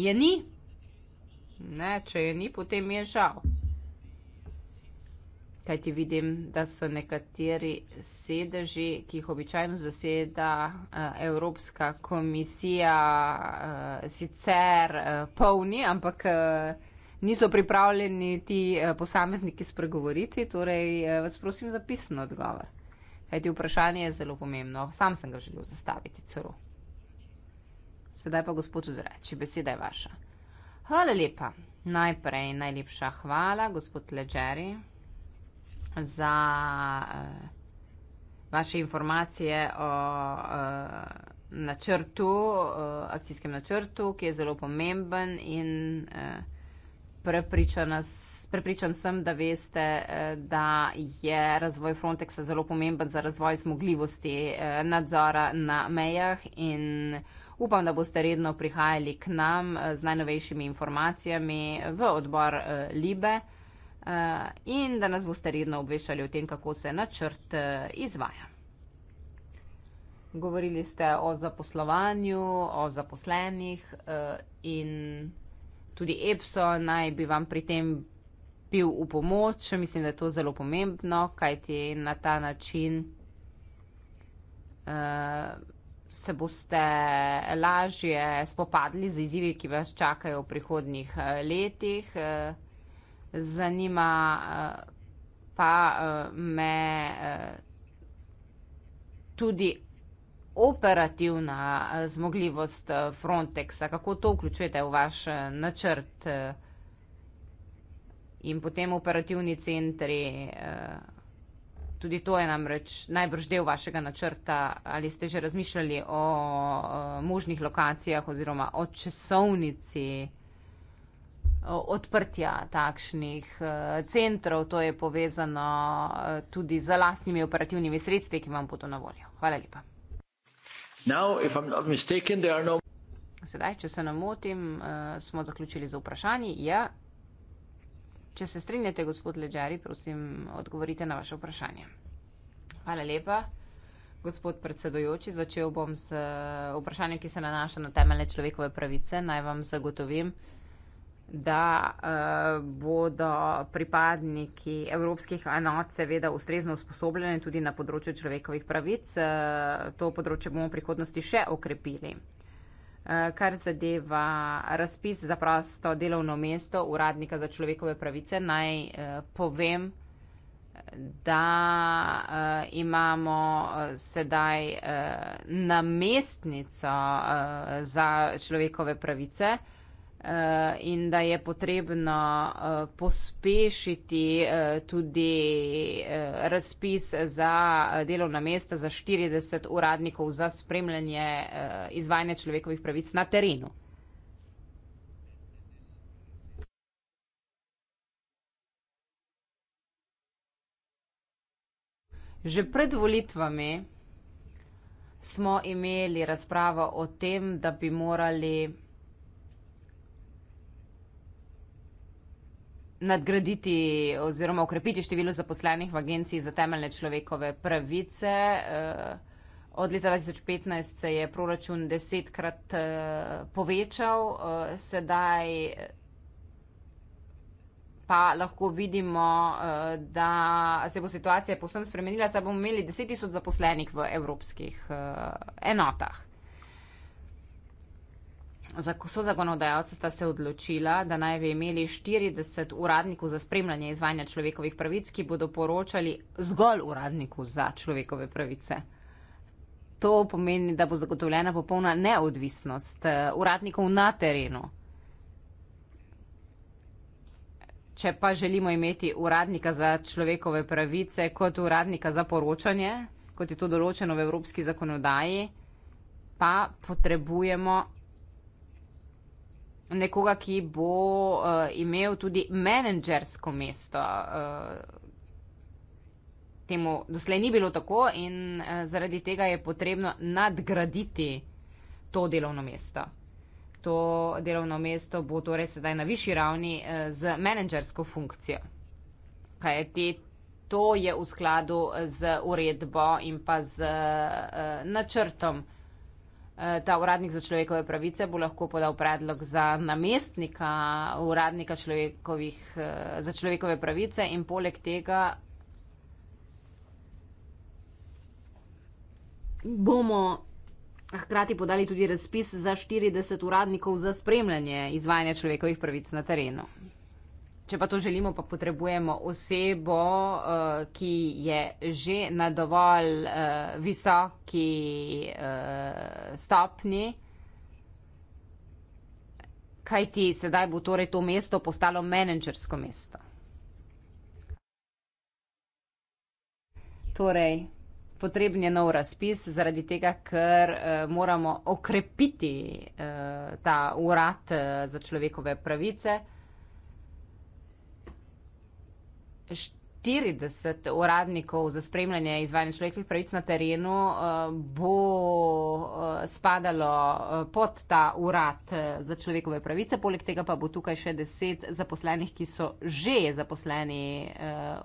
Je ni? Ne, če je ni, potem mi je žal kajti vidim, da so nekateri sedeži, ki jih običajno zaseda eh, Evropska komisija, eh, sicer eh, polni, ampak niso pripravljeni ti posamezniki spregovoriti. Torej, vas prosim za pisen odgovor. Kajti vprašanje je zelo pomembno. Sam sem ga želel zastaviti celo. Sedaj pa gospod Udreči, beseda je vaša. Hvala lepa. Najprej najlepša hvala, gospod Leđeri za uh, vaše informacije o uh, načrtu, uh, akcijskem načrtu, ki je zelo pomemben in uh, prepričan sem, da veste, uh, da je razvoj Frontexa zelo pomemben za razvoj zmogljivosti uh, nadzora na mejah in upam, da boste redno prihajali k nam uh, z najnovejšimi informacijami v odbor uh, Libe. Eh, in da nas boste redno obveščali o tem, kako se načrt eh, izvaja. Govorili ste o zaposlovanju, o zaposlenih eh, in tudi EPSO naj bi vam pri tem bil v pomoč. Mislim, da je to zelo pomembno, kajti na ta način se boste lažje spopadli z izzivi, ki vas čakajo v prihodnjih letih. Zanima, eh, pa, eh, me, eh, tudi operativna, zmogljivost, Frontexa, kako to vključujete v vaš, načrt, in potem operativni centri, tudi to je namreč najbrž del vašega načrta. Ali ste že razmišljali o, možnih lokacijah oziroma o časovnici? odprtja takšnih eh, centrov. To je povezano eh, tudi z lastnimi operativnimi sredstvi, ki vam bodo na voljo. Hvala lepa. Now, mistaken, no... Sedaj, če se namotim, eh, smo zaključili z vprašanji. Ja. Če se strinjate, gospod Leđari, prosim, odgovorite na vaše vprašanje. Hvala lepa. Gospod predsedojoči, začel bom s vprašanjem, ki se nanaša na temeljne človekove pravice. Naj vam zagotovim, da eh, bodo pripadniki evropskih enot seveda ustrezno usposobljeni tudi na področju človekovih pravic. Eh, to področje bomo v prihodnosti še okrepili. Eh, kar zadeva razpis za prosto delovno mesto uradnika za človekove pravice, naj povem, da imamo sedaj namestnico za človekove pravice. Eh, in da je potrebno eh, pospešiti eh, tudi razpis za delovna mesta za 40 uradnikov za spremljanje izvajanja človekovih pravic na terenu. Že pred volitvami smo imeli razpravo o tem, da bi morali nadgraditi oziroma ukrepiti število zaposlenih v Agenciji za temeljne človekove pravice. Eh, od leta 2015 se je proračun desetkrat eh, povečal, eh, sedaj pa lahko vidimo, da se bo situacija povsem spremenila, saj bomo imeli deset tisoč zaposlenih v evropskih enotah so zakonodajalce sta se odločila, da naj bi imeli 40 uradnikov za spremljanje izvajanja človekovih pravic, ki bodo poročali zgolj uradniku za človekove pravice. To pomeni, da bo zagotovljena popolna neodvisnost eh, uradnikov na terenu. Če pa želimo imeti uradnika za človekove pravice kot uradnika za poročanje, kot je to določeno v evropski zakonodaji, pa potrebujemo nekoga, ki bo uh, imel tudi menedžersko mesto. Uh, temu doslej ni bilo tako in uh, zaradi tega je potrebno nadgraditi to delovno mesto. To delovno mesto bo torej sedaj na višji ravni uh, z menedžersko funkcijo. Kaj je te? To je v skladu z uredbo in pa z uh, načrtom. Eh, ta uradnik za človekove pravice bo lahko podal predlog za namestnika uradnika eh, za človekove pravice in poleg tega bomo hkrati podali tudi razpis za 40 uradnikov za spremljanje izvajanja človekovih pravic na terenu če pa to želimo, pa potrebujemo osebo, uh, ki je že na dovolj uh, visoki uh, eh, stopni. Kaj ti sedaj bo torej to mesto postalo menedžersko mesto? Torej, potrebni je nov razpis, zaradi tega, ker uh, moramo okrepiti uh, ta urad uh, za človekove pravice. 40 uradnikov za spremljanje izvajanja človekovih pravic na terenu eh, bo eh, spadalo eh, pod ta urad za človekove pravice, poleg tega pa bo tukaj še 10 zaposlenih, ki so že zaposleni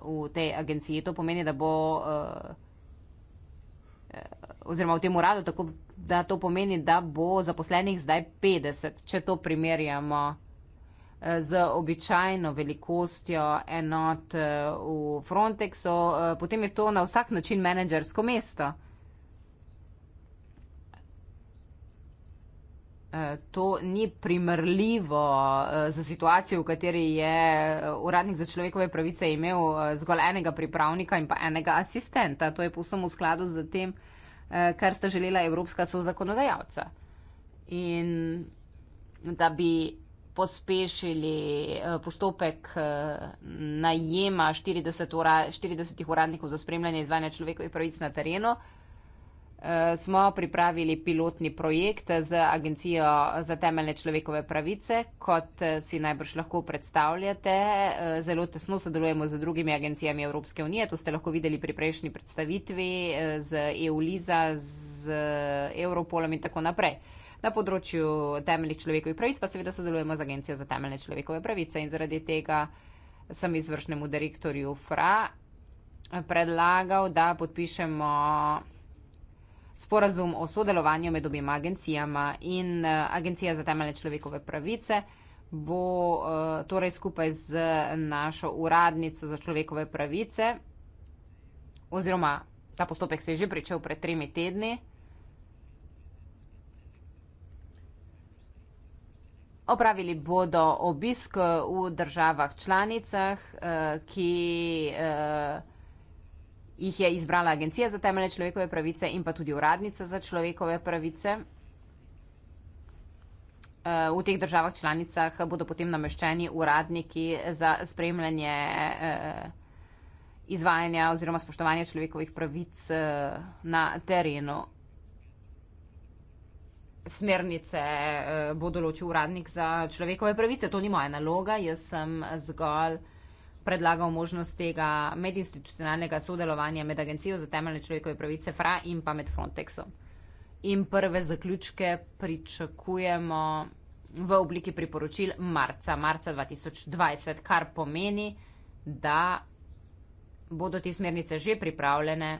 v tej agenciji. To pomeni, da bo oziroma v tem uradu, tako da to pomeni, da bo zaposlenih zdaj 50, če to primerjamo z običajno velikostjo enot eh, v Frontexu, eh, potem je to na vsak način menedžersko mesto. Eh, to ni primerljivo za situacijo, v kateri je uradnik za človekove pravice imel zgolj enega pripravnika in pa enega asistenta. To je povsem v skladu z tem, kar sta želela evropska sozakonodajalca. In da bi pospešili eh, postopek eh, najema 40, ura, 40 uradnikov za spremljanje izvajanja človekovih pravic na terenu, eh, smo pripravili pilotni projekt z Agencijo za temeljne človekove pravice. Kot si najbrž lahko predstavljate, zelo tesno sodelujemo z drugimi agencijami Evropske unije. To ste lahko videli pri prejšnji predstavitvi z EU-LIZA, z Europolom in tako naprej. Na področju temeljnih človekovih pravic pa seveda sodelujemo z Agencijo za temeljne človekove pravice in zaradi tega sem izvršnemu direktorju FRA predlagal, da podpišemo sporazum o sodelovanju med obima agencijama in eh, Agencija za temeljne človekove pravice bo eh, torej skupaj z našo uradnico za človekove pravice oziroma ta postopek se je že pričel pred tremi tedni. Opravili bodo obisk v državah članicah, eh, ki eh, jih je izbrala Agencija za temeljne človekove pravice in pa tudi Uradnica za človekove pravice. Eh, v teh državah članicah bodo potem nameščeni uradniki za spremljanje izvajanja oziroma spoštovanja človekovih pravic na terenu smernice eh, bo določil uradnik za človekove pravice. To ni moja naloga, jaz sem zgolj predlagal možnost tega medinstitucionalnega sodelovanja med Agencijo za temeljne človekove pravice FRA in pa med Frontexom. In prve zaključke pričakujemo v obliki priporočil marca, marca 2020, kar pomeni, da bodo te smernice že pripravljene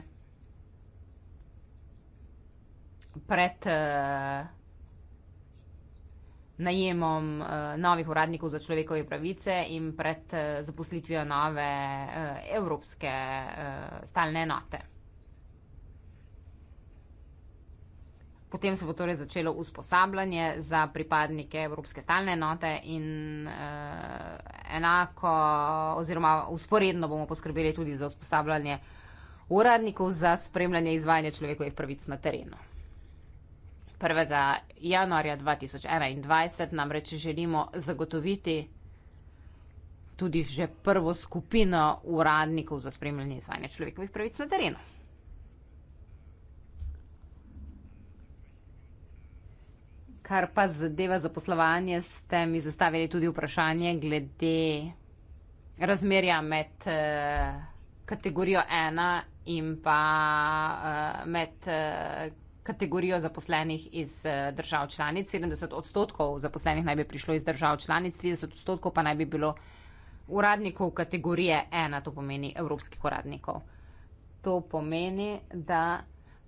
pred uh, najemom uh, novih uradnikov za človekove pravice in pred uh, zaposlitvijo nove uh, evropske uh, stalne enote. Potem se bo torej začelo usposabljanje za pripadnike Evropske stalne enote in uh, enako oziroma usporedno bomo poskrbeli tudi za usposabljanje uradnikov za spremljanje izvajanja človekovih pravic na terenu. 1. januarja 2021 namreč želimo zagotoviti tudi že prvo skupino uradnikov za spremljanje izvajanja človekovih pravic na terenu. Kar pa zadeva zaposlovanje, ste mi zastavili tudi vprašanje glede razmerja med eh, kategorijo ena in pa eh, med eh, kategorijo zaposlenih iz eh, držav članic. 70 odstotkov zaposlenih naj bi prišlo iz držav članic, 30 odstotkov pa naj bi bilo uradnikov kategorije 1, to pomeni evropskih uradnikov. To pomeni, da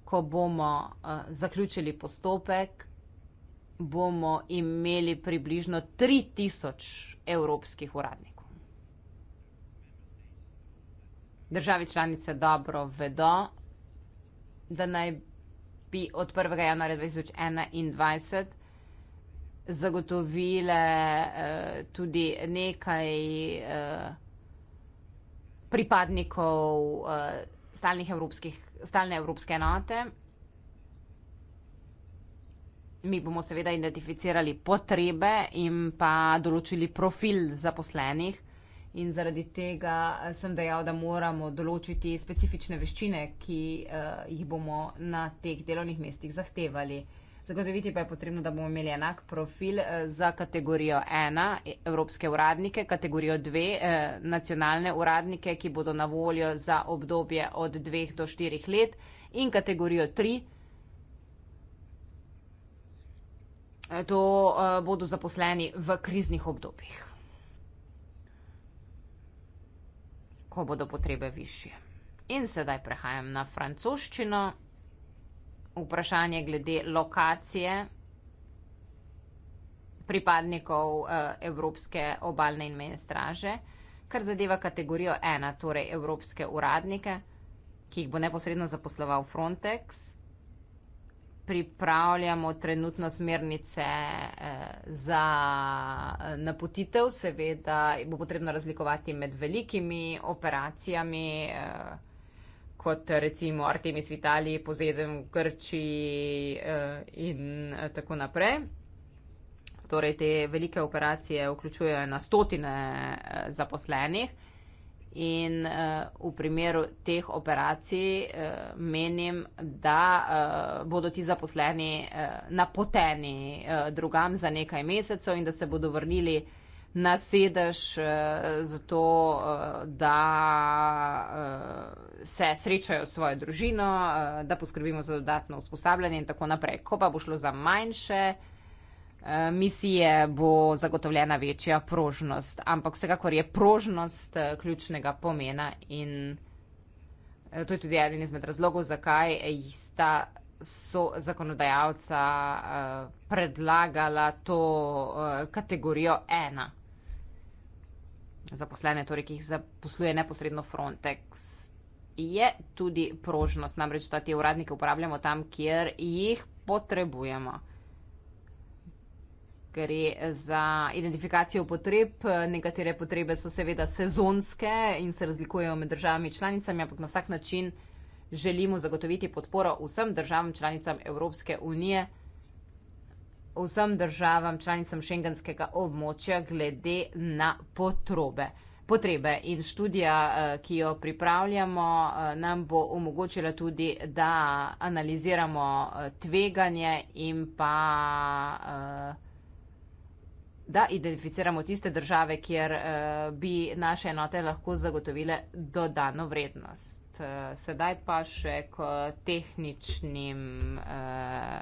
ko bomo uh, zaključili postopek, bomo imeli približno 3000 evropskih uradnikov. Države članice dobro vedo, da naj bi bi od 1. januarja 2021 zagotovile uh, tudi nekaj uh, pripadnikov uh, evropskih, stalne evropske enote. Mi bomo seveda identificirali potrebe in pa določili profil zaposlenih. In zaradi tega eh, sem dejal, da moramo določiti specifične veščine, ki uh, jih bomo na teh delovnih mestih zahtevali. Zagotoviti pa je potrebno, da bomo imeli enak profil eh, za kategorijo 1 e, evropske uradnike, kategorijo 2 nacionalne uradnike, ki bodo na voljo za obdobje od 2 do 4 let, in kategorijo 3. To bodo zaposleni v kriznih obdobjih. ko bodo potrebe višje. In sedaj prehajam na francoščino. Vprašanje glede lokacije pripadnikov eh, Evropske obalne in mejne straže, kar zadeva kategorijo ena, torej evropske uradnike, ki jih bo neposredno zaposloval Frontex pripravljamo trenutno smernice eh, za eh, napotitev. Seveda bo potrebno razlikovati med velikimi operacijami, eh, kot recimo Artemis v Italiji, Pozeden v Grčiji eh, in tako naprej. Torej, te velike operacije vključujejo na stotine eh, zaposlenih. In, eh, v primeru teh operacij, eh, menim, da, eh, bodo ti zaposleni, napoteni, drugam za nekaj mesecev in da se bodo vrnili na sedež, zato, da, se srečajo s svojo družino, da poskrbimo za dodatno usposabljanje in tako naprej. Ko pa bo šlo za manjše, Eh, misije bo zagotovljena večja prožnost, ampak vsekakor je prožnost eh, ključnega pomena in eh, to je tudi eden izmed razlogov, zakaj sta so zakonodajalca predlagala to kategorijo ena. Zaposlene, torej, ki jih zaposluje neposredno Frontex, je tudi prožnost, namreč, da te uradnike uporabljamo tam, kjer jih potrebujemo gre za identifikacijo potreb. Nekatere potrebe so seveda sezonske in se razlikujejo med državami članicami, ampak na vsak način želimo zagotoviti podporo vsem državam članicam Evropske unije, vsem državam članicam šengenskega območja glede na potrobe. Potrebe in študija, eh, ki jo pripravljamo, eh, nam bo omogočila tudi, da analiziramo eh, tveganje in pa uh, da identificiramo tiste države, kjer eh, bi naše enote lahko zagotovile dodano vrednost. Eh, sedaj pa še k tehničnim eh,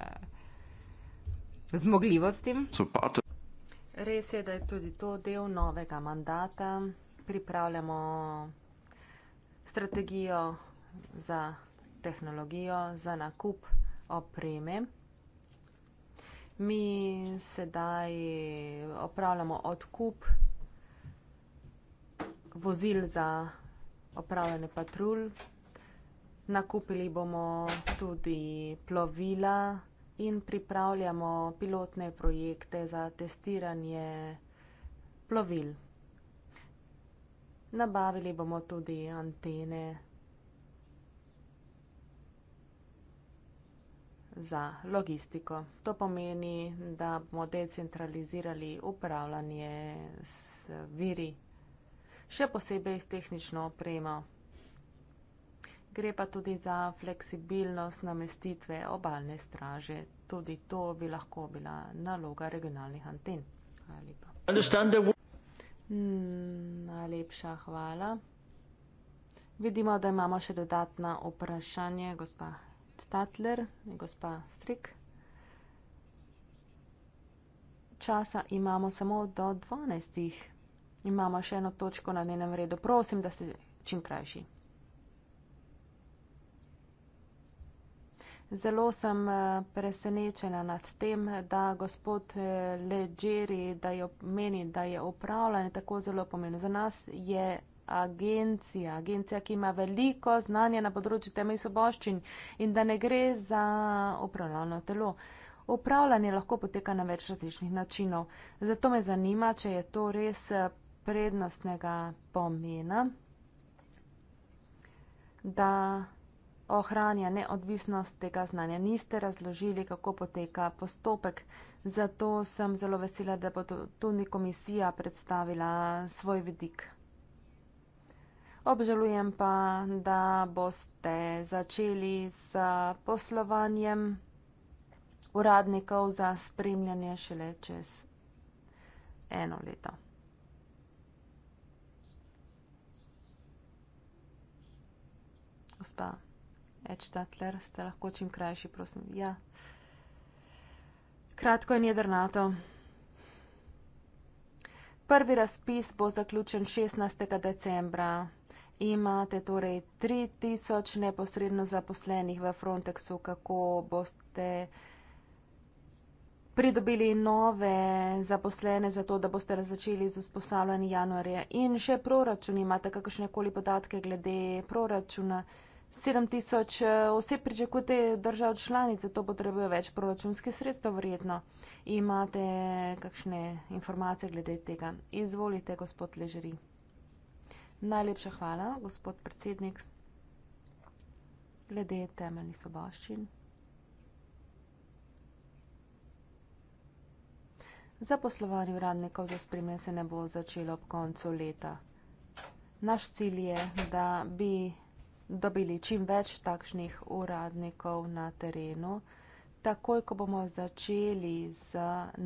zmogljivostim. Res je, da je tudi to del novega mandata. Pripravljamo strategijo za tehnologijo, za nakup opreme. Mi sedaj opravljamo odkup vozil za opravljanje patrulj. Nakupili bomo tudi plovila in pripravljamo pilotne projekte za testiranje plovil. Nabavili bomo tudi antene. za logistiko. To pomeni, da bomo decentralizirali upravljanje s viri, še posebej s tehnično opremo. Gre pa tudi za fleksibilnost namestitve obalne straže. Tudi to bi lahko bila naloga regionalnih anten. Hmm, najlepša hvala. Vidimo, da imamo še dodatna vprašanja, gospa Statler, gospa Strik. Časa imamo samo do 12. Imamo še eno točko na njenem redu. Prosim, da ste čim krajši. Zelo sem eh, presenečena nad tem, da gospod eh, Leđeri, da jo meni, da je upravljanje tako zelo pomembno. Za nas je agencija, agencija, ki ima veliko znanja na področju temeljih soboščin in da ne gre za upravljalno telo. Upravljanje lahko poteka na več različnih načinov. Zato me zanima, če je to res prednostnega pomena, da ohranja neodvisnost tega znanja. Niste razložili, kako poteka postopek. Zato sem zelo vesela, da bo tudi komisija predstavila svoj vidik. Obžalujem pa, da boste začeli s poslovanjem uradnikov za spremljanje šele čez eno leto. Gospa Edštatler, ste lahko čim krajši, prosim. Ja. Kratko in jedrnato. Prvi razpis bo zaključen 16. decembra Imate torej 3000 neposredno zaposlenih v Frontexu, kako boste pridobili nove zaposlene za to, da boste začeli z usposabljanje januarja. In še proračun imate, kakršne koli podatke glede proračuna. 7000 eh, oseb pričakujete držav članic, zato potrebuje več proračunskih sredstev, vredno. Imate kakšne informacije glede tega? Izvolite, gospod Ležeri. Najlepša hvala, gospod predsednik, glede temeljnih soboščin. Zaposlovanje uradnikov za spremljanje se ne bo začelo ob koncu leta. Naš cilj je, da bi dobili čim več takšnih uradnikov na terenu takoj, ko bomo začeli z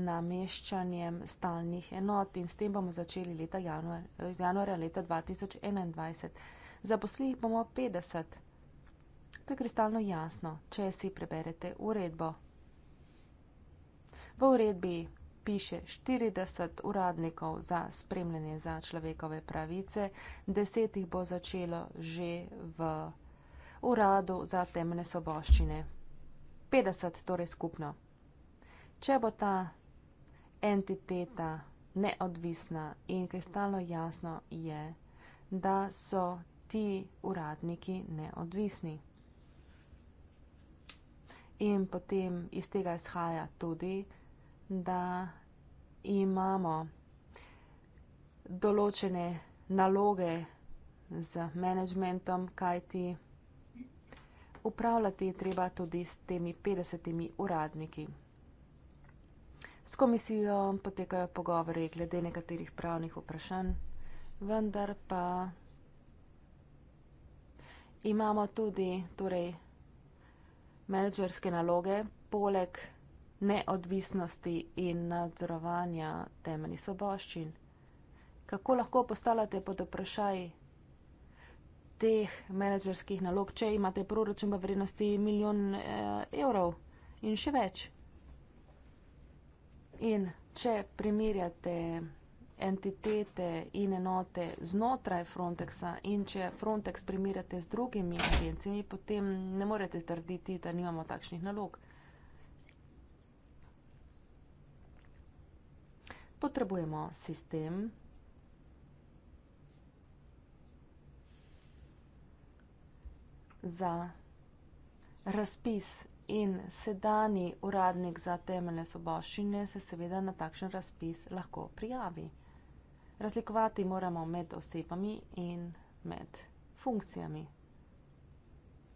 nameščanjem stalnih enot in s tem bomo začeli leta januar, januarja leta 2021. Zaposlili bomo 50. To je kristalno jasno, če si preberete uredbo. V uredbi piše 40 uradnikov za spremljanje za človekove pravice, 10 jih bo začelo že v uradu za temne soboščine. 50 torej skupno. Če bo ta entiteta neodvisna in kristalno jasno je, da so ti uradniki neodvisni. In potem iz tega izhaja tudi, da imamo določene naloge z managementom, kajti upravljati je treba tudi s temi 50 uradniki. S komisijo potekajo pogovori glede nekaterih pravnih vprašanj, vendar pa imamo tudi torej, menedžerske naloge, poleg neodvisnosti in nadzorovanja temeljnih soboščin. Kako lahko postavljate pod vprašaj teh menedžerskih nalog, če imate proračun v vrednosti milijon eh, evrov in še več. In če primerjate entitete in enote znotraj Frontexa in če Frontex primerjate z drugimi agencijami, potem ne morete trditi, da nimamo takšnih nalog. Potrebujemo sistem, za razpis in sedani uradnik za temeljne soboščine se seveda na takšen razpis lahko prijavi. Razlikovati moramo med osebami in med funkcijami.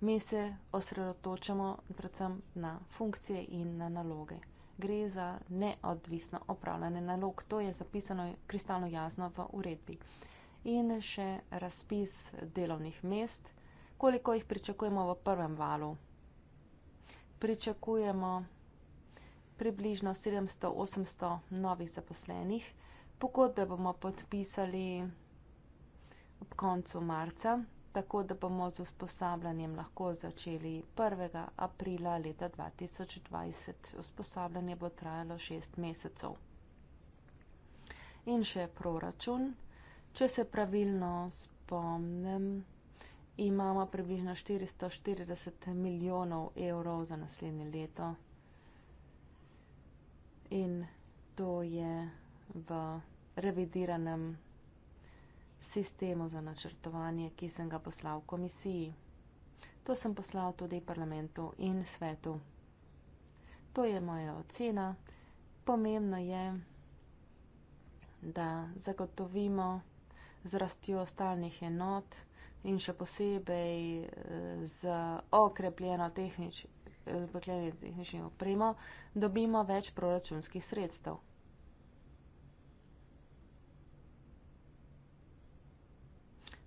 Mi se osredotočamo predvsem na funkcije in na naloge. Gre za neodvisno opravljanje nalog, to je zapisano kristalno jasno v uredbi. In še razpis delovnih mest koliko jih pričakujemo v prvem valu? Pričakujemo približno 700-800 novih zaposlenih. Pogodbe bomo podpisali ob koncu marca, tako da bomo z usposabljanjem lahko začeli 1. aprila leta 2020. Usposabljanje bo trajalo 6 mesecev. In še proračun. Če se pravilno spomnim imamo približno 440 milijonov evrov za naslednje leto. In to je v revidiranem sistemu za načrtovanje, ki sem ga poslal komisiji. To sem poslal tudi parlamentu in svetu. To je moja ocena. Pomembno je, da zagotovimo z rastjo stalnih enot, in še posebej eh, z okrepljeno tehnič, eh, tehnično opremo, dobimo več proračunskih sredstev.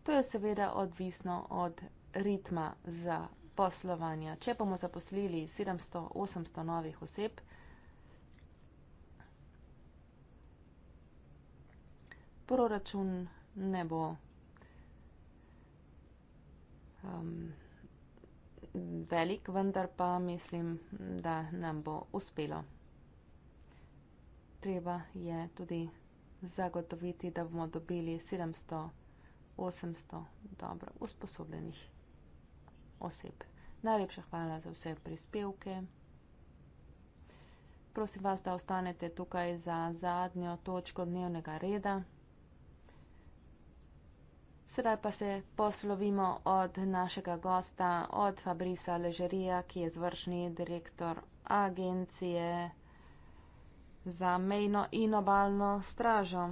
To je seveda odvisno od ritma za poslovanje. Če bomo zaposlili 700-800 novih oseb, proračun ne bo um, velik, vendar pa mislim, da nam bo uspelo. Treba je tudi zagotoviti, da bomo dobili 700, 800 dobro usposobljenih oseb. Najlepša hvala za vse prispevke. Prosim vas, da ostanete tukaj za zadnjo točko dnevnega reda. Sedaj pa se poslovimo od našega gosta, od Fabrisa Ležerija, ki je zvršni direktor agencije za mejno in obalno stražo.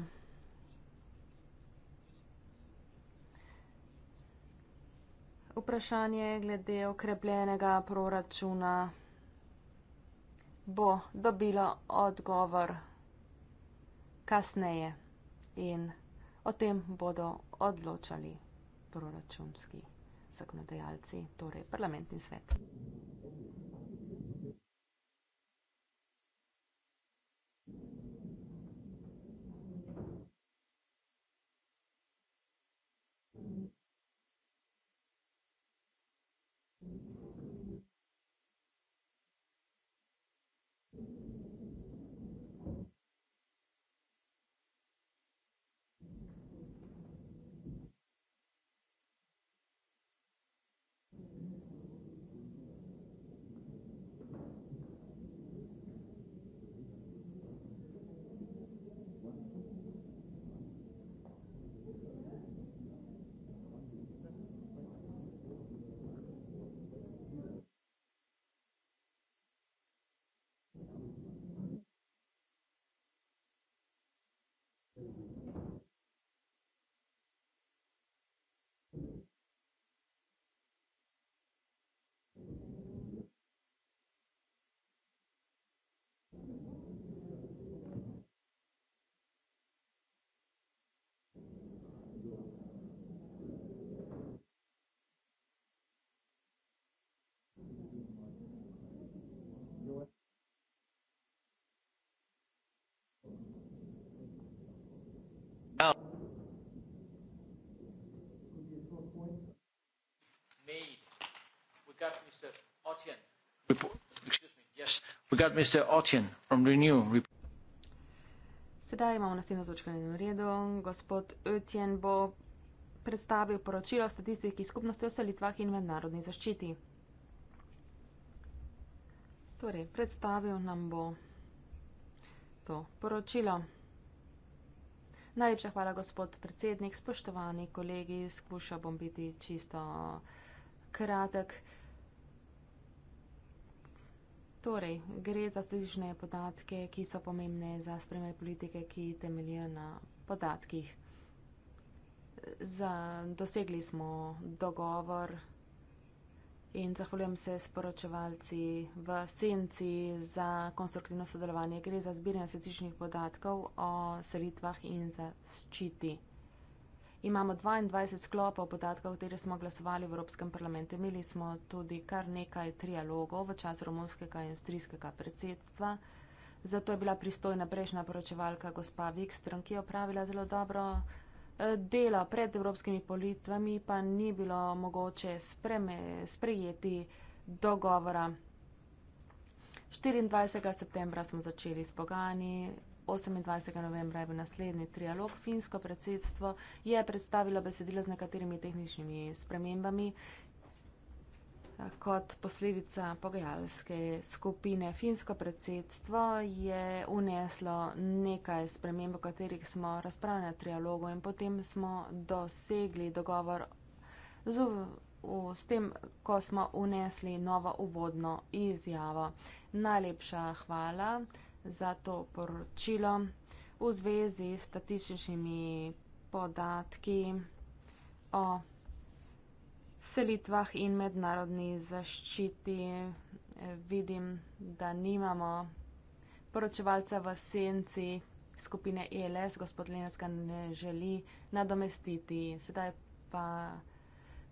Vprašanje glede okrepljenega proračuna bo dobilo odgovor kasneje in. O tem bodo odločali proračunski zakonodajalci, torej parlament in svet. Sedaj imamo naslednjo točko na redu. Gospod Ötjen bo predstavil poročilo o statistiki skupnosti o selitvah in mednarodni zaščiti. Torej, predstavil nam bo to poročilo. Najlepša hvala, gospod predsednik. Spoštovani kolegi, skušal bom biti čisto kratek. Torej, gre za stežne podatke, ki so pomembne za spremljanje politike, ki temeljijo na podatkih. Za, dosegli smo dogovor in zahvaljujem se sporočevalci v Senci za konstruktivno sodelovanje. Gre za zbiranje statističnih podatkov o selitvah in za ščiti. Imamo 22 sklopov podatkov, o katerih smo glasovali v Evropskem parlamentu. Imeli smo tudi kar nekaj trialogov v čas romunskega in avstrijskega predsedstva. Zato je bila pristojna prejšnja poročevalka gospa Vikstrom, ki je opravila zelo dobro Eh, dela pred evropskimi politvami pa ni bilo mogoče spreme, sprejeti dogovora. 24. septembra smo začeli s pogani, 28. novembra je bil naslednji trialog. Finsko predsedstvo je predstavilo besedilo z nekaterimi tehničnimi spremembami, kot posledica pogajalske skupine. Finsko predsedstvo je uneslo nekaj sprememb, o katerih smo razpravljali na trialogu in potem smo dosegli dogovor z, v, s tem, ko smo unesli novo uvodno izjavo. Najlepša hvala za to poročilo v zvezi s statističnimi podatki o selitvah in mednarodni zaščiti. Eh, vidim, da nimamo poročevalca v senci skupine ELS, gospod Lenarska ne želi nadomestiti. Sedaj pa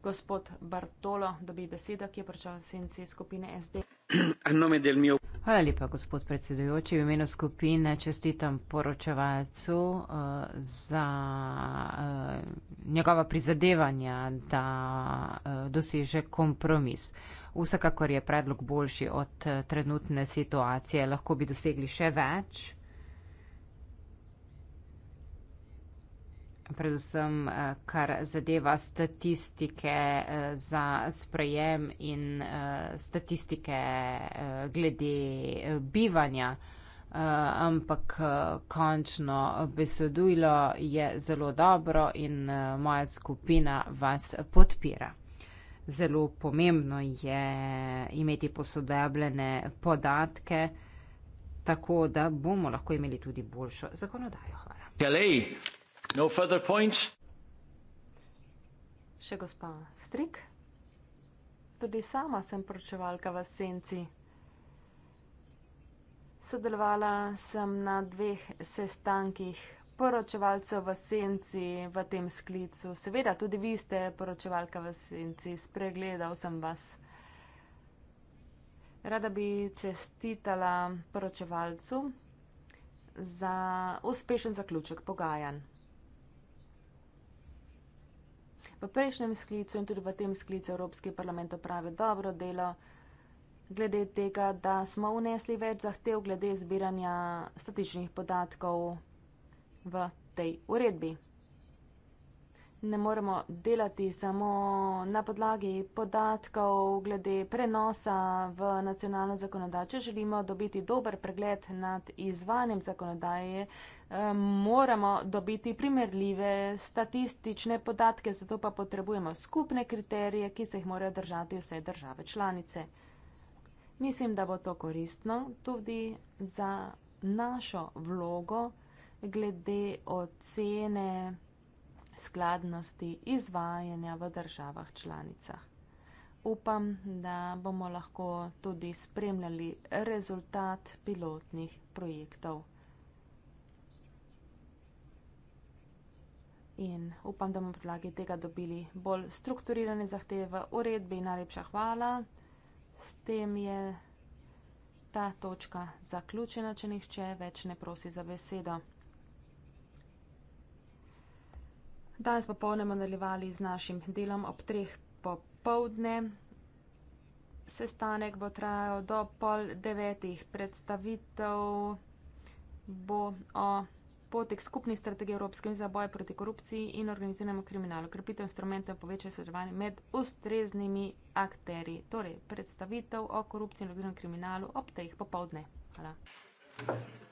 gospod Bartolo dobi besedo, ki je poročeval v senci skupine SD. Hvala lepa, gospod predsedujoči. V imenu skupine čestitam poročevalcu eh, za eh, njegova prizadevanja, da eh, doseže kompromis. Vsekakor je predlog boljši od trenutne situacije. Lahko bi dosegli še več, predvsem eh, kar zadeva statistike eh, za sprejem in eh, statistike glede bivanja. Ampak končno besedilo je zelo dobro in moja skupina vas podpira. Zelo pomembno je imeti posodobljene podatke, tako da bomo lahko imeli tudi boljšo zakonodajo. Hvala. Delej. Ja, No further points. Še gospa Strik. Tudi sama sem poročevalka v Senci. Sodelovala sem na dveh sestankih poročevalcev v Senci v tem sklicu. Seveda, tudi vi ste poročevalka v Senci, spregledal sem vas. Rada bi čestitala poročevalcu za uspešen zaključek pogajanj. prejšnjem sklicu in tudi v tem sklicu Evropski parlament opravi dobro delo glede tega, da smo unesli več zahtev glede zbiranja statičnih podatkov v tej uredbi. Ne moremo delati samo na podlagi podatkov glede prenosa v nacionalno zakonodajo, če želimo dobiti dober pregled nad izvanjem zakonodaje, moramo dobiti primerljive statistične podatke, zato pa potrebujemo skupne kriterije, ki se jih morajo držati vse države članice. Mislim, da bo to koristno tudi za našo vlogo glede ocene skladnosti izvajanja v državah članicah. Upam, da bomo lahko tudi spremljali rezultat pilotnih projektov. in upam, da bomo podlagi tega dobili bolj strukturirane zahteve v uredbi. Najlepša hvala. S tem je ta točka zaključena, če nihče več ne prosi za besedo. Danes pa polnemo nadaljevali z našim delom ob treh popovdne. Sestanek bo trajal do pol devetih predstavitev, bo o potek skupnih strategij Evropske unije za boj proti korupciji in organiziranemu kriminalu, krepitev instrumentov in povečanje sodelovanja med ustreznimi akteri. Torej, predstavitev o korupciji in organiziranem kriminalu ob treh popovdne. Hvala. Thank you.